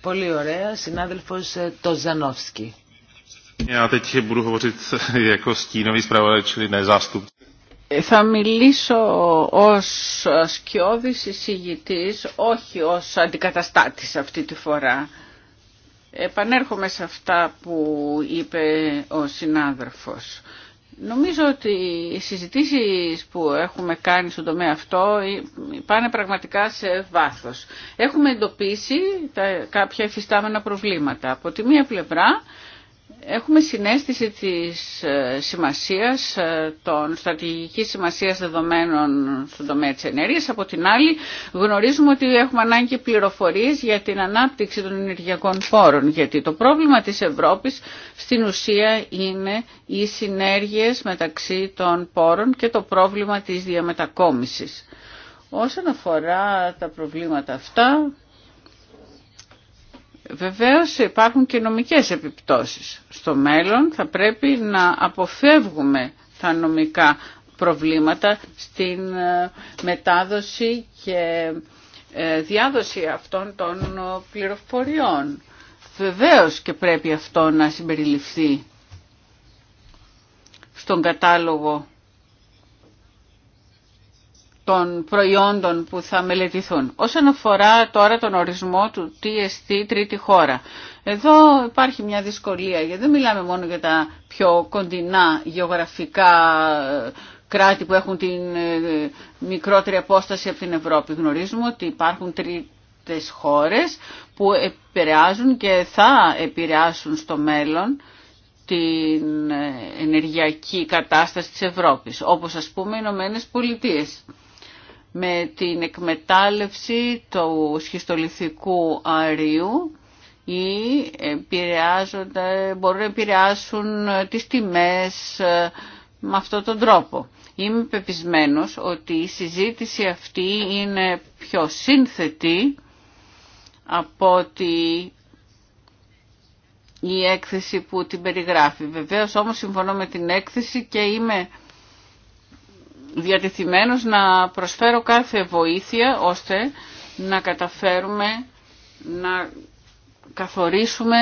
Πολύ ωραία. Συνάδελφος ε, Τοζανόφσκι. Já teď budu hovořit jako stínový zpravodaj, čili θα μιλήσω ως σκιώδης εισηγητής, όχι ως αντικαταστάτης αυτή τη φορά. Επανέρχομαι σε αυτά που είπε ο συνάδελφος. Νομίζω ότι οι συζητήσεις που έχουμε κάνει στον τομέα αυτό πάνε πραγματικά σε βάθος. Έχουμε εντοπίσει τα, κάποια εφιστάμενα προβλήματα. Από τη μία πλευρά Έχουμε συνέστηση της ε, σημασίας, ε, των στρατηγικής σημασίας δεδομένων στον τομέα της ενέργειας. Από την άλλη γνωρίζουμε ότι έχουμε ανάγκη πληροφορίες για την ανάπτυξη των ενεργειακών πόρων. Γιατί το πρόβλημα της Ευρώπης στην ουσία είναι οι συνέργειες μεταξύ των πόρων και το πρόβλημα της διαμετακόμισης. Όσον αφορά τα προβλήματα αυτά, Βεβαίως υπάρχουν και νομικές επιπτώσεις. Στο μέλλον θα πρέπει να αποφεύγουμε τα νομικά προβλήματα στην ε, μετάδοση και ε, διάδοση αυτών των ε, πληροφοριών. Βεβαίως και πρέπει αυτό να συμπεριληφθεί στον κατάλογο των προϊόντων που θα μελετηθούν. Όσον αφορά τώρα τον ορισμό του TST τρίτη χώρα, εδώ υπάρχει μια δυσκολία γιατί δεν μιλάμε μόνο για τα πιο κοντινά γεωγραφικά ε, κράτη που έχουν την ε, μικρότερη απόσταση από την Ευρώπη. Γνωρίζουμε ότι υπάρχουν τρίτες χώρες που επηρεάζουν και θα επηρεάσουν στο μέλλον την ε, ενεργειακή κατάσταση της Ευρώπης, όπως ας πούμε οι Ηνωμένες Πολιτείες με την εκμετάλλευση του σχιστολιθικού αερίου ή μπορούν να επηρεάσουν τις τιμές ε, με αυτόν τον τρόπο. Είμαι πεπισμένος ότι η συζήτηση αυτή είναι πιο σύνθετη από ότι η έκθεση που την περιγράφει. Βεβαίως όμως συμφωνώ με την έκθεση και είμαι διατεθειμένος να προσφέρω κάθε βοήθεια ώστε να καταφέρουμε να καθορίσουμε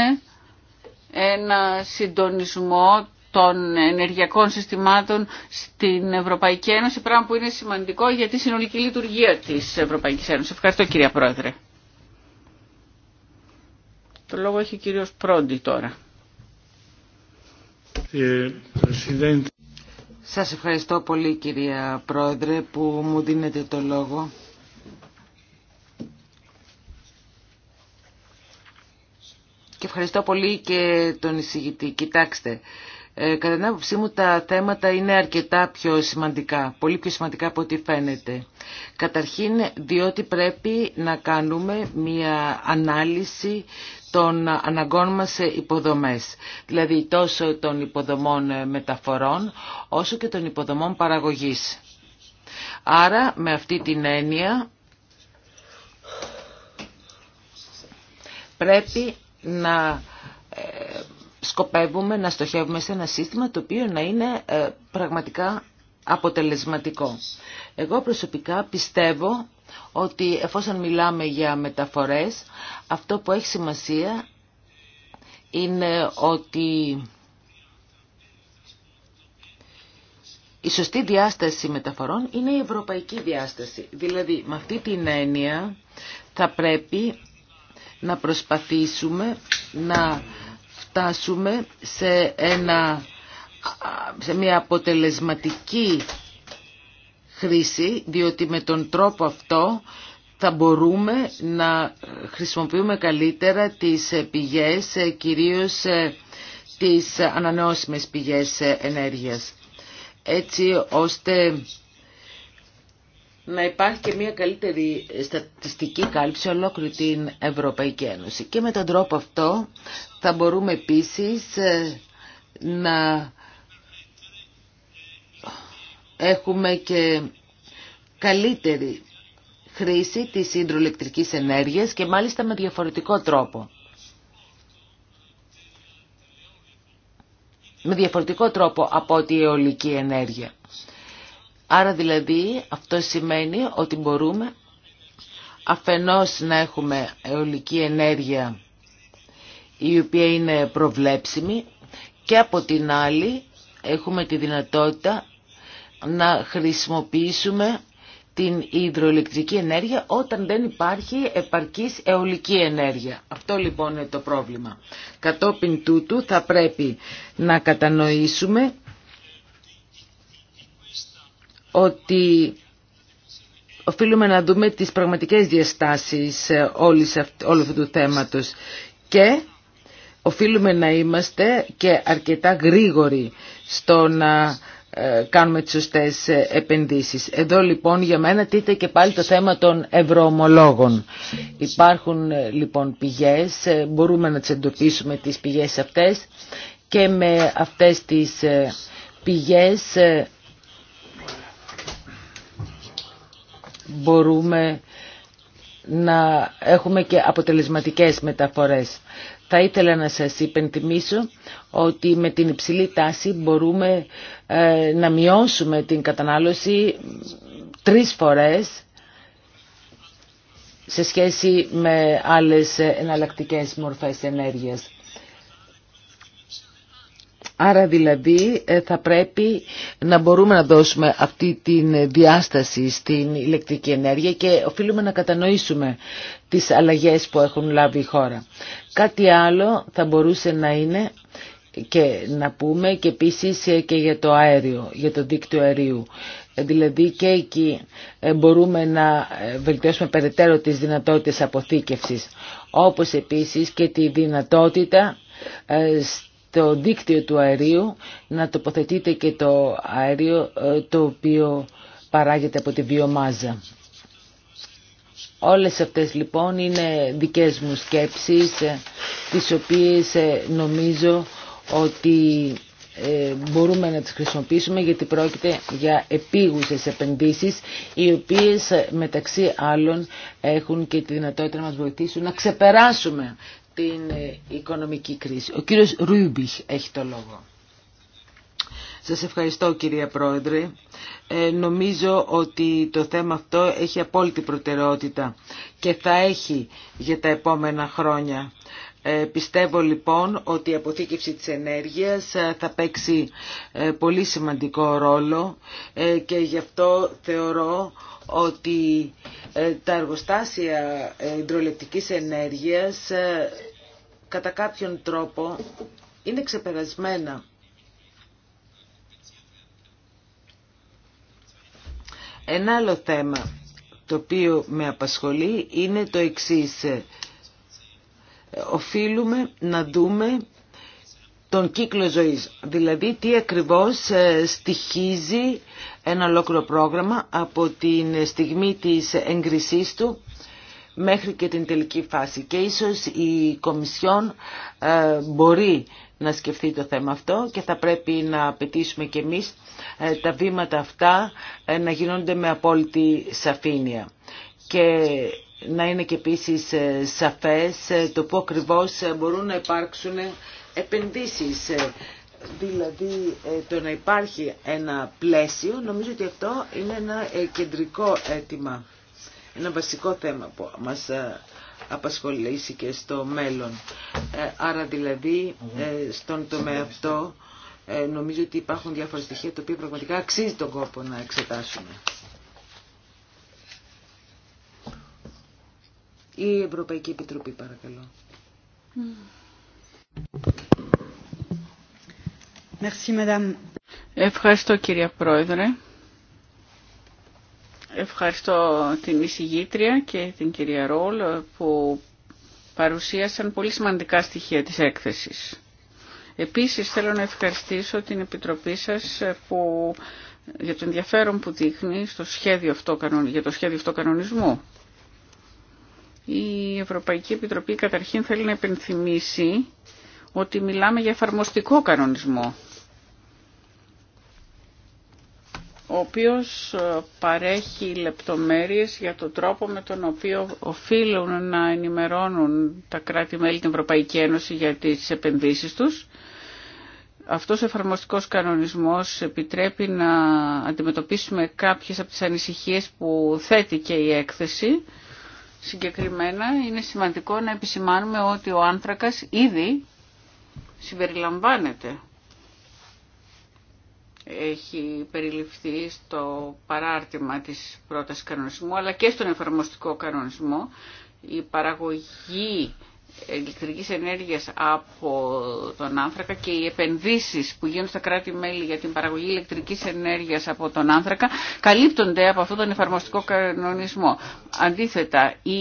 ένα συντονισμό των ενεργειακών συστημάτων στην Ευρωπαϊκή Ένωση, πράγμα που είναι σημαντικό για τη συνολική λειτουργία της Ευρωπαϊκής Ένωσης. Ευχαριστώ κυρία Πρόεδρε. Το λόγο έχει ο κύριος Πρόντι τώρα. Ε, σας ευχαριστώ πολύ κυρία Πρόεδρε που μου δίνετε το λόγο. Και ευχαριστώ πολύ και τον εισηγητή. Κοιτάξτε, ε, κατά την άποψή μου τα θέματα είναι αρκετά πιο σημαντικά, πολύ πιο σημαντικά από ό,τι φαίνεται. Καταρχήν διότι πρέπει να κάνουμε μια ανάλυση των αναγκών μας σε υποδομές, δηλαδή τόσο των υποδομών μεταφορών όσο και των υποδομών παραγωγής. Άρα με αυτή την έννοια πρέπει να ε, σκοπεύουμε να στοχεύουμε σε ένα σύστημα το οποίο να είναι ε, πραγματικά αποτελεσματικό. Εγώ προσωπικά πιστεύω ότι εφόσον μιλάμε για μεταφορές, αυτό που έχει σημασία είναι ότι η σωστή διάσταση μεταφορών είναι η ευρωπαϊκή διάσταση. Δηλαδή, με αυτή την έννοια θα πρέπει να προσπαθήσουμε να φτάσουμε σε, ένα, σε μια αποτελεσματική χρήση, διότι με τον τρόπο αυτό θα μπορούμε να χρησιμοποιούμε καλύτερα τις πηγές, κυρίως τις ανανεώσιμες πηγές ενέργειας, έτσι ώστε να υπάρχει και μια καλύτερη στατιστική κάλυψη ολόκληρη την Ευρωπαϊκή Ένωση. Και με τον τρόπο αυτό θα μπορούμε επίσης ε, να έχουμε και καλύτερη χρήση της συντρολεκτρική ενέργειας και μάλιστα με διαφορετικό τρόπο. Με διαφορετικό τρόπο από τη αιωλική ενέργεια. Άρα δηλαδή αυτό σημαίνει ότι μπορούμε αφενός να έχουμε αιωλική ενέργεια η οποία είναι προβλέψιμη και από την άλλη έχουμε τη δυνατότητα να χρησιμοποιήσουμε την υδροελεκτρική ενέργεια όταν δεν υπάρχει επαρκής αιωλική ενέργεια. Αυτό λοιπόν είναι το πρόβλημα. Κατόπιν τούτου θα πρέπει να κατανοήσουμε ότι οφείλουμε να δούμε τις πραγματικές διαστάσεις ε, όλης, όλου αυτού του θέματος και οφείλουμε να είμαστε και αρκετά γρήγοροι στο να ε, κάνουμε τις σωστές ε, επενδύσεις. Εδώ λοιπόν για μένα τίθεται και πάλι το θέμα των ευρωομολόγων. Υπάρχουν λοιπόν πηγές, μπορούμε να τις εντοπίσουμε τις πηγές αυτές και με αυτές τις πηγές μπορούμε να έχουμε και αποτελεσματικές μεταφορές. Θα ήθελα να σας υπενθυμίσω ότι με την υψηλή τάση μπορούμε ε, να μειώσουμε την κατανάλωση τρεις φορές σε σχέση με άλλες εναλλακτικές μορφές ενέργειας. Άρα δηλαδή ε, θα πρέπει να μπορούμε να δώσουμε αυτή τη διάσταση στην ηλεκτρική ενέργεια και οφείλουμε να κατανοήσουμε τις αλλαγές που έχουν λάβει η χώρα. Κάτι άλλο θα μπορούσε να είναι και να πούμε και επίσης ε, και για το αέριο, για το δίκτυο αερίου. Ε, δηλαδή και εκεί μπορούμε να βελτιώσουμε περαιτέρω τις δυνατότητες αποθήκευσης, όπως επίσης και τη δυνατότητα το δίκτυο του αερίου να τοποθετείτε και το αέριο ε, το οποίο παράγεται από τη βιομάζα. Όλες αυτές λοιπόν είναι δικές μου σκέψεις ε, τις οποίες ε, νομίζω ότι μπορούμε να τις χρησιμοποιήσουμε γιατί πρόκειται για επίγουσες επενδύσεις οι οποίες μεταξύ άλλων έχουν και τη δυνατότητα να μας βοηθήσουν να ξεπεράσουμε την ε, οικονομική κρίση. Ο κύριος Ρούμπιχ έχει το λόγο. Σας ευχαριστώ κυρία Πρόεδρε. Ε, νομίζω ότι το θέμα αυτό έχει απόλυτη προτεραιότητα και θα έχει για τα επόμενα χρόνια. Ε, πιστεύω λοιπόν ότι η αποθήκευση της ενέργειας ε, θα παίξει πολύ σημαντικό ρόλο και γι' αυτό θεωρώ ότι ε, τα εργοστάσια ε, υδρολεπτικής ενέργειας ε, κατά κάποιον τρόπο είναι ξεπερασμένα. Ένα άλλο θέμα το οποίο με απασχολεί είναι το εξής. Οφείλουμε να δούμε τον κύκλο ζωής. Δηλαδή τι ακριβώς ε, στοιχίζει ένα ολόκληρο πρόγραμμα από την στιγμή της εγκρισής του μέχρι και την τελική φάση. Και ίσως η Κομισιόν ε, μπορεί να σκεφτεί το θέμα αυτό και θα πρέπει να απαιτήσουμε και εμείς ε, τα βήματα αυτά να γίνονται με απόλυτη σαφήνεια. Και να είναι και επίσης σαφές το που ακριβώς μπορούν να υπάρξουν επενδύσεις, ε, δηλαδή ε, το να υπάρχει ένα πλαίσιο, νομίζω ότι αυτό είναι ένα ε, κεντρικό αίτημα, ένα βασικό θέμα που μας απασχολήσει και στο μέλλον. Άρα δηλαδή στον τομέα αυτό νομίζω ότι υπάρχουν διάφορα στοιχεία τα οποία πραγματικά αξίζει τον κόπο να εξετάσουμε. Η Ευρωπαϊκή Επιτροπή παρακαλώ. Ευχαριστώ κυρία Πρόεδρε. Ευχαριστώ την εισηγήτρια και την κυρία Ρόλ που παρουσίασαν πολύ σημαντικά στοιχεία της έκθεσης. Επίσης θέλω να ευχαριστήσω την Επιτροπή σας που, για το ενδιαφέρον που δείχνει στο σχέδιο αυτό, για το σχέδιο αυτό κανονισμού. Η Ευρωπαϊκή Επιτροπή καταρχήν θέλει να επενθυμίσει ότι μιλάμε για εφαρμοστικό κανονισμό, ο οποίος ε, παρέχει λεπτομέρειες για τον τρόπο με τον οποίο οφείλουν να ενημερώνουν τα κράτη-μέλη την Ευρωπαϊκή Ένωση για τις επενδύσεις τους. Αυτός ο εφαρμοστικός κανονισμός επιτρέπει να αντιμετωπίσουμε κάποιες από τις ανησυχίες που θέτει και η έκθεση. Συγκεκριμένα είναι σημαντικό να επισημάνουμε ότι ο άνθρακας ήδη συμπεριλαμβάνεται. Έχει περιληφθεί στο παράρτημα της πρότασης κανονισμού αλλά και στον εφαρμοστικό κανονισμό η παραγωγή ηλεκτρικής ενέργειας από τον άνθρακα και οι επενδύσεις που γίνονται στα κράτη-μέλη για την παραγωγή ηλεκτρικής ενέργειας από τον άνθρακα καλύπτονται από αυτόν τον εφαρμοστικό κανονισμό. Αντίθετα, η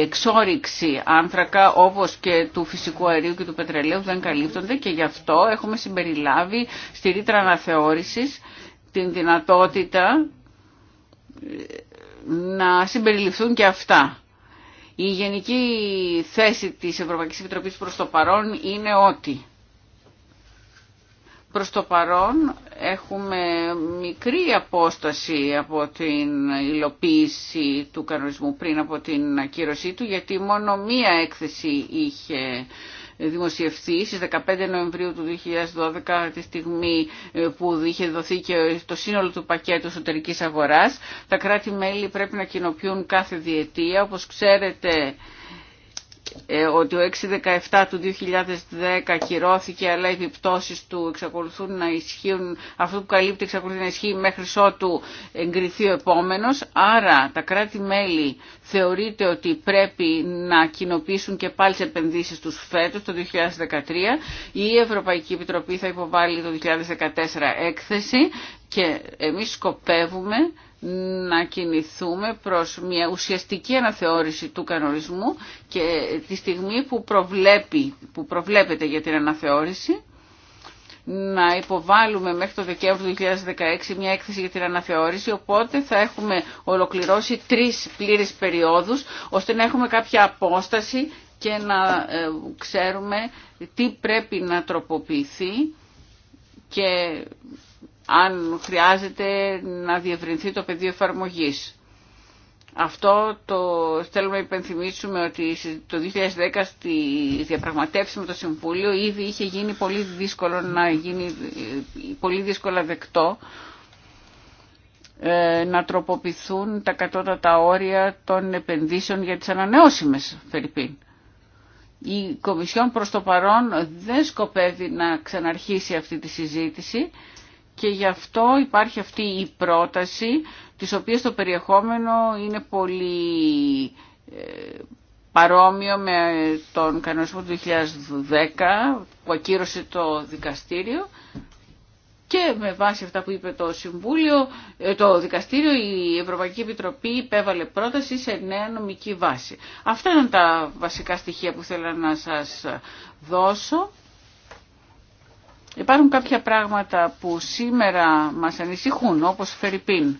εξόριξη άνθρακα όπως και του φυσικού αερίου και του πετρελαίου δεν καλύπτονται και γι' αυτό έχουμε συμπεριλάβει στη ρήτρα αναθεώρησης την δυνατότητα να συμπεριληφθούν και αυτά η γενική θέση της Ευρωπαϊκής Επιτροπής προς το παρόν είναι ότι προς το παρόν έχουμε μικρή απόσταση από την υλοποίηση του κανονισμού πριν από την ακύρωσή του γιατί μόνο μία έκθεση είχε δημοσιευθεί στις 15 Νοεμβρίου του 2012 τη στιγμή ε, που είχε δοθεί και το σύνολο του πακέτου εσωτερικής αγοράς. Τα κράτη-μέλη πρέπει να κοινοποιούν κάθε διετία. Όπως ξέρετε ε, ότι ο 617 του 2010 κυρώθηκε αλλά οι επιπτώσεις του εξακολουθούν να ισχύουν, αυτό που καλύπτει εξακολουθεί να ισχύει μέχρι ότου εγκριθεί ο επόμενος. Άρα τα κράτη-μέλη θεωρείται ότι πρέπει να κοινοποιήσουν και πάλι τι επενδύσεις τους φέτος το 2013. Η Ευρωπαϊκή Επιτροπή θα υποβάλει το 2014 έκθεση και εμείς σκοπεύουμε να κινηθούμε προς μια ουσιαστική αναθεώρηση του κανονισμού και τη στιγμή που, προβλέπει, που προβλέπεται για την αναθεώρηση να υποβάλουμε μέχρι το Δεκέμβριο 2016 μια έκθεση για την αναθεώρηση, οπότε θα έχουμε ολοκληρώσει τρεις πλήρες περιόδους, ώστε να έχουμε κάποια απόσταση και να ε, ξέρουμε τι πρέπει να τροποποιηθεί και αν χρειάζεται να διευρυνθεί το πεδίο εφαρμογή. Αυτό το θέλουμε να υπενθυμίσουμε ότι το 2010 στη διαπραγματεύση με το Συμβούλιο ήδη είχε γίνει πολύ δύσκολο να γίνει πολύ δύσκολα δεκτό ε, να τροποποιηθούν τα κατώτατα όρια των επενδύσεων για τις ανανεώσιμες, Φερρυπίν. Η Κομισιόν προς το παρόν δεν σκοπεύει να ξαναρχίσει αυτή τη συζήτηση και γι' αυτό υπάρχει αυτή η πρόταση, της οποίας το περιεχόμενο είναι πολύ ε, παρόμοιο με τον κανονισμό του 2010 που ακύρωσε το δικαστήριο και με βάση αυτά που είπε το Συμβούλιο, ε, το Δικαστήριο, η Ευρωπαϊκή Επιτροπή υπέβαλε πρόταση σε νέα νομική βάση. Αυτά είναι τα βασικά στοιχεία που θέλω να σας δώσω. Υπάρχουν κάποια πράγματα που σήμερα μας ανησυχούν, όπως Φερρυπίν.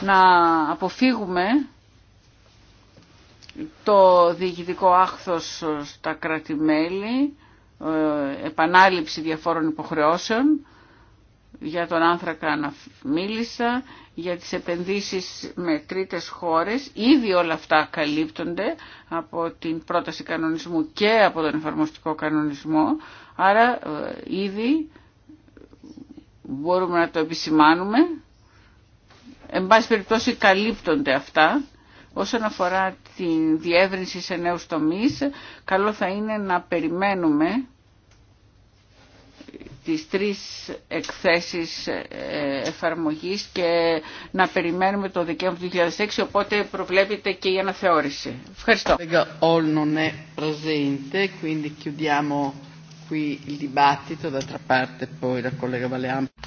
Να αποφύγουμε το διοικητικό άχθος στα κρατημέλη, ε, επανάληψη διαφόρων υποχρεώσεων, για τον άνθρακα μίλησα, για τις επενδύσεις με τρίτες χώρες. Ήδη όλα αυτά καλύπτονται από την πρόταση κανονισμού και από τον εφαρμοστικό κανονισμό. Άρα ε, ήδη μπορούμε να το επισημάνουμε. Εν πάση περιπτώσει καλύπτονται αυτά. Όσον αφορά τη διεύρυνση σε νέους τομείς, καλό θα είναι να περιμένουμε τις τρεις εκθέσεις ε, εφαρμογής και να περιμένουμε το Δεκέμβριο του 2006, οπότε προβλέπεται και η αναθεώρηση. Ευχαριστώ.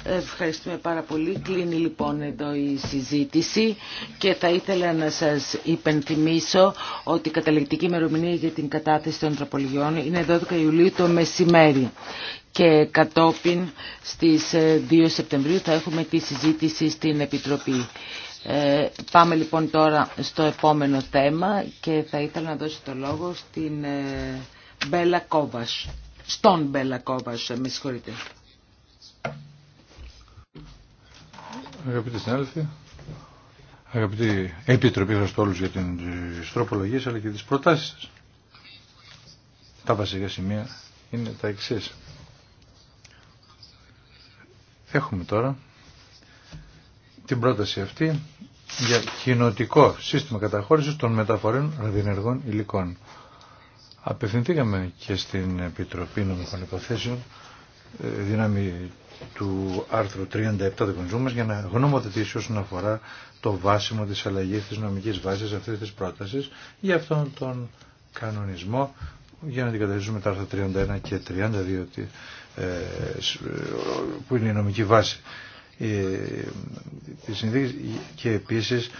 Ευχαριστούμε πάρα πολύ. Κλείνει λοιπόν εδώ η συζήτηση και θα ήθελα να σας υπενθυμίσω ότι η καταληκτική ημερομηνία για την κατάθεση των τροπολογιών είναι 12 Ιουλίου το μεσημέρι και κατόπιν στις 2 ε, Σεπτεμβρίου θα έχουμε τη συζήτηση στην Επιτροπή. Ε, πάμε λοιπόν τώρα στο επόμενο θέμα και θα ήθελα να δώσω το λόγο στην ε, Μπέλα Κόβας στον σε με συγχωρείτε. Αγαπητοί συνάδελφοι, αγαπητοί επιτροπή, ευχαριστώ όλους για την τροπολογία αλλά και τις προτάσεις σα. Τα βασικά σημεία είναι τα εξή. Έχουμε τώρα την πρόταση αυτή για κοινοτικό σύστημα καταχώρησης των μεταφορών ραδινεργών υλικών. Απευθυνθήκαμε και στην Επιτροπή Νομικών Υποθέσεων ε, δύναμη του άρθρου 37 του κονζού για να γνωμοδοτήσει όσον αφορά το βάσιμο της αλλαγής της νομικής βάσης αυτής της πρότασης για αυτόν τον κανονισμό για να αντικαταστήσουμε τα άρθρα 31 και 32 ε, ε, που είναι η νομική βάση ε, και επίσης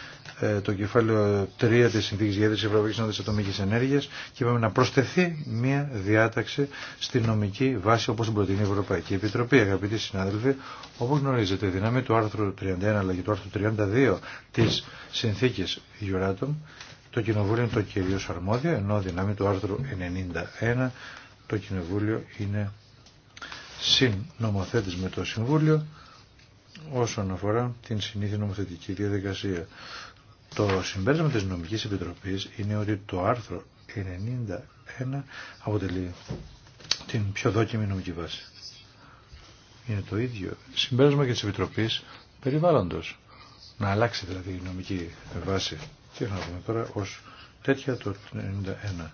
ε, το κεφάλαιο 3 της συνθήκης για της Ευρωπαϊκής Ένωσης Ατομικής Ενέργειας και είπαμε να προσθεθεί μία διάταξη στη νομική βάση όπως την προτείνει η Ευρωπαϊκή Επιτροπή. Αγαπητοί συνάδελφοι, όπως γνωρίζετε, η δύναμη του άρθρου 31 αλλά και του άρθρου 32 της συνθήκης Γιουράτων το Κοινοβούλιο είναι το κυρίω αρμόδιο, ενώ δυνάμει του άρθρου 91 το Κοινοβούλιο είναι συνομοθέτης με το Συμβούλιο όσον αφορά την συνήθεια νομοθετική διαδικασία. Το συμπέρασμα της Νομικής Επιτροπής είναι ότι το άρθρο 91 αποτελεί την πιο δόκιμη νομική βάση. Είναι το ίδιο συμπέρασμα και της Επιτροπής Περιβάλλοντος. Να αλλάξει δηλαδή η νομική βάση. Τι να δούμε τώρα ως τέτοια το 91.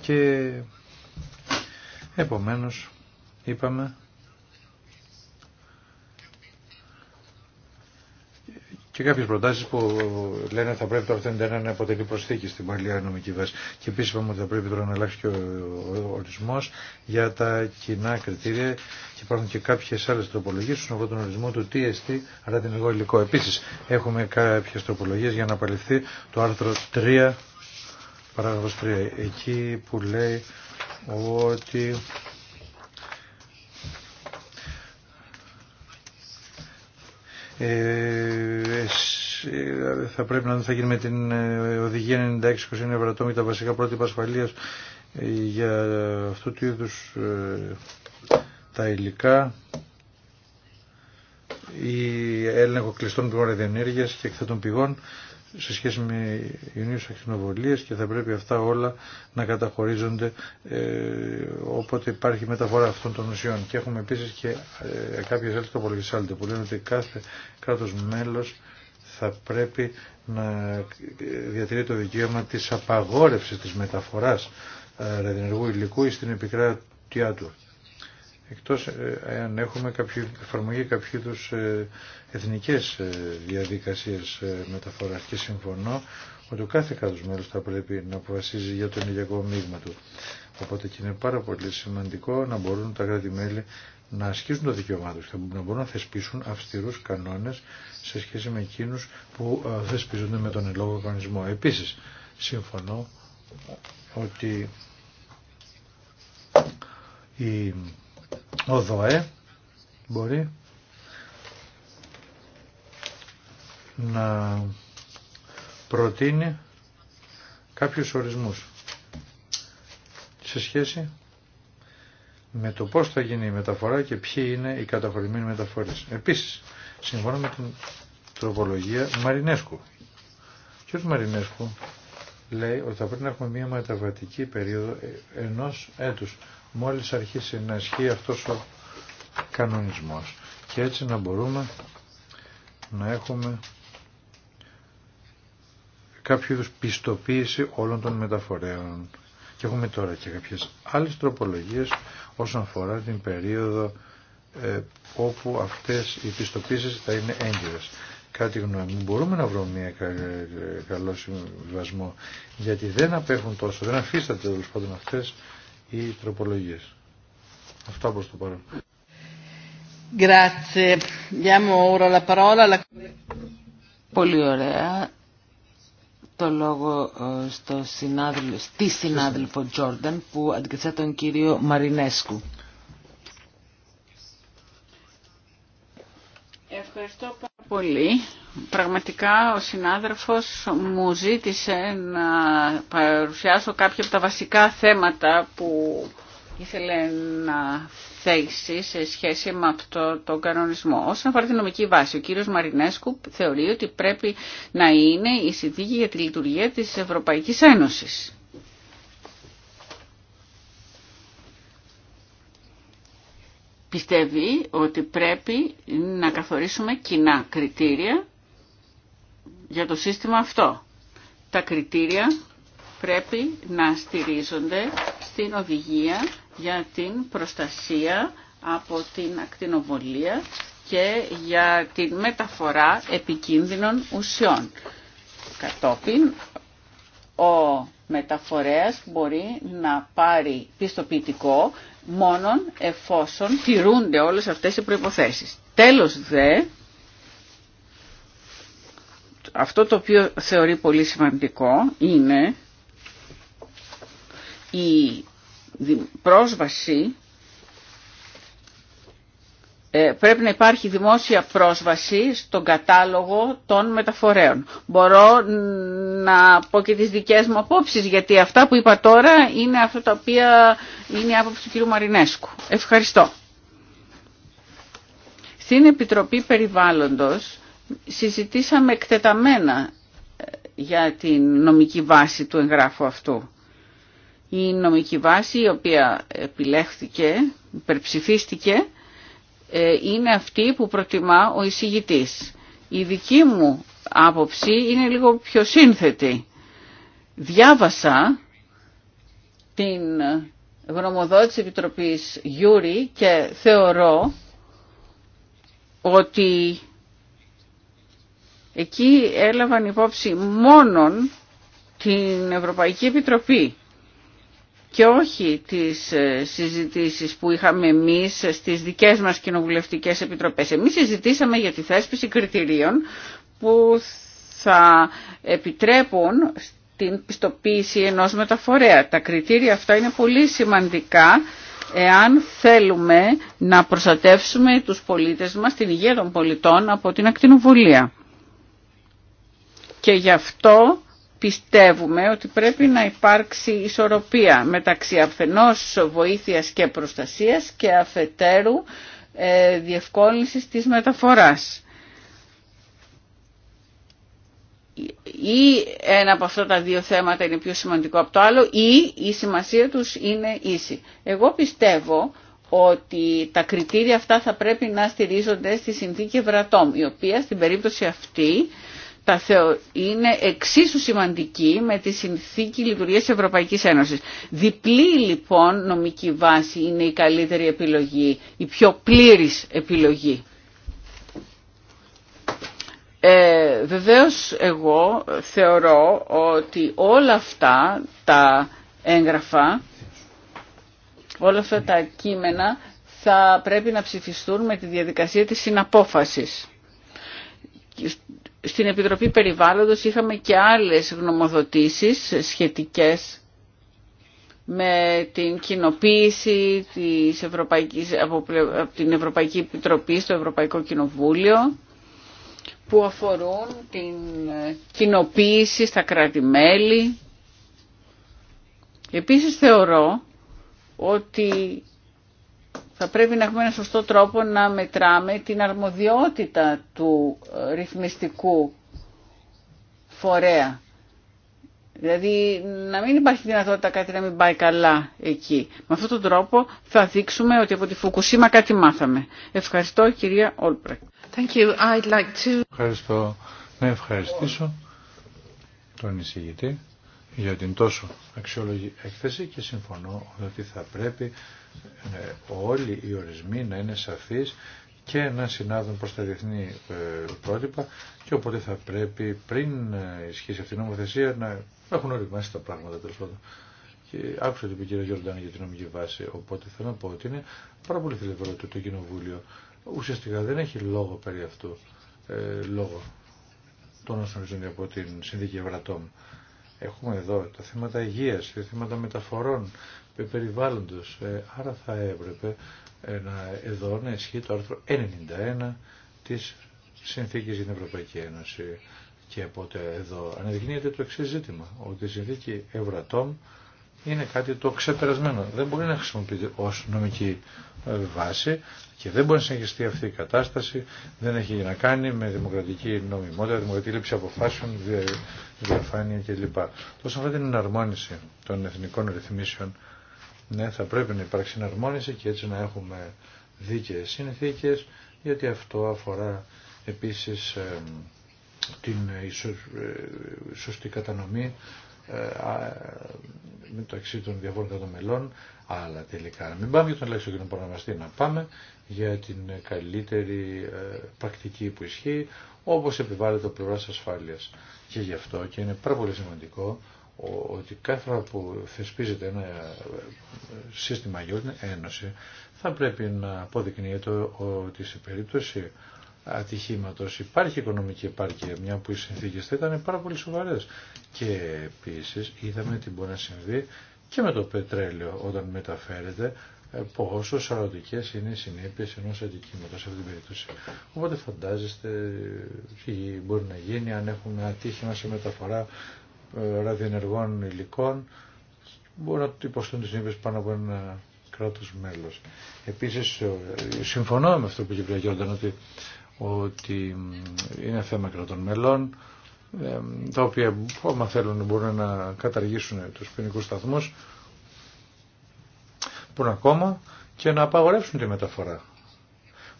Και επομένως είπαμε και κάποιε προτάσει που λένε ότι θα πρέπει το άρθρο να αποτελεί προσθήκη στην παλιά νομική βάση. Και επίση είπαμε ότι θα πρέπει τώρα να αλλάξει και ο ορισμός για τα κοινά κριτήρια και υπάρχουν και κάποιε άλλε τροπολογίε στον αφορά τον ορισμό του TST, δεν την εγώ υλικό. Επίση, έχουμε κάποιες τροπολογίε για να απαλληφθεί το άρθρο 3, παράγραφο 3, εκεί που λέει ότι Ε, ε, θα πρέπει να δούμε θα γίνει με την ε, οδηγία 96-29 ευρωτών τα βασικά πρότυπα ασφαλεία για αυτού του είδου τα υλικά ή έλεγχο κλειστών πηγών ενέργεια και εκθέτων πηγών σε σχέση με Ιουνίου ακτινοβολίες και θα πρέπει αυτά όλα να καταχωρίζονται ε, όποτε υπάρχει μεταφορά αυτών των ουσιών. Και έχουμε επίσης και ε, κάποιες άλλες που λένε ότι κάθε κράτο μέλος θα πρέπει να ε, διατηρεί το δικαίωμα της απαγόρευση της μεταφοράς ε, ραδιενεργού υλικού στην επικράτειά του εκτός αν ε, έχουμε κάποιο, εφαρμογή κάποιου είδου ε, εθνικές ε, διαδικασίες μεταφοράς και συμφωνώ ότι ο κάθε κάθος μέλος θα πρέπει να αποφασίζει για τον ηλιακό μείγμα του. Οπότε και είναι πάρα πολύ σημαντικό να μπορούν τα κράτη-μέλη να ασκήσουν το δικαίωμά τους, να μπορούν να θεσπίσουν αυστηρούς κανόνες σε σχέση με εκείνους που θεσπίζονται με τον ελόγο οργανισμό. Επίσης, συμφωνώ ότι η ο ΔΟΕ μπορεί να προτείνει κάποιους ορισμούς σε σχέση με το πώς θα γίνει η μεταφορά και ποιοι είναι οι καταχωρημένοι μεταφορές. Επίσης, συμφωνώ με την τροπολογία Μαρινέσκου. Ο Μαρινέσκου λέει ότι θα πρέπει να έχουμε μια μεταβατική περίοδο ε, ενός έτους μόλις αρχίσει να ισχύει αυτός ο κανονισμός και έτσι να μπορούμε να έχουμε κάποιο πιστοποίηση όλων των μεταφορέων. Και έχουμε τώρα και κάποιες άλλες τροπολογίες όσον αφορά την περίοδο ε, όπου αυτές οι πιστοποίησεις θα είναι έγκυρες. Κάτι γνώμη μου, μπορούμε να βρούμε μια καλό συμβιβασμό, γιατί δεν απέχουν τόσο, δεν αφήσατε τέλο πάντων αυτέ οι τροπολογίε. Αυτά προ το παρόν. Πολύ ωραία. Το λόγο ε, στο συνάδελφο, στη συνάδελφο Τζόρνταν που αντικαθιστά τον κύριο Μαρινέσκου. Ευχαριστώ πολύ. Πραγματικά ο συνάδελφος μου ζήτησε να παρουσιάσω κάποια από τα βασικά θέματα που ήθελε να θέσει σε σχέση με αυτό τον κανονισμό. Όσον αφορά την νομική βάση, ο κύριος Μαρινέσκου θεωρεί ότι πρέπει να είναι η συνθήκη για τη λειτουργία της Ευρωπαϊκής Ένωσης. πιστεύει ότι πρέπει να καθορίσουμε κοινά κριτήρια για το σύστημα αυτό. Τα κριτήρια πρέπει να στηρίζονται στην οδηγία για την προστασία από την ακτινοβολία και για την μεταφορά επικίνδυνων ουσιών. Κατόπιν ο μεταφορέας μπορεί να πάρει πιστοποιητικό μόνον εφόσον τηρούνται όλες αυτές οι προϋποθέσεις. Τέλος δε, αυτό το οποίο θεωρεί πολύ σημαντικό είναι η πρόσβαση ε, πρέπει να υπάρχει δημόσια πρόσβαση στον κατάλογο των μεταφορέων. Μπορώ να πω και τις δικές μου απόψεις, γιατί αυτά που είπα τώρα είναι αυτά τα οποία είναι η άποψη του κ. Μαρινέσκου. Ευχαριστώ. Στην Επιτροπή Περιβάλλοντος συζητήσαμε εκτεταμένα ε, για την νομική βάση του εγγράφου αυτού. Η νομική βάση η οποία επιλέχθηκε, υπερψηφίστηκε, ε, είναι αυτή που προτιμά ο εισηγητής. Η δική μου άποψη είναι λίγο πιο σύνθετη. Διάβασα την γνωμοδότηση Επιτροπής Γιούρη και θεωρώ ότι εκεί έλαβαν υπόψη μόνον την Ευρωπαϊκή Επιτροπή και όχι τις ε, συζητήσεις που είχαμε εμείς στις δικές μας κοινοβουλευτικές επιτροπές. Εμείς συζητήσαμε για τη θέσπιση κριτηρίων που θα επιτρέπουν την πιστοποίηση ενός μεταφορέα. Τα κριτήρια αυτά είναι πολύ σημαντικά εάν θέλουμε να προστατεύσουμε τους πολίτες μας, την υγεία των πολιτών από την ακτινοβολία. Και γι' αυτό πιστεύουμε ότι πρέπει να υπάρξει ισορροπία μεταξύ αφενός βοήθειας και προστασίας και αφετέρου ε, διευκόλυνσης της μεταφοράς. Ή ένα από αυτά τα δύο θέματα είναι πιο σημαντικό από το άλλο ή η σημασία τους είναι ίση. Εγώ πιστεύω ότι τα κριτήρια αυτά θα πρέπει να στηρίζονται στη συνθήκη Ευρατόμ, η οποία στην περίπτωση αυτή τα είναι εξίσου σημαντική με τη συνθήκη λειτουργίας της Ευρωπαϊκής Ένωσης. Διπλή λοιπόν νομική βάση είναι η καλύτερη επιλογή, η πιο πλήρης επιλογή. Ε, βεβαίως εγώ θεωρώ ότι όλα αυτά τα έγγραφα, όλα αυτά τα κείμενα θα πρέπει να ψηφιστούν με τη διαδικασία της συναπόφασης στην Επιτροπή Περιβάλλοντος είχαμε και άλλες γνωμοδοτήσεις σχετικές με την κοινοποίηση της Ευρωπαϊκής, από, την Ευρωπαϊκή Επιτροπή στο Ευρωπαϊκό Κοινοβούλιο που αφορούν την κοινοποίηση στα κράτη-μέλη. Επίσης θεωρώ ότι θα πρέπει να έχουμε ένα σωστό τρόπο να μετράμε την αρμοδιότητα του ε, ρυθμιστικού φορέα. Δηλαδή να μην υπάρχει δυνατότητα κάτι να μην πάει καλά εκεί. Με αυτόν τον τρόπο θα δείξουμε ότι από τη Φουκουσίμα κάτι μάθαμε. Ευχαριστώ κυρία Όλπρακ. Like to... Ευχαριστώ. Να ευχαριστήσω τον εισηγητή για την τόσο αξιόλογη έκθεση και συμφωνώ ότι θα πρέπει ε, όλοι οι ορισμοί να είναι σαφείς και να συνάδουν προς τα διεθνή ε, πρότυπα και οπότε θα πρέπει πριν ε, ισχύσει αυτή η νομοθεσία να έχουν οριμάσει τα πράγματα τέλος πάντων. Και άκουσα την κυρία Γιορτάνη για την νομική βάση, οπότε θέλω να πω ότι είναι πάρα πολύ θελευρό το, Κοινοβούλιο. Ουσιαστικά δεν έχει λόγο περί αυτού, ε, λόγο των όσων από την Συνδίκη Ευρατών. Έχουμε εδώ τα θέματα υγείας, τα θέματα μεταφορών, περιβάλλοντος. Ε, άρα θα έπρεπε ε, να, εδώ να ισχύει το άρθρο 91 της Συνθήκης για την Ευρωπαϊκή Ένωση. Και οπότε εδώ αναδεικνύεται το εξή ζήτημα, ότι η Συνθήκη Ευρατόμ είναι κάτι το ξεπερασμένο. Δεν μπορεί να χρησιμοποιείται ως νομική ε, βάση και δεν μπορεί να συνεχιστεί αυτή η κατάσταση. Δεν έχει να κάνει με δημοκρατική νομιμότητα, δημοκρατική λήψη αποφάσεων, διαφάνεια κλπ. Τόσο αφορά την εναρμόνιση των εθνικών ρυθμίσεων ναι, θα πρέπει να υπάρξει συναρμόνιση και έτσι να έχουμε δίκαιες συνθήκες, γιατί αυτό αφορά επίσης την ε, ε, σωστή κατανομή ε, μεταξύ των διαφόρων κατομελών αλλά τελικά μην πάμε για τον ελάχιστο κοινό προγραμμαστή να πάμε για την καλύτερη πρακτική που ισχύει, όπως επιβάλλεται ο πλευράς ασφάλειας. Και γι' αυτό και είναι πάρα πολύ σημαντικό ότι κάθε φορά που θεσπίζεται ένα ε, σύστημα για την Ένωση θα πρέπει να αποδεικνύεται ότι σε περίπτωση ατυχήματος υπάρχει οικονομική επάρκεια μια που οι συνθήκες θα ήταν πάρα πολύ σοβαρές και επίσης είδαμε τι μπορεί να συμβεί και με το πετρέλαιο όταν μεταφέρεται ε, πόσο σαρωτικέ είναι οι συνέπειε ενό ατυχήματος σε αυτήν την περίπτωση. Οπότε φαντάζεστε τι μπορεί να γίνει αν έχουμε ατύχημα σε μεταφορά ραδιενεργών υλικών μπορούν να υποστούν τι συνέπειες πάνω από ένα κράτο μέλος. Επίσης, συμφωνώ με αυτό που είπε ότι, ότι είναι θέμα κρατών μελών, ε, τα οποία άμα θέλουν μπορούν να καταργήσουν τους ποινικού σταθμού που ακόμα και να απαγορεύσουν τη μεταφορά.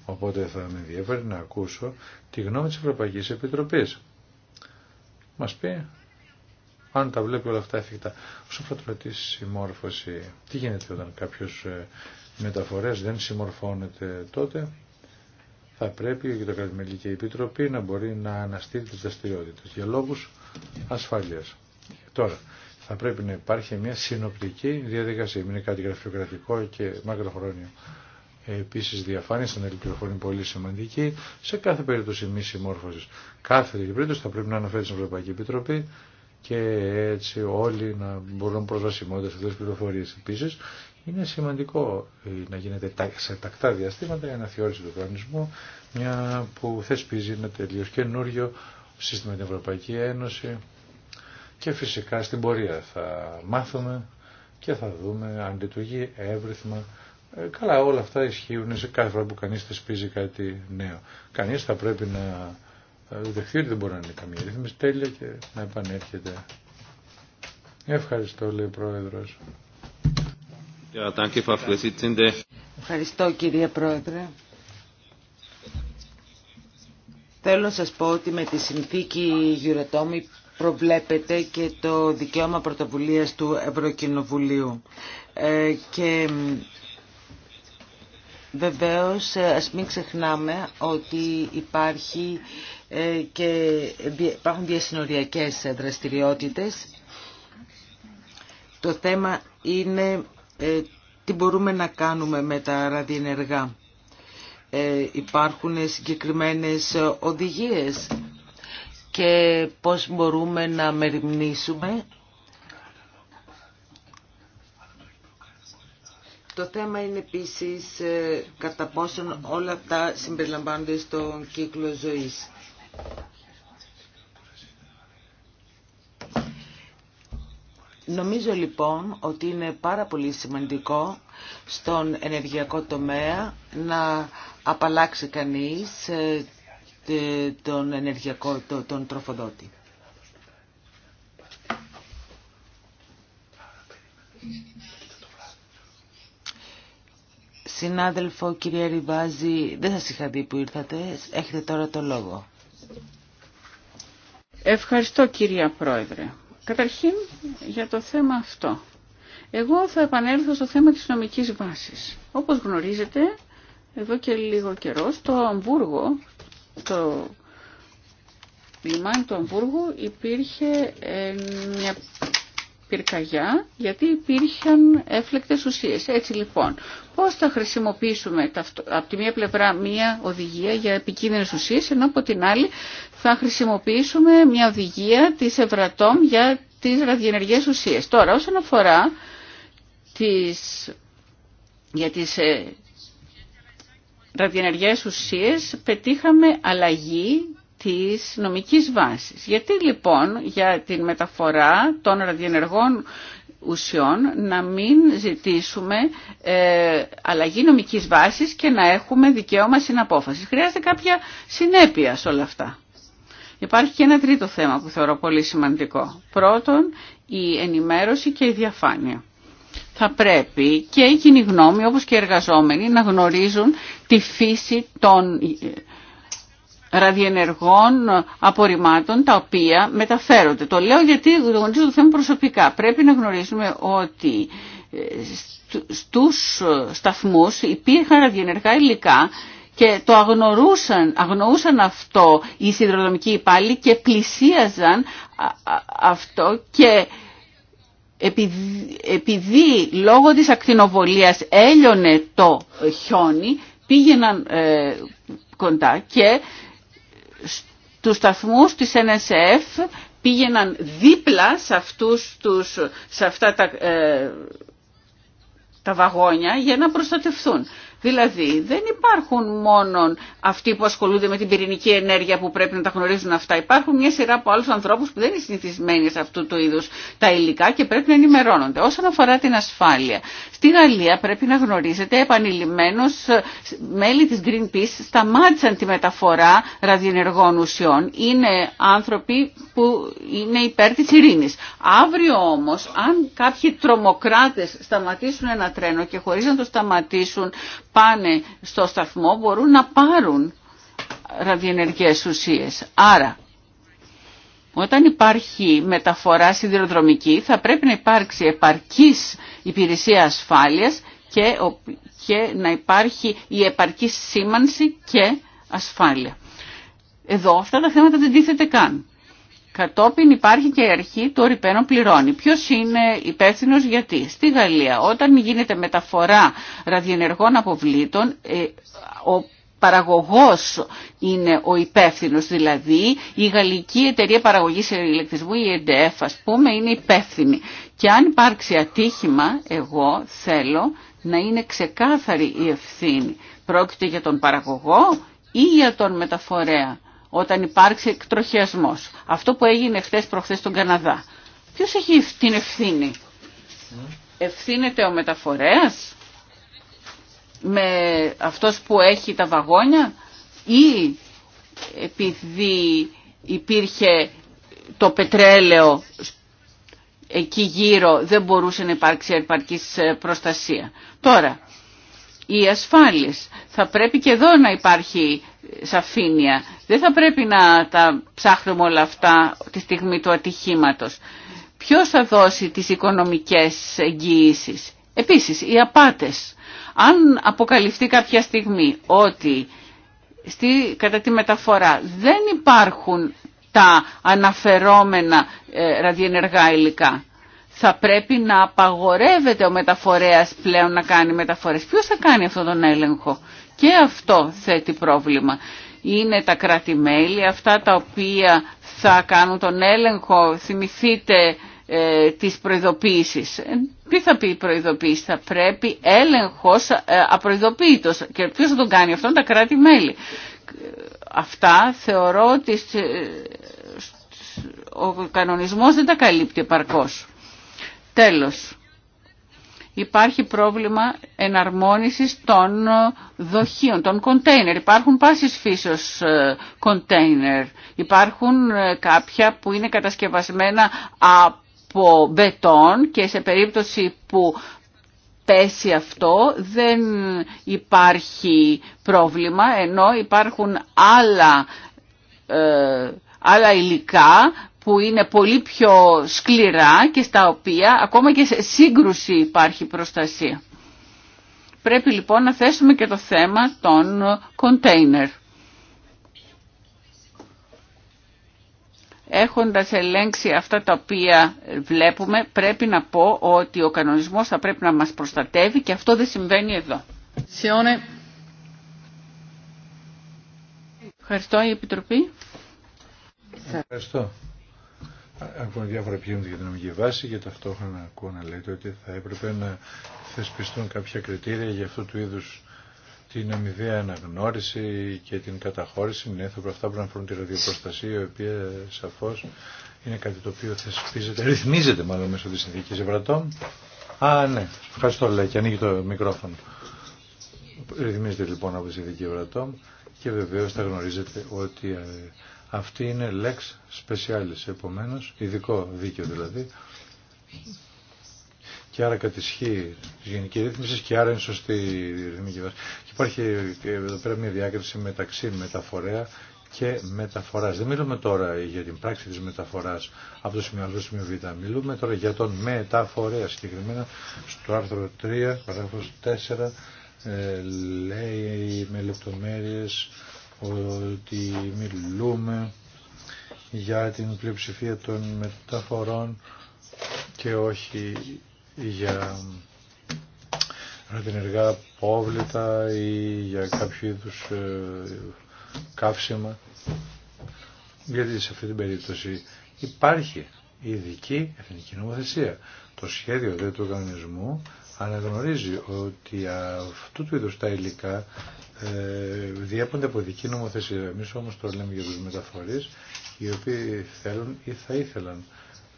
Οπότε θα με ενδιαφέρει να ακούσω τη γνώμη της Ευρωπαϊκής Επιτροπής. Μας πει αν τα βλέπει όλα αυτά εφικτά. Όσον αφορά τη συμμόρφωση, τι γίνεται όταν κάποιο ε, μεταφορέ, δεν συμμορφώνεται τότε, θα πρέπει και το Επιτροπή να μπορεί να αναστείλει τι δραστηριότητε για λόγου ασφάλεια. Τώρα, θα πρέπει να υπάρχει μια συνοπτική διαδικασία, είναι κάτι γραφειοκρατικό και μακροχρόνιο. Επίση, διαφάνεια στην ελληνική πολύ σημαντική. Σε κάθε περίπτωση μη συμμόρφωση. κάθε περίπτωση θα πρέπει να αναφέρει στην Ευρωπαϊκή Επιτροπή και έτσι όλοι να μπορούν προσβασιμότητα σε αυτές τις πληροφορίες. Επίσης, είναι σημαντικό ε, να γίνεται σε τακτά διαστήματα η αναθεώρηση του οργανισμού μια που θεσπίζει ένα τελείως καινούριο σύστημα την Ευρωπαϊκή Ένωση και φυσικά στην πορεία θα μάθουμε και θα δούμε αν λειτουργεί εύρυθμα. Ε, καλά όλα αυτά ισχύουν σε κάθε φορά που κανείς θεσπίζει κάτι νέο. Κανείς θα πρέπει να δεχθεί δεν μπορεί να είναι καμία ρύθμιση τέλεια και να επανέρχεται. Ευχαριστώ, λέει ο Πρόεδρος. Ευχαριστώ, κύριε Πρόεδρε. Θέλω να σας πω ότι με τη συνθήκη Γιουρετόμη προβλέπεται και το δικαίωμα πρωτοβουλίας του Ευρωκοινοβουλίου. Ε, και Βεβαίως ας μην ξεχνάμε ότι υπάρχει ε, και υπάρχουν διασυνοριακές δραστηριότητες. Το θέμα είναι ε, τι μπορούμε να κάνουμε με τα ραδιενεργά. Ε, υπάρχουν συγκεκριμένες οδηγίες και πώς μπορούμε να μεριμνήσουμε Το θέμα είναι επίσης ε, κατά πόσον όλα αυτά συμπεριλαμβάνονται στον κύκλο ζωής. Νομίζω λοιπόν ότι είναι πάρα πολύ σημαντικό στον ενεργειακό τομέα να απαλλάξει κανείς ε, τον ενεργειακό, τον τροφοδότη. Συνάδελφο, κυρία Ριβάζη, δεν σας είχα δει που ήρθατε. Έχετε τώρα το λόγο. Ευχαριστώ κυρία Πρόεδρε. Καταρχήν για το θέμα αυτό. Εγώ θα επανέλθω στο θέμα της νομικής βάσης. Όπως γνωρίζετε, εδώ και λίγο καιρό στο Αμβούργο, το λιμάνι του Αμβούργου υπήρχε ε, μια πυρκαγιά γιατί υπήρχαν έφλεκτες ουσίες. Έτσι λοιπόν, πώς θα χρησιμοποιήσουμε από τη μία πλευρά μία οδηγία για επικίνδυνες ουσίες ενώ από την άλλη θα χρησιμοποιήσουμε μια οδηγία της Ευρατόμ για τις ραδιενεργές ουσίες. Τώρα όσον αφορά τις, για τις ε, ραδιενεργές ουσίες πετύχαμε αλλαγή της νομικής βάσης. Γιατί λοιπόν για την μεταφορά των ραδιενεργών ουσιών να μην ζητήσουμε ε, αλλαγή νομικής βάσης και να έχουμε δικαίωμα συναπόφασης. Χρειάζεται κάποια συνέπεια σε όλα αυτά. Υπάρχει και ένα τρίτο θέμα που θεωρώ πολύ σημαντικό. Πρώτον, η ενημέρωση και η διαφάνεια. Θα πρέπει και οι κοινοί γνώμοι, όπως και οι εργαζόμενοι, να γνωρίζουν τη φύση των ραδιενεργών απορριμμάτων τα οποία μεταφέρονται. Το λέω γιατί γνωρίζω το θέμα προσωπικά. Πρέπει να γνωρίζουμε ότι ε, στους σταθμούς υπήρχαν ραδιενεργά υλικά και το αγνοούσαν, αυτό οι συνδρομικοί υπάλληλοι και πλησίαζαν αυτό και επειδή, επειδή λόγω της ακτινοβολίας έλειωνε το χιόνι πήγαιναν ε, κοντά και στους σταθμούς της NSF πήγαιναν δίπλα σε, αυτούς τους, σε αυτά τα, ε, τα βαγόνια για να προστατευθούν. Δηλαδή δεν υπάρχουν μόνο αυτοί που ασχολούνται με την πυρηνική ενέργεια που πρέπει να τα γνωρίζουν αυτά. Υπάρχουν μια σειρά από άλλους ανθρώπους που δεν είναι συνηθισμένοι σε αυτού του είδους τα υλικά και πρέπει να ενημερώνονται. Όσον αφορά την ασφάλεια, Στην Αλία πρέπει να γνωρίζετε επανειλημμένως μέλη της Greenpeace σταμάτησαν τη μεταφορά ραδιενεργών ουσιών. Είναι άνθρωποι που είναι υπέρ της ειρήνης. Αύριο όμως αν κάποιοι τρομοκράτες σταματήσουν ένα τρένο και χωρί να το σταματήσουν πάνε στο σταθμό μπορούν να πάρουν ραδιενεργές ουσίες. Άρα, όταν υπάρχει μεταφορά σιδηροδρομική θα πρέπει να υπάρξει επαρκής υπηρεσία ασφάλειας και, και να υπάρχει η επαρκή σήμανση και ασφάλεια. Εδώ αυτά τα θέματα δεν τίθεται καν. Κατόπιν υπάρχει και η αρχή του ορυπαίνων πληρώνει. Ποιο είναι υπεύθυνο γιατί. Στη Γαλλία όταν γίνεται μεταφορά ραδιενεργών αποβλήτων, ε, ο παραγωγός είναι ο υπεύθυνο, δηλαδή η γαλλική εταιρεία παραγωγής ηλεκτρισμού, η ΕΝΤΕΦ ας πούμε, είναι υπεύθυνη. Και αν υπάρξει ατύχημα, εγώ θέλω να είναι ξεκάθαρη η ευθύνη. Πρόκειται για τον παραγωγό ή για τον μεταφορέα όταν υπάρξει εκτροχιασμός. Αυτό που έγινε χθες προχθές στον Καναδά. Ποιος έχει την ευθύνη. Ευθύνεται ο μεταφορέας με αυτός που έχει τα βαγόνια ή επειδή υπήρχε το πετρέλαιο εκεί γύρω δεν μπορούσε να υπάρξει επαρκής ε, προστασία. Τώρα, ή ασφάλεις. Θα πρέπει και εδώ να υπάρχει σαφήνεια. Δεν θα πρέπει να τα ψάχνουμε όλα αυτά τη στιγμή του ατυχήματος. Ποιος θα δώσει τις οικονομικές εγγυήσει. Επίσης, οι απάτες. Αν αποκαλυφθεί κάποια στιγμή ότι στη, κατά τη μεταφορά δεν υπάρχουν τα αναφερόμενα ε, ραδιενεργά υλικά, θα πρέπει να απαγορεύεται ο μεταφορέας πλέον να κάνει μεταφορές. Ποιος θα κάνει αυτόν τον έλεγχο. Και αυτό θέτει πρόβλημα. Είναι τα κρατη αυτά τα οποία θα κάνουν τον έλεγχο. Θυμηθείτε ε, τις προειδοποίησεις. Ε, τι θα πει η προειδοποίηση. Θα πρέπει έλεγχος ε, απροειδοποίητος. Και ποιος θα τον κάνει αυτόν τα κρατη Αυτά θεωρώ ότι ε, ο κανονισμός δεν τα καλύπτει επαρκώς. Τέλος, υπάρχει πρόβλημα εναρμόνισης των δοχείων, των κοντέινερ. Υπάρχουν πάσης φύσεως ε, κοντέινερ. Υπάρχουν ε, κάποια που είναι κατασκευασμένα από μπετόν και σε περίπτωση που πέσει αυτό δεν υπάρχει πρόβλημα, ενώ υπάρχουν άλλα, ε, άλλα υλικά που είναι πολύ πιο σκληρά και στα οποία ακόμα και σε σύγκρουση υπάρχει προστασία. Πρέπει λοιπόν να θέσουμε και το θέμα των κοντέινερ. Έχοντας ελέγξει αυτά τα οποία βλέπουμε, πρέπει να πω ότι ο κανονισμός θα πρέπει να μας προστατεύει και αυτό δεν συμβαίνει εδώ. Ευχαριστώ η Επιτροπή. Ευχαριστώ ακούνε διάφορα πηγαίνουν για την νομική βάση και ταυτόχρονα να λέτε ότι θα έπρεπε να θεσπιστούν κάποια κριτήρια για αυτού του είδους την αμοιβαία αναγνώριση και την καταχώρηση. Ναι, θα αυτά που να αφορούν τη ραδιοπροστασία, η οποία σαφώς είναι κάτι το οποίο θεσπίζεται, ρυθμίζεται μάλλον μέσω της συνθήκης Ευρατών. Α, ναι, ευχαριστώ λέει και ανοίγει το μικρόφωνο. Ρυθμίζεται λοιπόν από τη συνθήκη Ευρατών και βεβαίως θα γνωρίζετε ότι ε, αυτή είναι lex specialis, επομένως, ειδικό δίκαιο δηλαδή. Και άρα κατησχύει τη γενική ρύθμιση και άρα είναι σωστή η ρυθμική βάση. Και υπάρχει εδώ πέρα μια διάκριση μεταξύ μεταφορέα και μεταφορά. Δεν μιλούμε τώρα για την πράξη τη μεταφορά από το σημείο Α στο Μιλούμε τώρα για τον μεταφορέα. Συγκεκριμένα στο άρθρο 3, παράγραφο 4, ε, λέει με λεπτομέρειε ότι μιλούμε για την πλειοψηφία των μεταφορών και όχι για την εργά πόβλητα ή για κάποιο είδους ε, καύσιμα. Γιατί σε αυτή την περίπτωση υπάρχει ειδική εθνική νομοθεσία. Το σχέδιο δε του οργανισμού αναγνωρίζει ότι αυτού του είδους τα υλικά ε, διέπονται από δική νομοθεσία. Εμείς όμως το λέμε για τους μεταφορείς οι οποίοι θέλουν ή θα ήθελαν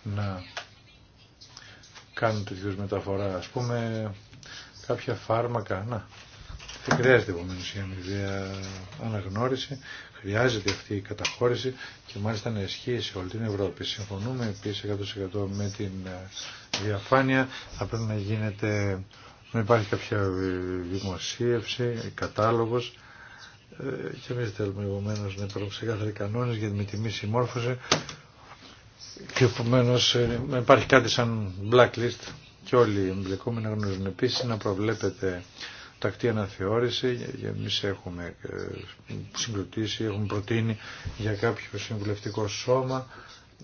να κάνουν τέτοιου μεταφορά. Ας πούμε κάποια φάρμακα, να, δεν χρειάζεται επομένως η αμοιβαία αναγνώριση. Χρειάζεται αυτή η καταχώρηση και μάλιστα να ισχύει σε όλη την Ευρώπη. Συμφωνούμε επίση 100% με την ε, διαφάνεια. Θα πρέπει να γίνεται, να υπάρχει κάποια δημοσίευση, κατάλογος ε, και εμεί θέλουμε επομένω να υπάρχουν ξεκάθαροι κανόνε για την τιμή συμμόρφωση και επομένω ε, να υπάρχει κάτι σαν blacklist και όλοι οι εμπλεκόμενοι γνωρίζουν επίση να προβλέπεται τακτή αναθεώρηση. Εμεί έχουμε ε, συγκροτήσει, έχουμε προτείνει για κάποιο συμβουλευτικό σώμα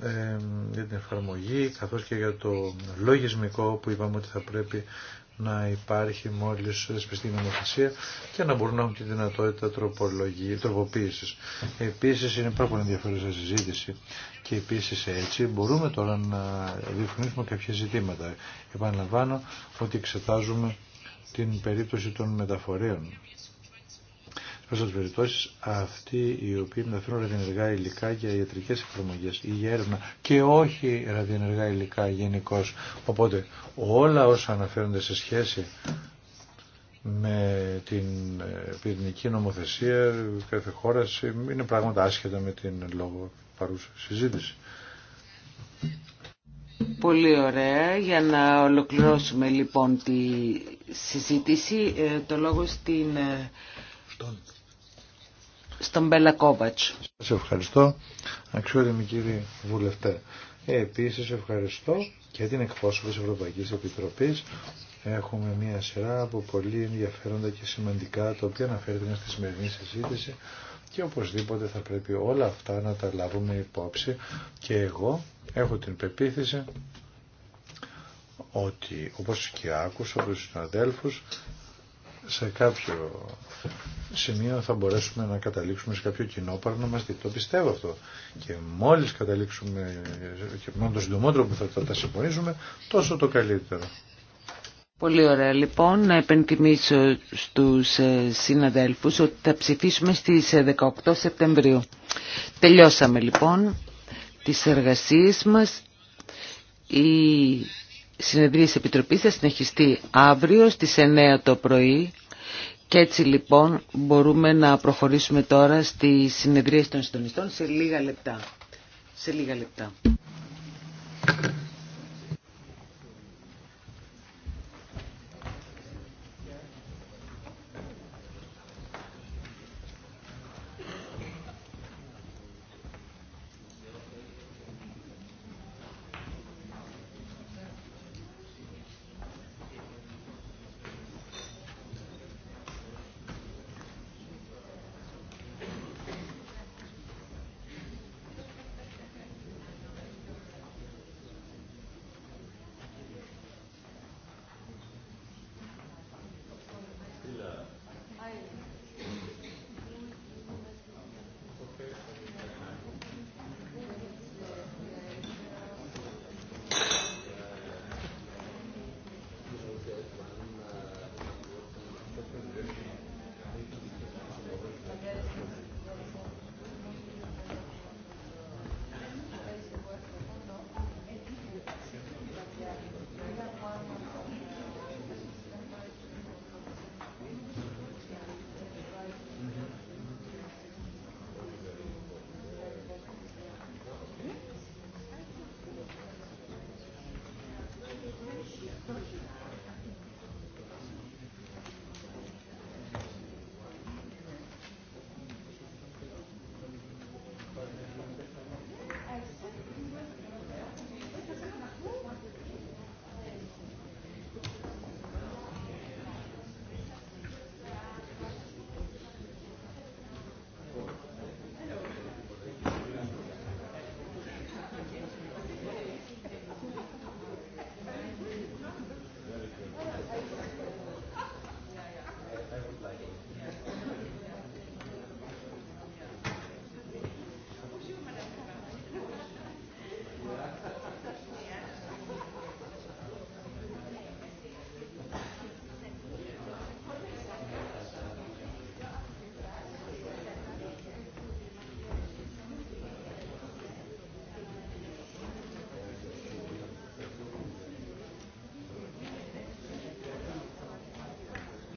ε, για την εφαρμογή καθώς και για το λογισμικό που είπαμε ότι θα πρέπει να υπάρχει μόλις σπιστή νομοθεσία και να μπορούν να έχουν τη δυνατότητα τροποποίηση. Επίσης είναι πάρα πολύ ενδιαφέρουσα συζήτηση και επίσης έτσι μπορούμε τώρα να διευκρινίσουμε κάποια ζητήματα. Επαναλαμβάνω ότι εξετάζουμε την περίπτωση των μεταφορέων. Σε περισσότερε περιπτώσει, αυτοί οι οποίοι μεταφέρουν ραδιενεργά υλικά για ιατρικέ εφαρμογέ ή για έρευνα και όχι ραδιενεργά υλικά γενικώ. Οπότε, όλα όσα αναφέρονται σε σχέση με την ε, πυρηνική νομοθεσία κάθε χώρα είναι πράγματα άσχετα με την λόγο παρούσα συζήτηση. Πολύ ωραία. Για να ολοκληρώσουμε λοιπόν τη συζήτηση. Ε, το λόγο στην... Ε, στον Μπέλα Κόβατς. Σας ευχαριστώ, Αξιότιμη κύριε βουλευτέ. Ε, επίσης ευχαριστώ και την εκπρόσωπο της Ευρωπαϊκής Επιτροπής. Έχουμε μια σειρά από πολύ ενδιαφέροντα και σημαντικά τα οποία αναφέρθηκαν στη σημερινή συζήτηση και οπωσδήποτε θα πρέπει όλα αυτά να τα λάβουμε υπόψη και εγώ έχω την πεποίθηση ότι όπως και άκουσα από τους συναδέλφους σε κάποιο σημείο θα μπορέσουμε να καταλήξουμε σε κάποιο κοινό παρανομαστή. Το πιστεύω αυτό. Και μόλις καταλήξουμε και μόνο το συντομότερο που θα, τα συμφωνήσουμε τόσο το καλύτερο. Πολύ ωραία. Λοιπόν, να επενθυμίσω στους ε, συναδέλφους ότι θα ψηφίσουμε στις 18 ε, Σεπτεμβρίου. Τελειώσαμε λοιπόν τις εργασίες μας. Η συνεδρία της Επιτροπής θα συνεχιστεί αύριο στις 9 το πρωί και έτσι λοιπόν μπορούμε να προχωρήσουμε τώρα στη συνεδρία των συντονιστών σε λίγα λεπτά. Σε λίγα λεπτά.